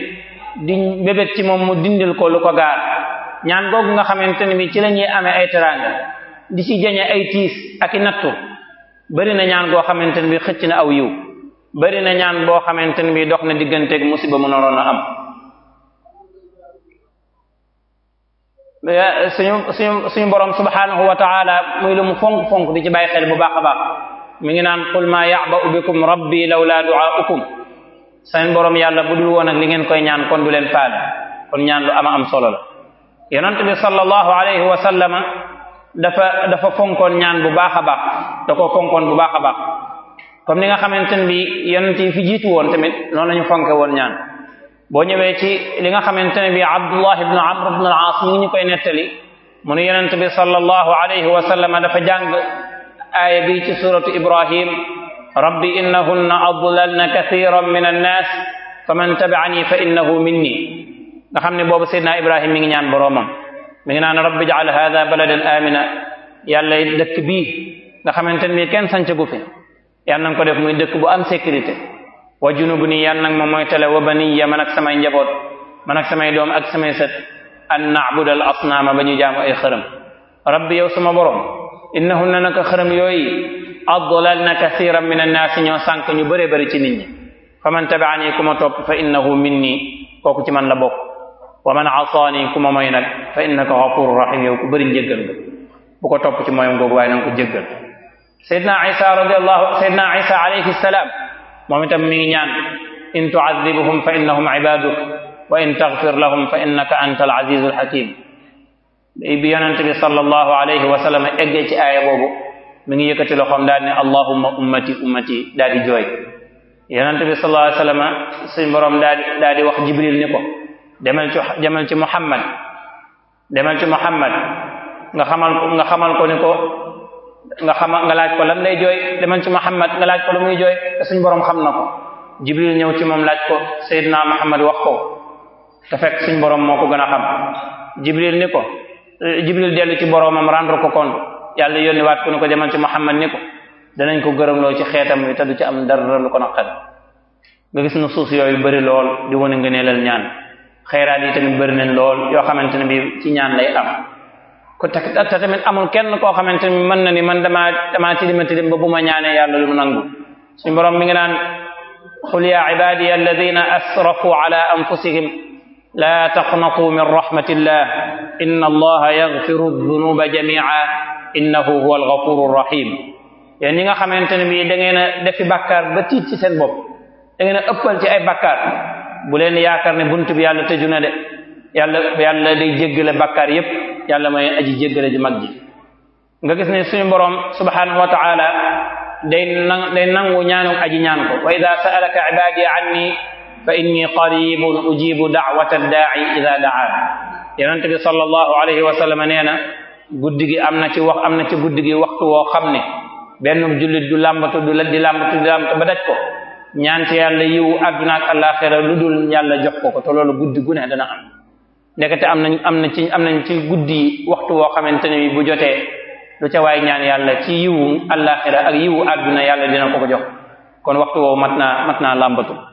[SPEAKER 4] di bébét ci moom mu dindil ko lu ko gaar ñaan googu nga xamante ne bi ci la ñuy amee ay teraanga di ci jañe ay tiis ak i nattu bari na ñaan goo xamante ne bi xëcc na aw yiw bari na ñaan boo xamante ne bi dox na digganteeg musiba mu noroon am suñu suñu suñu borom subhanahu wa ta'ala muy lu mu fonk fonk di ci bàyyi xel bu baax a baax mu ngi naan qul maa ya'ba'u bikum rabbi lawla du'a'ukum seen boroom yàlla bu dul woon ak li ngeen koy ñaan kon du leen faale kon ñaan lu ama am solo la yonent bi sallallahu alayhi wa sallama dafa dafa fonkoon ñaan bu baax a baax da ko bu baax a baax comme ni nga xamante ne bi yonent fi jiitu woon tamit noonu lañu fonke woon ñaan boo ñëwee ci li nga xamante ne bi Abdullah ibn Amr ibn al-As mu ñu koy nettali mu ne yonent bi sallallahu alayhi wa sallama dafa jàng aaya bi ci suratu Ibrahim rabbi innahunna adlalna kathiran min annas faman tabi'ani fa innahu minni nga xam ne boobu seydnaa ibrahim mi ngi ñaan boroomam mi ngi naan rabbi jacal hada baladan amina yàlla dëkk bii nga xamante ni kenn sanc gu fi yal nanga ko def muy dëkk bu am sécurité wa junubu nii yal nag ma mooy tale wa baniya man ak samay njaboot man ak samay doom ak samay sët an na'buda al asnaama ba ñu jaamu ay xërëm rabbi yow sama boroom innahunna naka xërëm yooyu adlalna kathiran min annaasi ñoo sànk ñu bëree bëri ci nit ñi fa man tabi'ani ku ma topp fa innahu minni kooku ci man la bokk wa man asaani ku ma moy nag fa innaka ghafurur rahim yow ku bëri njëggal nga bu ko topp ci mooyam googu waaye nanga ko jéggal sayyidina isa radiyallahu sayyidina isa alayhi salaam moom itam mi ngi ñaan in tu'adhibuhum fa innahum ibaduk wa in taghfir lahum fa innaka antal azizul hakim bi yonente bi sallallahu alayhi wa sallam eggee ci aaya boobu mi ngi yëkkati loxoom daal ne allahumma ummati ummati daal di jooy yonent bi sallallahu alayhi wasallam suñ boroom daal daal di wax jibril ni ko demal ci demal ci muhammad demal ci muhammad nga xamal ko nga xamal ko ni ko nga xama nga laaj ko lan lay jooy demal ci muhammad nga laaj ko lu muy jooy suñ boroom xam na ko jibril ñëw ci moom laaj ko sayyidna muhammad wax ko te suñ boroom moo ko gën a xam jibril ni ko jibril dellu ci boroomam rendre ko compte yàlla yónni waat ku ne ko demal ci Muhammad ni ko danañ ko gërëmloo ci xeetam wi te du ci am dara lu ko naqari nga gis na suuf yooyu bëri lool di wane nga neelal ñaan xayraat yi tamit bëri nañ lool yoo xamante ne bi ci ñaan lay am ko te te tamit amul kenn koo xamante ne mën na ni man damaa damaa tilima tilim ba bu ma ñaanee yàlla lu mu nangu suñu borom mi ngi naan qul ya ibadiya alladina asrafu ala laa taqnatu min rahmatillah inna allaha yaghfiru dunuba jami'a innahu huwa alghafuru rahim yéen ñi nga xamante ne bii da ngeen a defi bàkkaar ba tiit ci seen bopp da ngeen a ëppal ci ay bàkkaar bu leen yaakaar ne bunt bi yàlla tëju na de yàlla yàlla day jéggale bàkkaar yépp yàlla mooy aji jéggale ji mag ji nga gis ne suñu boroom subhanahu wa ta'ala day na day nangu ñaanu aji ñaan ko wa ida sa'alaka ibadi anni fa inni qaribun ujibu da'wata daa'i idha da'aan yonent bi sallallahu alayhi wa sallam nee na guddi gi am na ci wax am na ci guddi gi waxtu woo xam ne benn jullit du làmbatu du la di làmbatu di làmbatu ba daj ko ñaan ci yàlla yiwu àdduna ak àllaaxira lu dul yàlla jox ko ko te loolu guddi gu ne dana am ndekete am nañ am na ci am nañ ci guddi waxtu woo xamante ne bu jotee lu ca waay ñaan yàlla ci yiwu àllaaxira ak yiwu àdduna yàlla dina ko ko jox kon waxtu woowu mat naa mat naa làmbatu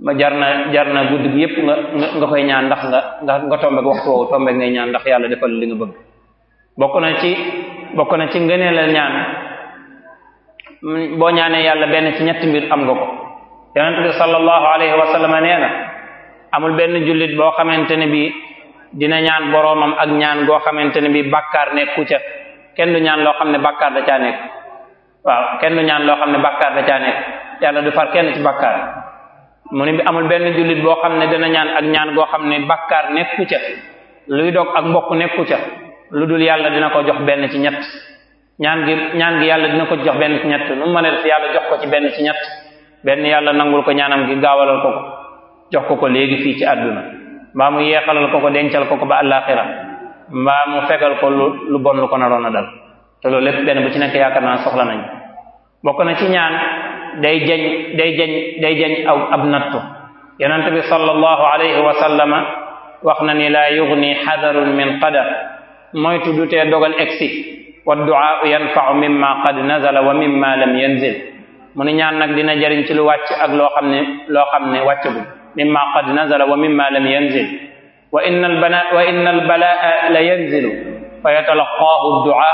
[SPEAKER 4] ma jar na jar na guddi gi nga nga koy ñaan ndax nga nga nga tombeeg waxtu woowu tombeeg ngay ñaan ndax yàlla defal li nga bëgg bokk na ci bokk na ci ngëneelal ñaan boo ñaanee yàlla benn ci ñetti mbir am nga ko yonent bi amul benn jullit boo xamante ne bi dina ñaan boroomam ak ñaan goo xamante ne bi bàkkaar nekku ca kenn du ñaan loo xam ne bàkkaar da caa nekk waaw kenn du ñaan loo xam ne bàkkaar da caa far kenn ci bàkkaar mu ne bi amul benn jullit boo xam ne dana ñaan ak ñaan goo xam ne bakkaar nekku ca luy dog ak mbokk nekku ca lu dul yàlla dina ko jox benn ci ñett ñaan gi ñaan gi yàlla dina ko jox benn ci ñett nu mën a def jox ko ci benn ci benn yàlla nangul ko ñaanam gi gaawalal ko ko jox ko ko léegi fii ci àdduna mbaa mu yeexalal ko ko dencal ko ko ba àllaaxira mbaa mu fegal ko lu lu bon lu ko naroon a dal te loolu lépp benn bu ci nekk yaakaar naa soxla nañ bokk na ci ñaan day jañ day jañ day jañ aw ab nattu yonent bi sallallahu alayhi wa sallama wax na ni laa yughni xadarun min qadar moytu du tee dogal egsi wa du'a yanfa'u mimma qad nazala wa mimma lam yanzil mu ni ñaan nag dina jariñ ci lu wàcc ak loo xam ne loo xam ne wàccagul mimma qad nazala wa mimma lam yanzil wa inna albana wa inna albalaa la yanzilu fa yatalaqaahu du'a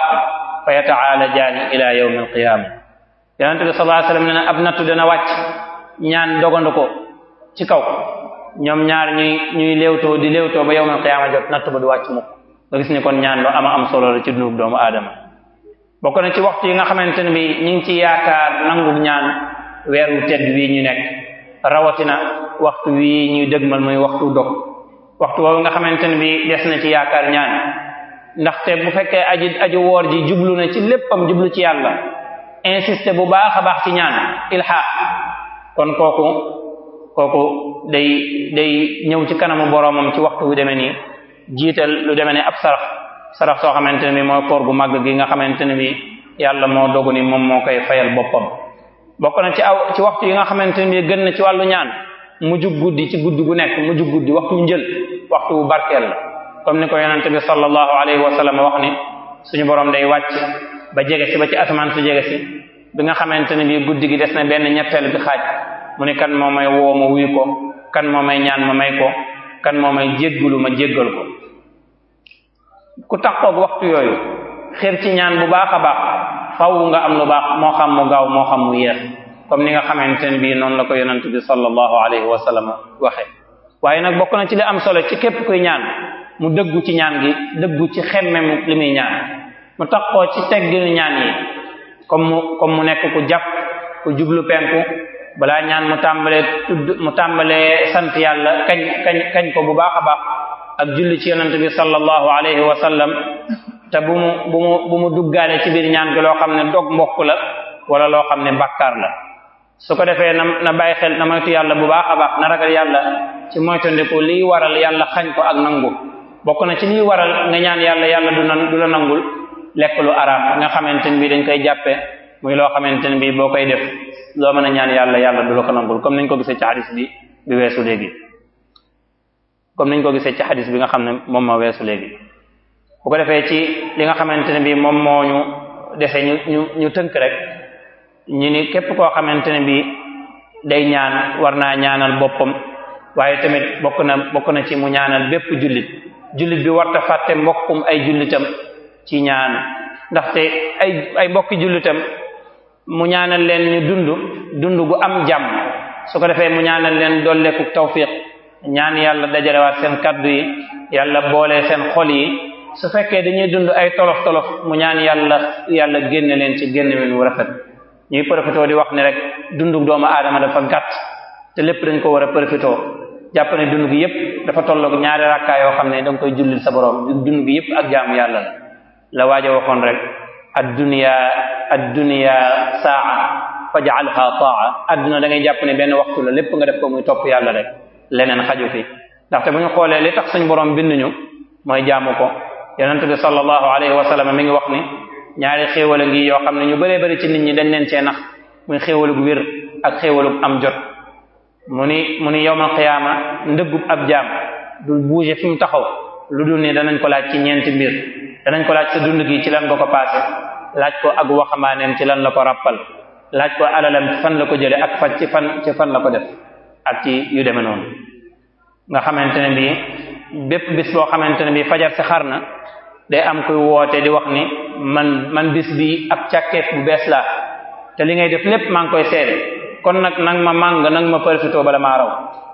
[SPEAKER 4] fa yata'aalajani ila yawmi alqiyama yonent bi sallallahu alayhi ab nattu dana wàcc ñaan dogandu ko ci kaw ñoom ñaar ñuy ñuy di léewtoo ba yawmal qiyaama jot nattu ba du wàcc mukk nga gis kon ñaan lu am solo la ci dunub doomu aadama bokk na ci waxtu yi nga xamante ne bi ñu ngi ci yaakaar nangu ñaan weer wu tedd wii ñu nekk waxtu wii ñuy mooy waxtu dog waxtu woowu nga xamante ne bi des na ci yaakaar ñaan ndaxte bu fekkee aji aju woor ji jublu na ci léppam jublu ci yàlla insisté bu baax a baax ci ñaan ilxaaq kon kooku kooku day day ñëw ci kanamu boroomam ci waxtu wu demee nii jiital lu demee ne ab sarax sarax soo xamante ne bi mooy koor gu màgg gi nga xamante ne bi yàlla moo dogu ni moom moo koy fayal boppam bokk na ci aw ci waxtu yi nga xamante ne bi gën na ci wàllu ñaan mujj guddi ci guddi gu nekk mujj guddi waxtu njël waxtu wu barkeel la comme ni ko yonente bi sallallahu alayhi wa sallam wax ni suñu boroom day wàcc bi nga xamante ne bii guddi gi des na benn ñetteel bi xaaj mu ne kan moo may woo ma wuy ko kan moo may ñaan ma may ko kan moo may jéggalu ma jéggal ko ku taqoog waxtu yooyu xër ci ñaan bu baax a baax faaw nga am lu baax moo xam mu gaaw moo xam mu yeex comme ni nga xamante ne bii noonu la ko yonent bi sallallahu alayhi wa sallam waaye nag bokk na ci li am solo ci képp kuy ñaan mu dëggu ci ñaan gi dëggu ci xemmem li muy ñaan mu taqoo ci tegginu ñaan yi comme mu comme mu nekk ku jàpp ku jublu penku balaa ñaan mu tàmbalee tudd mu tàmbalee sant yàlla kañ kañ ko bu baax a baax ak julli ci yonent bi sallallahu alayhi wa sallam te bu mu bu mu bu mu duggaale ci biir ñaan gi loo xam ne dog mbokk la wala loo xam ne bàkkaar la su ko defee na na bàyyi xel na moytu yàlla bu baax a baax na ragal yàlla ci moytandiku liy waral yàlla xañ ko ak nangu bokk na ci liy waral nga ñaan yàlla yàlla du na nangul lekk lu araam nga xamante ne bii dañ koy jàppe muy loo xamante ne bii boo koy def loo mën a ñaan yàlla yàlla du la ko nangul comme niñ ko gisee ci xadis bi bi weesu léegi comme niñ ko gisee ci xadis bi nga xam ne moom moo weesu léegi bu ko defee ci li nga xamante ne bii moom moo ñu defee ñu ñu ñu tënk rek ñu ni képp koo xamante ne bii day ñaan war naa ñaanal boppam waaye tamit bokk na bokk na ci mu ñaanal bépp jullit jullit bi warta fàtte mbokkum ay jullitam ci ñaan ndaxte ay ay mbokki jullitam mu ñaanal leen ñu dund dund gu am jàmm su ko defee mu ñaanal leen dolleeku tawfiq ñaan yàlla dajalewaat seen kaddu yi yàlla boole seen xol yi su fekkee dañuy dund ay tolof tolof mu ñaan yàlla yàlla génne leen ci génn wu rafet ñuy profité di wax ni rek dundu doomu aadama dafa gàtt te lépp dañ ko war a profité jàpp ne dund gi yëpp dafa tolloog ñaari rakkaa yoo xam ne da nga koy jullil sa borom dund gi yëpp ak jaamu yàlla la waaja waxoon rek addunya addunya saa faj'alha taa adduna da ngay jàpp ne benn waxtu la lépp nga def ko muy topp yàlla rek leneen xaju fi ndaxte bu ñu xoolee li tax suñ borom bind ñu mooy jaamu ko yonent bi sallallahu alayhi wa sallam mi ngi wax ni ñaari xéewal a ngi yoo xam ne ñu bëree bëri ci nit ñi dañ leen cee nax muy xéewalug wér ak xéewalug am jot mu ni mu ni yowmal qiyaama ndëggub ab jaam du bouger fi mu taxaw lu dul ne danañ ko laaj ci ñeenti mbir danañ ko laaj sa dund gi ci lan nga ko paase laaj ko ak waxamaaneem ci lan la ko ràppal laaj ko alalam fan la ko jële ak fan ci fan ci fan la ko def ak ci yu demee noonu nga xamante ne bii bépp bis boo xamante ne bii fajar si xar na day am kuy woote di wax ni man man bis bi ab càkkeet bu bees laa te li ngay def lépp maa ngi koy seede kon nag nang ma màng nang ma profité bala maa raw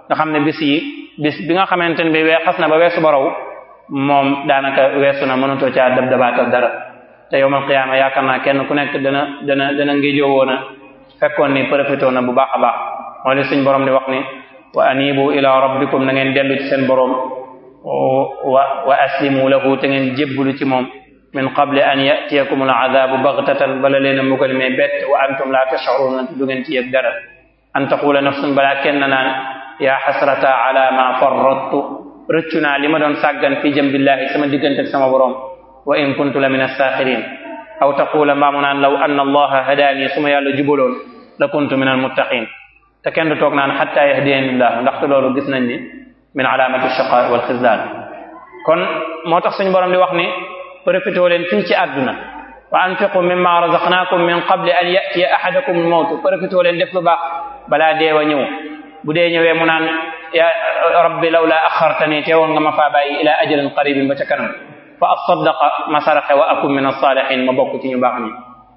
[SPEAKER 4] nga xam ne bis yi bis bi nga xamante ne bii wee xas na ba weesu ba raw moom daanaka weesu na mënatoo caa dab dabaatal dara te yowmal qiyaama yaakaar naa kenn ku nekk dana dana dana ngi jowoo na fekkoon ni profité na bu baax a baax moo li suñ borom di wax ni wa anibu ila rabbikum na ngeen dellu ci seen borom wa wa aslimu lahu te ngeen jébbalu ci moom min qabli an yatiyakum al azabu baghtatan bala leen a mugal mais bett wa antum la tash'uruna du ngeen ci yëg dara an taqula nafsun balaa kenn naan ya hasrata ala ma farrattu rëccu naa li ma doon sàggan fi jëm billahi sama diggante ak sama boroom wa in kuntu la min as-saxirin aw taqula mbaamu naan law anna allaha hadaani su ma yàlla jubaloon la kuntu min almuttaqin te kenn du toog naan xatta yahdiyani llah ndaxte loolu gis nañ ni min alaamati shaqaa wal xislaan kon moo tax suñu boroom di wax ni profité leen fii ci àdduna wa anfiqu mimma razaqnaakum min qabli an yatiya ahadakum almawtu profité leen def lu baax balaa deewa ñëw bu dee ñëwee mu naan ya rabbi lawla axartani teewoon nga ma faa bàyyi ila ajalin qaribin ba ca kanam fa asaddaqa ma saraxe wa akun min as ma bokk ci ñu baax ñi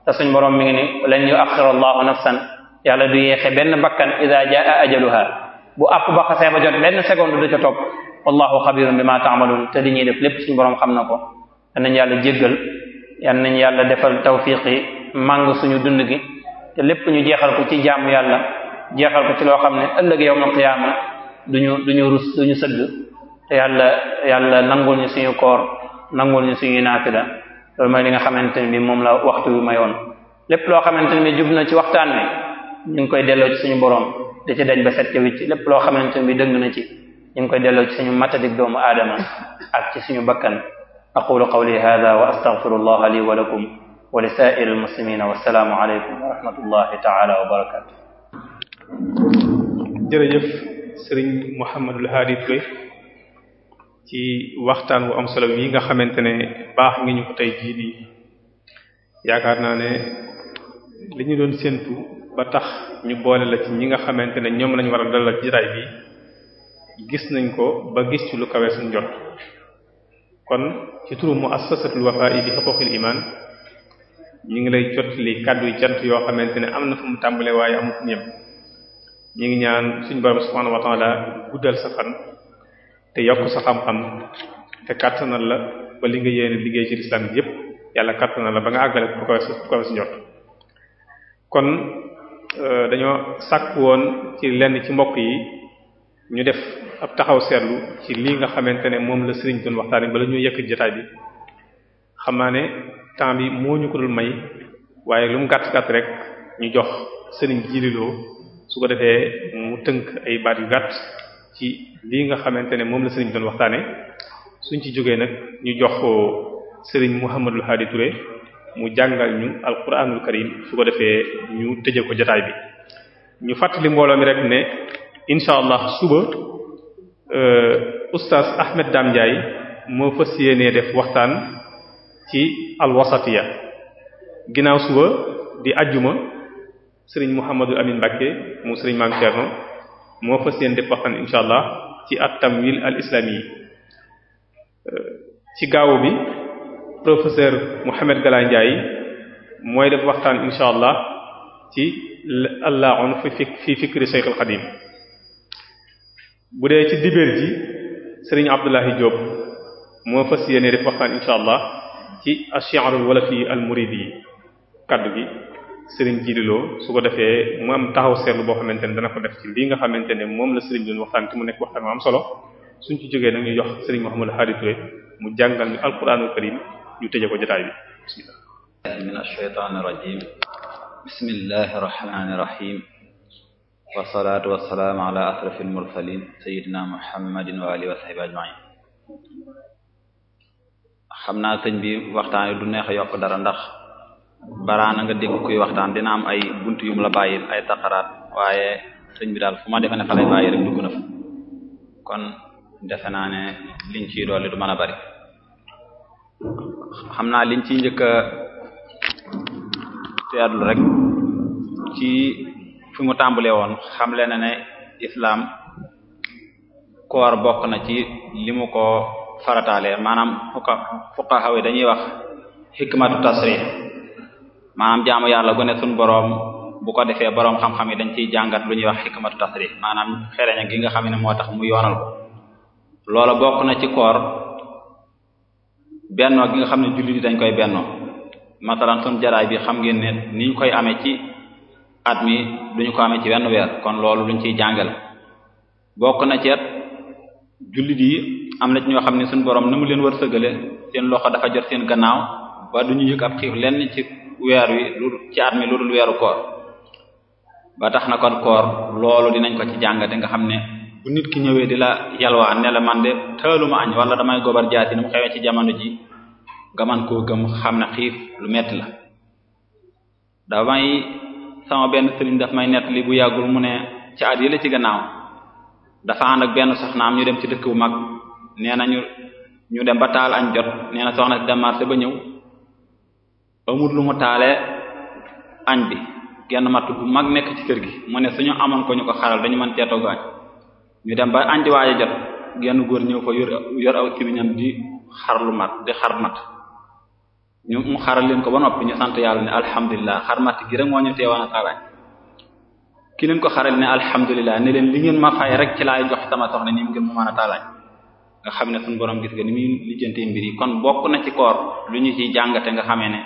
[SPEAKER 4] te suñ boroom mi ngi ni lan yuaxira allahu nafsan yàlla du yéexe benn bakkan ida jaa ajaluha bu àpp ba xasee ba jot benn seconde du ca topp wallahu xabirun bima taamaluun te li ñuy def lépp suñ boroom xam na ko yan nañ yàlla jéggal yan nañ yàlla defal tawfiq yi màng suñu dund gi te lépp ñu jeexal ko ci jaamu yàlla jeexal ko ci loo xam ne ëllëg yawmal qiyaama duñu duñu rus duñu sëgg te yàlla yàlla nangul ñu suñu koor nangul ñu suñuy naafila loolu mooy li nga xamante ne bi moom la waxtu wi mayoon lépp loo xamante ne bi jub na ci waxtaan wi ñu ngi koy delloo ci suñu borom di ci daj ba set ci wicc lépp loo xamante ne bi dëng na ci ñu ngi koy delloo ci suñu matadik doomu aadama ak ci suñu bakkan aqulu qawli hada wa astaghfirullah li wa lakum wa li sa'iri almuslimina wassalaamu aleykum wa rahmatullahi taala wa
[SPEAKER 1] barakatuh sëriñ Mouhamadul Hadi Touré ci waxtaan wu am solo yi nga xamante ne baax ngi ñu ko tey jii nii yaakaar naa ne li ñu doon séntu ba tax ñu boole la ci ñi nga xamante ne ñoom lañu war a dalal jitaay bi gis nañ ko ba gis ci lu kawe suñ jot kon ci turu muassasatul Wafa'i bi huquqil iman ñu ngi lay jot li kàddu yi cant yoo xamante ne am na fu mu tàmbalee waaye amul ñem ñu ngi ñaan suñu borom subhanahu wa ta'ala guddal sa fan te yokk sa xam-xam te kattanal la ba li nga yéene liggéey ci lislam bi yépp yàlla kattanal la ba nga àggale bu ko bu ko njot kon euh, dañoo sàkk woon ci lenn ci mbokk yi ñu def ab taxaw seetlu ci li nga xamante ne moom la sëriñ doon waxtaanee bala ñuy yëkk jotaay bi xam naa ne temps bi moo ñu ko dul may waaye lu mu gàtt gàtt rek ñu jox sëriñ jiililoo su ko defee mu tënk ay baat yu gàtt ci lii nga xamante ne moom la sëriñ bi doon waxtaane suñ ci jógee nag ñu jox sëriñ Mouhamadul Hadi Touré mu jàngal ñu alquranul karim su ko defee ñu tëje ko jataay bi ñu fàttali mbooloo mi rek ne incha allah suba euh, ustaas Ahmed Dame Ndiaye moo fas yéenee def waxtaan ci alwasatiya ginnaaw suba di ajjuma sëriñ Mouhamadou Amine Mbacké mu sëriñ maam Thierno moo fas yéene def waxtaan incha ci at tamwil ci gaaw bi professeur Mouhamed Galaye Ndiaye mooy def waxtaan incha allah ci allaon fi fi fi fikri Cheikh al Xadim bu dee ci dibéer ji sëriñ Abdullahi Diop moo fas yéene def waxtaan incha allah ci ash-shi'rul walafi al muridi kaddu gi. sëriñ jiriloo su ko defee mu am taxaw seetlu boo xamante ne dana ko def ci lii nga xamante ne moom la sëriñ doon waxtaan te mu nekk waxtaan mu am solo suñ ci jógee nañu jox sëriñ Mouhamadou Hadi Touré mu jàngal ñu alquranul karim ñu tëje ko jotaay bi bismillah
[SPEAKER 2] minash shaytanir rajim bismillahir rahmanir rahim wasalaatu wasalaamu ala ashrafil mursalin xam naa sëñ bi waxtaan du neex a yokk dara ndax baraana nga dégg kuy waxtaan dina am ay bunt yum la bàyyil ay taqaraat waaye sëñ bi daal fu ma defe fa lay bàyyi rek dugg na fa kon defe naa ne liñ ciy doole du mën a bari xam naa liñ ciy njëkk a rek ci fi mu tàmbalee woon xamle na ne islaam koor bokk na ci li mu ko farataalee maanaam fuqaha yi dañuy wax xikmatu tasrih maanaam jaamu yàlla gu ne suñ boroom bu ko defee boroom xam-xam yi dañ ciy jàngat lu ñuy wax xikmatu tasrif maanaam xereña gi nga xam ne moo tax mu yoonal ko loola bokk na ci koor bennoo gi nga xam ne jullit yi dañ koy bennoo masalan suñ bi xam ngeen ne ni ñu koy amee ci at mi duñu ko amee ci wenn weer kon loolu luñ ciy jàngale bokk na ceet jullit yi am na ci ñoo xam ne suñ boroom na mu leen war sëgale seen loxo dafa jot seen gannaaw ba duñu yëg ab xiif lenn ci weer wi ci at mi lu dul weeru koor ba tax na kon koor loolu dinañ ko ci jàngate nga xam ne bu nit ki ñëwee di la yalwaan ne la man de taaluma añ wala damay gobar jaati mu xewee ci jamono ji nga man koo gëm xam ne xiif lu metti la damay sama benn sëriñ daf may nett li bu yàggul mu ne ci at yi la ci gannaaw dafa ànd ak benn soxnaam ñu dem ci dëkk bu mag nee na ñu ñu dem ba taal añ jot nee na soxna si dem ba ñëw amul lu mu taalee añ bi genn matt bu mag nekk ci kër gi mu ne suñu amoon ko ñu ko xaral dañu man cee togg ñu dem ba añ di waaye jot genn góor ñëw fa yor yor aw kimiñam di xar mat di xar mat ñu mu xaral leen ko ba noppi ñu sant yàlla ne alhamdulilah xar mat gi rek moo ñu teewaan a taal ki leen ko xaral ne alhamdulilah ne leen li ngeen ma fay rek ci laay jox sama soxna ni ngeen mu mën a taal añ nga xam ne suñu boroom gis nga ni muy lijjantee mbir kon bokk na ci koor lu ñu ciy jàngate nga xamee ne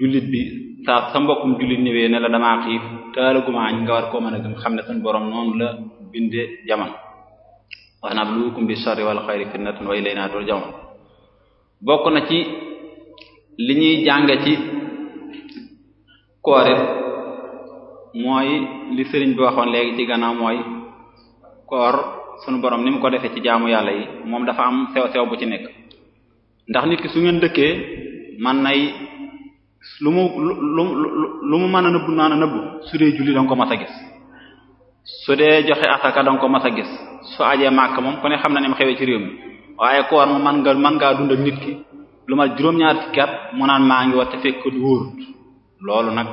[SPEAKER 2] jullit bi saa sa mbokkum jullit ñëwee ne la damaa xiif taalaguma añ nga war koo mën a gëm xam ne suñu borom noonu la bindee jamono wax naa nabluukum bi sharri wal xayri fitnatan wa ilaynaa turja'uun bokk na ci li ñuy jànge ci koor mooy li sëriñ bi waxoon léegi ci gannaaw mooy koor sunu borom ni mu ko defee ci jaamu yàlla yi moom dafa am sew sew bu ci nekk ndax nit ki su ngeen dëkkee man nay lu mu lu lu mu mën a nëbbu naan a nëbbu su dee julli danga ko mas a gis su dee joxe asaka danga ko mas a gis su ajee màkk moom ku ne xam na ne mu ci réew mi waaye koor mu man nga dund ak lu ma juróom-ñaar fukki mu naan maa ngi war te fekk wóorut loolu nag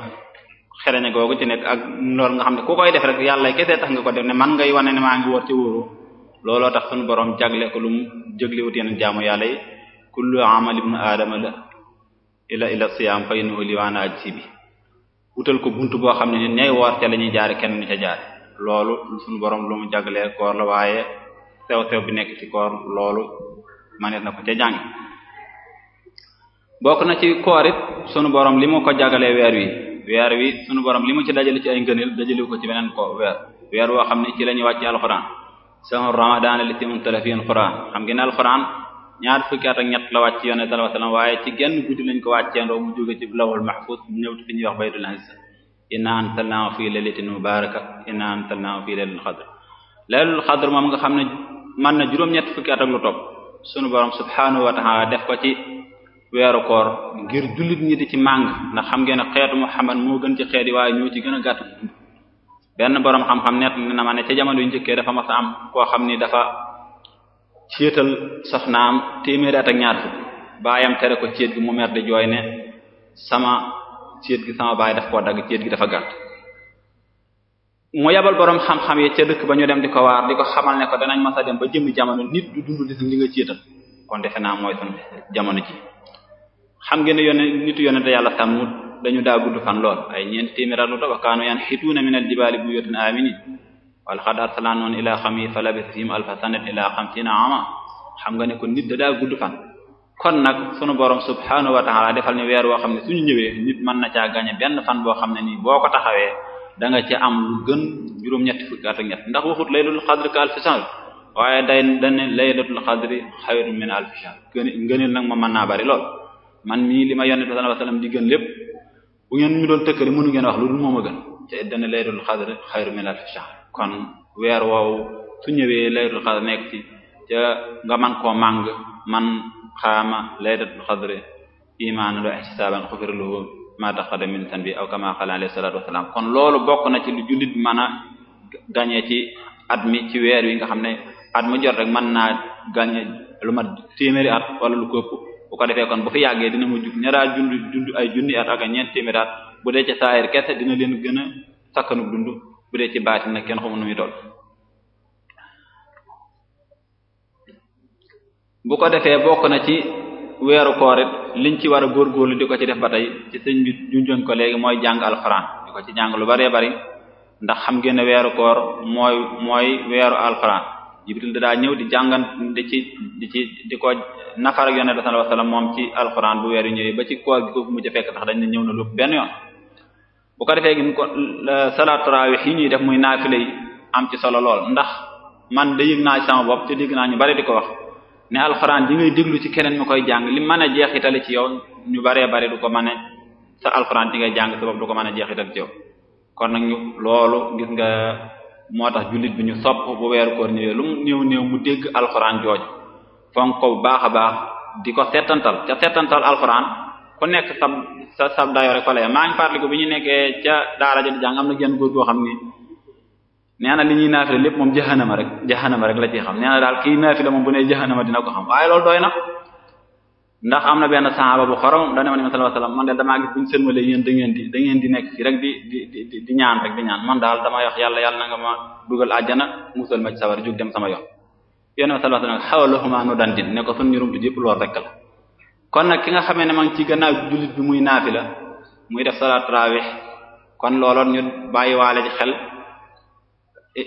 [SPEAKER 2] xereñe googu ci nekk ak loolu xam ne ku koy def rek yàlla kese nga ko def ne man ngay wane ne maa ngi war te wóoroo looloo tax suñu borom jagle ko lu mu jëgliwut yeneen jaamu yàlla yi kullu amal ibnu aadama la ila ila siyaam fa innahu liwaana aj si bi wutal ko bunt boo xam ne ni ñay woor ca la ñuy jaare kenn ñu ca jaar loolu suñu borom lu mu jaglee koor la waaye sew sew bi nekk ci koor loolu manees na ko ca jàng bokk na ci koor it sunu borom li mu ko jagalee weer wi weer wi sunu borom li mu ci dajale ci ay ngëneel dajale ko ci beneen ko weer weer woo xam ne ci la ñuy wàcc alxuraan sahru ramadan allati unzila fihi alxuraan xam ngeen alxuraan ñaar fukki at ak ñett la wàcc yonent sallallahu alayhi wasallam waaye ci genn guddi lañ ko wàcceendoo mu jóge ci lawhul mahfuz mu ñëw fi ñuy wax baytul izza inna anzalnahu fi laylatin mubaraka inna anzalnahu fi laylatil qadr laylatul qadr moom nga xam ne man na juróom-ñett fukki at lu topp suñu borom subhanahu wa ta'ala def ko ci weeru koor ngir jullit ñi di ci màng ndax xam ngeen ne xeetu Muhammad moo gën ci xeet waaye ñoo ci gën a gàtt benn borom xam-xam nett na ma ne ca jamono yu njëkkee dafa mas am koo xam ni dafa céetal soxnaam téeméeri at ak ñaat fukk baayam tere ko céet gi mu mer di jooy ne sama céet gi sama baay daf koo dagg céet gi dafa gàtt mu yabal boroom xam-xam yi ca dëkk ba ñu dem di ko waar di ko xamal ne ko danañ masa dem ba jëmmi jamono nit du dund li nga céetal kon defe naa mooy sun jamono ji xam ngeen ne yone nitu yonente yàlla sàmm dañu daa gudd fan lool ay ñeent téeméer lu tax wakaanu yan xituuna minal jibaali buyutan aaminin walaqad arsalnaa ila qawmihi fa labisa fihim alfa sanatin ila xamsiina ama xam nga ne kon nit da daa gudd fan kon nag sunu borom subhaanahu wa ta'ala defal ni weer woo xam ne suñu ñëwee nit mën na caa gagné benn fan boo xam ne nii boo ko taxawee da nga ci am lu gën juróom-ñetti fukki at ak ñett ndax waxut laylatul qadr ka alfi shahr waaye day dañ laylatul qadri xayrun min alfi shahr gën mën naa bari lool man mii li ma yonent sallallahu alayhi wasallam di gën lépp bu ngeen ñu doon tëkkale mënu ngeen wax lu dul moom a gën te dana laylatul shahr kon weer woowu su ñëwee laylatul qadr nekk ci ca nga man koo màng man xaama laylatul qadr imaanan wa ihtisaaban xufira lahu ma taqaddama min dhanbi aw kama qala alayhi salatu wassalam kon loolu bokk na ci lu jullit mën a gañe mi ci weer wi nga xam ne at mu jot rek man naa gañe lu mat téeméeri at wala lu ko ëpp bu ko defee kon bu fi yàggee dina mu jug ñaraa jundu jundu ay junni at ak ñeent téeméeri at bu dee ca saahir kese dina leen gën a sakkanu dund bu dee ci baati nag kenn xamul nu muy toll bu ko defee bokk na ci weeru koor it liñ ci war a góor góorgóorlu di ko ci def ba tey ci sëñ bi junjoon ko léegi mooy jàng alxuraan di ko ci jàng lu baree bari ndax xam ngeen weeru koor mooy mooy weeru alxuraan jibril da ñëw di jàngan di ci di ci di ko nafar ak yonent sallallahu alayhi wasallam moom ci alxuraan bu weer ñëwee ba ci koor gi ko mu ci fekk sax dañ ne ñëw na lu benn yoon bu ko defee gin ko salaat tarawih ñuy def muy naafila yi am ci solo lool ndax man de yëg naa sama bopp te dégg naa ñu bari di ko wax ne alxuraan di ngay déglu ci keneen mi koy jàng li mën a jeexitali ci yow ñu baree bari du ko mën a sa alxuraan di ngay jàng bopp du ko mën a jeexital ci yow kon nag ñu loolu gis nga moo tax jullit bi ñu sopp bu weeru koor ñëwee lu néew néew mu dégg alxuraan jooj fonk ko bu baax a baax di ko settantal ca settantal alxuraan ku nekk sab sa sab dayoo rek fa la maa ngi fàttaliku bi ñu nekkee ca daara ja di am na genn góor goo xam ni nee na li ñuy naafile lépp moom jahanama rek jahanama rek la ci xam nee daal kii naafile moom bu ne jahanama dina ko xam waaye loolu doy na ndax am na benn saxaaba bu xorom dane ma ne ma sallallahu alayhi wasallam man de damaa gis buñ sëlmale yéen ngeen di da di nekk rek di ñaan rek di ñaan man daal dama yox yàlla yàlla na nga ma dugal àjjana musal ma ci sawar jug dem sama yoon yéen ma sallallahu alayhi wasallam xawalahuma nu ne ko sun ñu rumtu yëpp loolu rek la kon nag ki nga xamee ne ma ngi ci gannaaw jullit bi muy la muy def salaat tarawih kon looloon ñu bàyyiwaale ci xel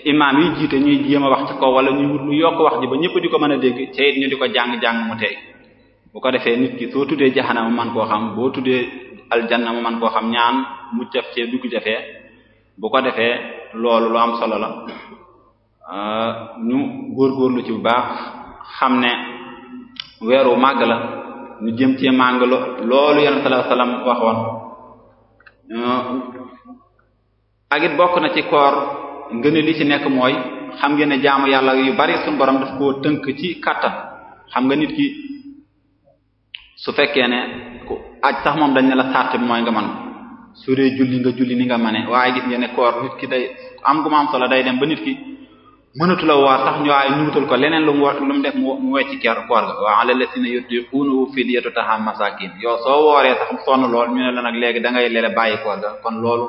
[SPEAKER 2] imaam yi jiite ñuy jéem a wax ci kaw wala ñu wut lu yokk wax ji ba ñëpp di ko mën a dégg ca it ñu di ko jàng-jàng mu tey bu ko defee nit ki soo tuddee jaxanama man koo xam boo tuddee aljanna mu man koo xam ñaan mu caf cee dugg jafee bu ko defee loolu lu am solo la ñu góorgóorlu ci bu baax xam ne
[SPEAKER 1] weeru màgg la
[SPEAKER 2] ñu jëm ci màng loolu yonent sallallahu alayhi waxoon ak bokk na ci koor ngën li ci nekk mooy xam ngeen ne jaamu yàlla yu bari suñu borom daf koo tënk ci kàttan xam nga nit ki su fekkee ne ku aj sax moom dañ ne la sart mooy nga man su dee julli nga julli ni nga mane waaye gis ngeen ne koor nit ki day am gu ma am day dem ba nit ki mënatu la woor tax ñu waaye ñu wutal ko leneen lu mu lu mu def mu wecci ker koor ga wa ala lasina yutiqunahu fidyatu ta'am masakin yow soo wooree sax sonn lool mu ne la nag léegi dangay ngay lele bàyyi koor ga kon loolu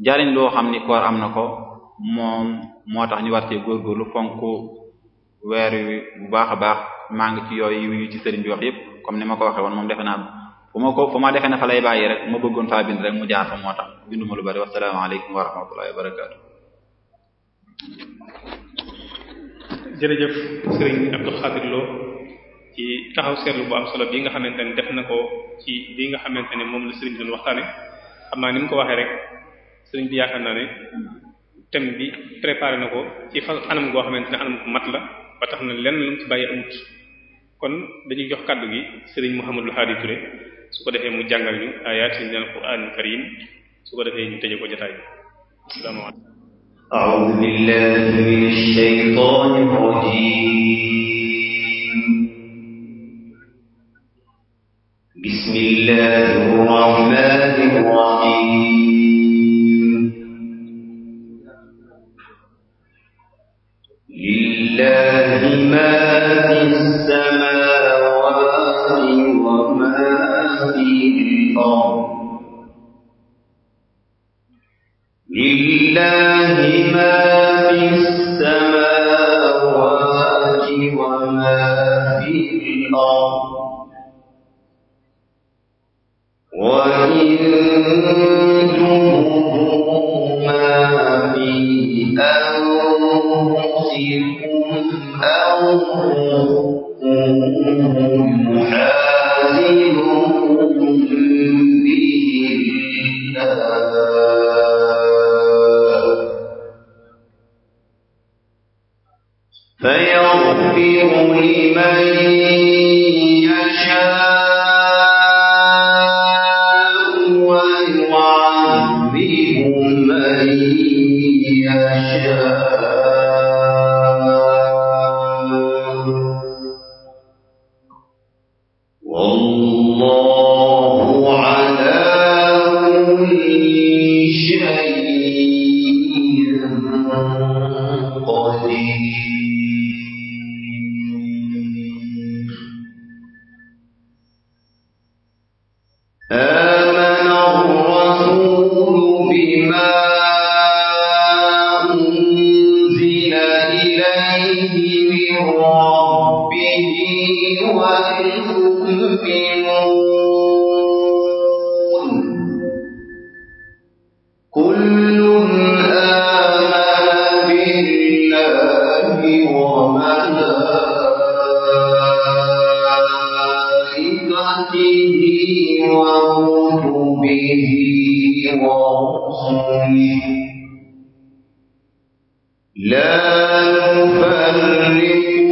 [SPEAKER 2] njariñ loo xam ni koor am na ko moom moo tax ñu war cee góorgóorlu fonk weer wi bu baax a baax maa ngi ci yooyu yu ci sëriñ bi wax yépp comme ni ma ko waxee woon moom defe naa fu ma ko fu ma fa lay bàyyi rek ma bëggoon faa bind rek mu jaar fa moo tax binduma lu bari wasalaamaaleykum wa
[SPEAKER 1] jërëjëf sëriñ Abdou Khadir Lo ci taxaw seetlu bu am solo bii nga xamante ne def na ko ci bii nga xamante ne moom la sëriñ bi doon waxtaane xam naa ni mu ko waxee rek sëriñ bi yaakaar naa ne thème bi préparé na ko ci fa anam goo xamante ne anam mat la ba tax na lenn lu ci bàyyi amut kon dañuy jox kàddu gi sëriñ mu Mouhamadou Hadi Touré su ko defee mu jàngal ñu ayaat yi al Qur'an karim su ko defee ñu tëje ko jotaay bi
[SPEAKER 3] أعوذ بالله من الشيطان الرجيم بسم الله الرحمن الرحيم لله ما في السماوات وما في الأرض لله ما في السماوات وما في الأرض وإن تبدوا ما في أنفسكم أو لا نفرق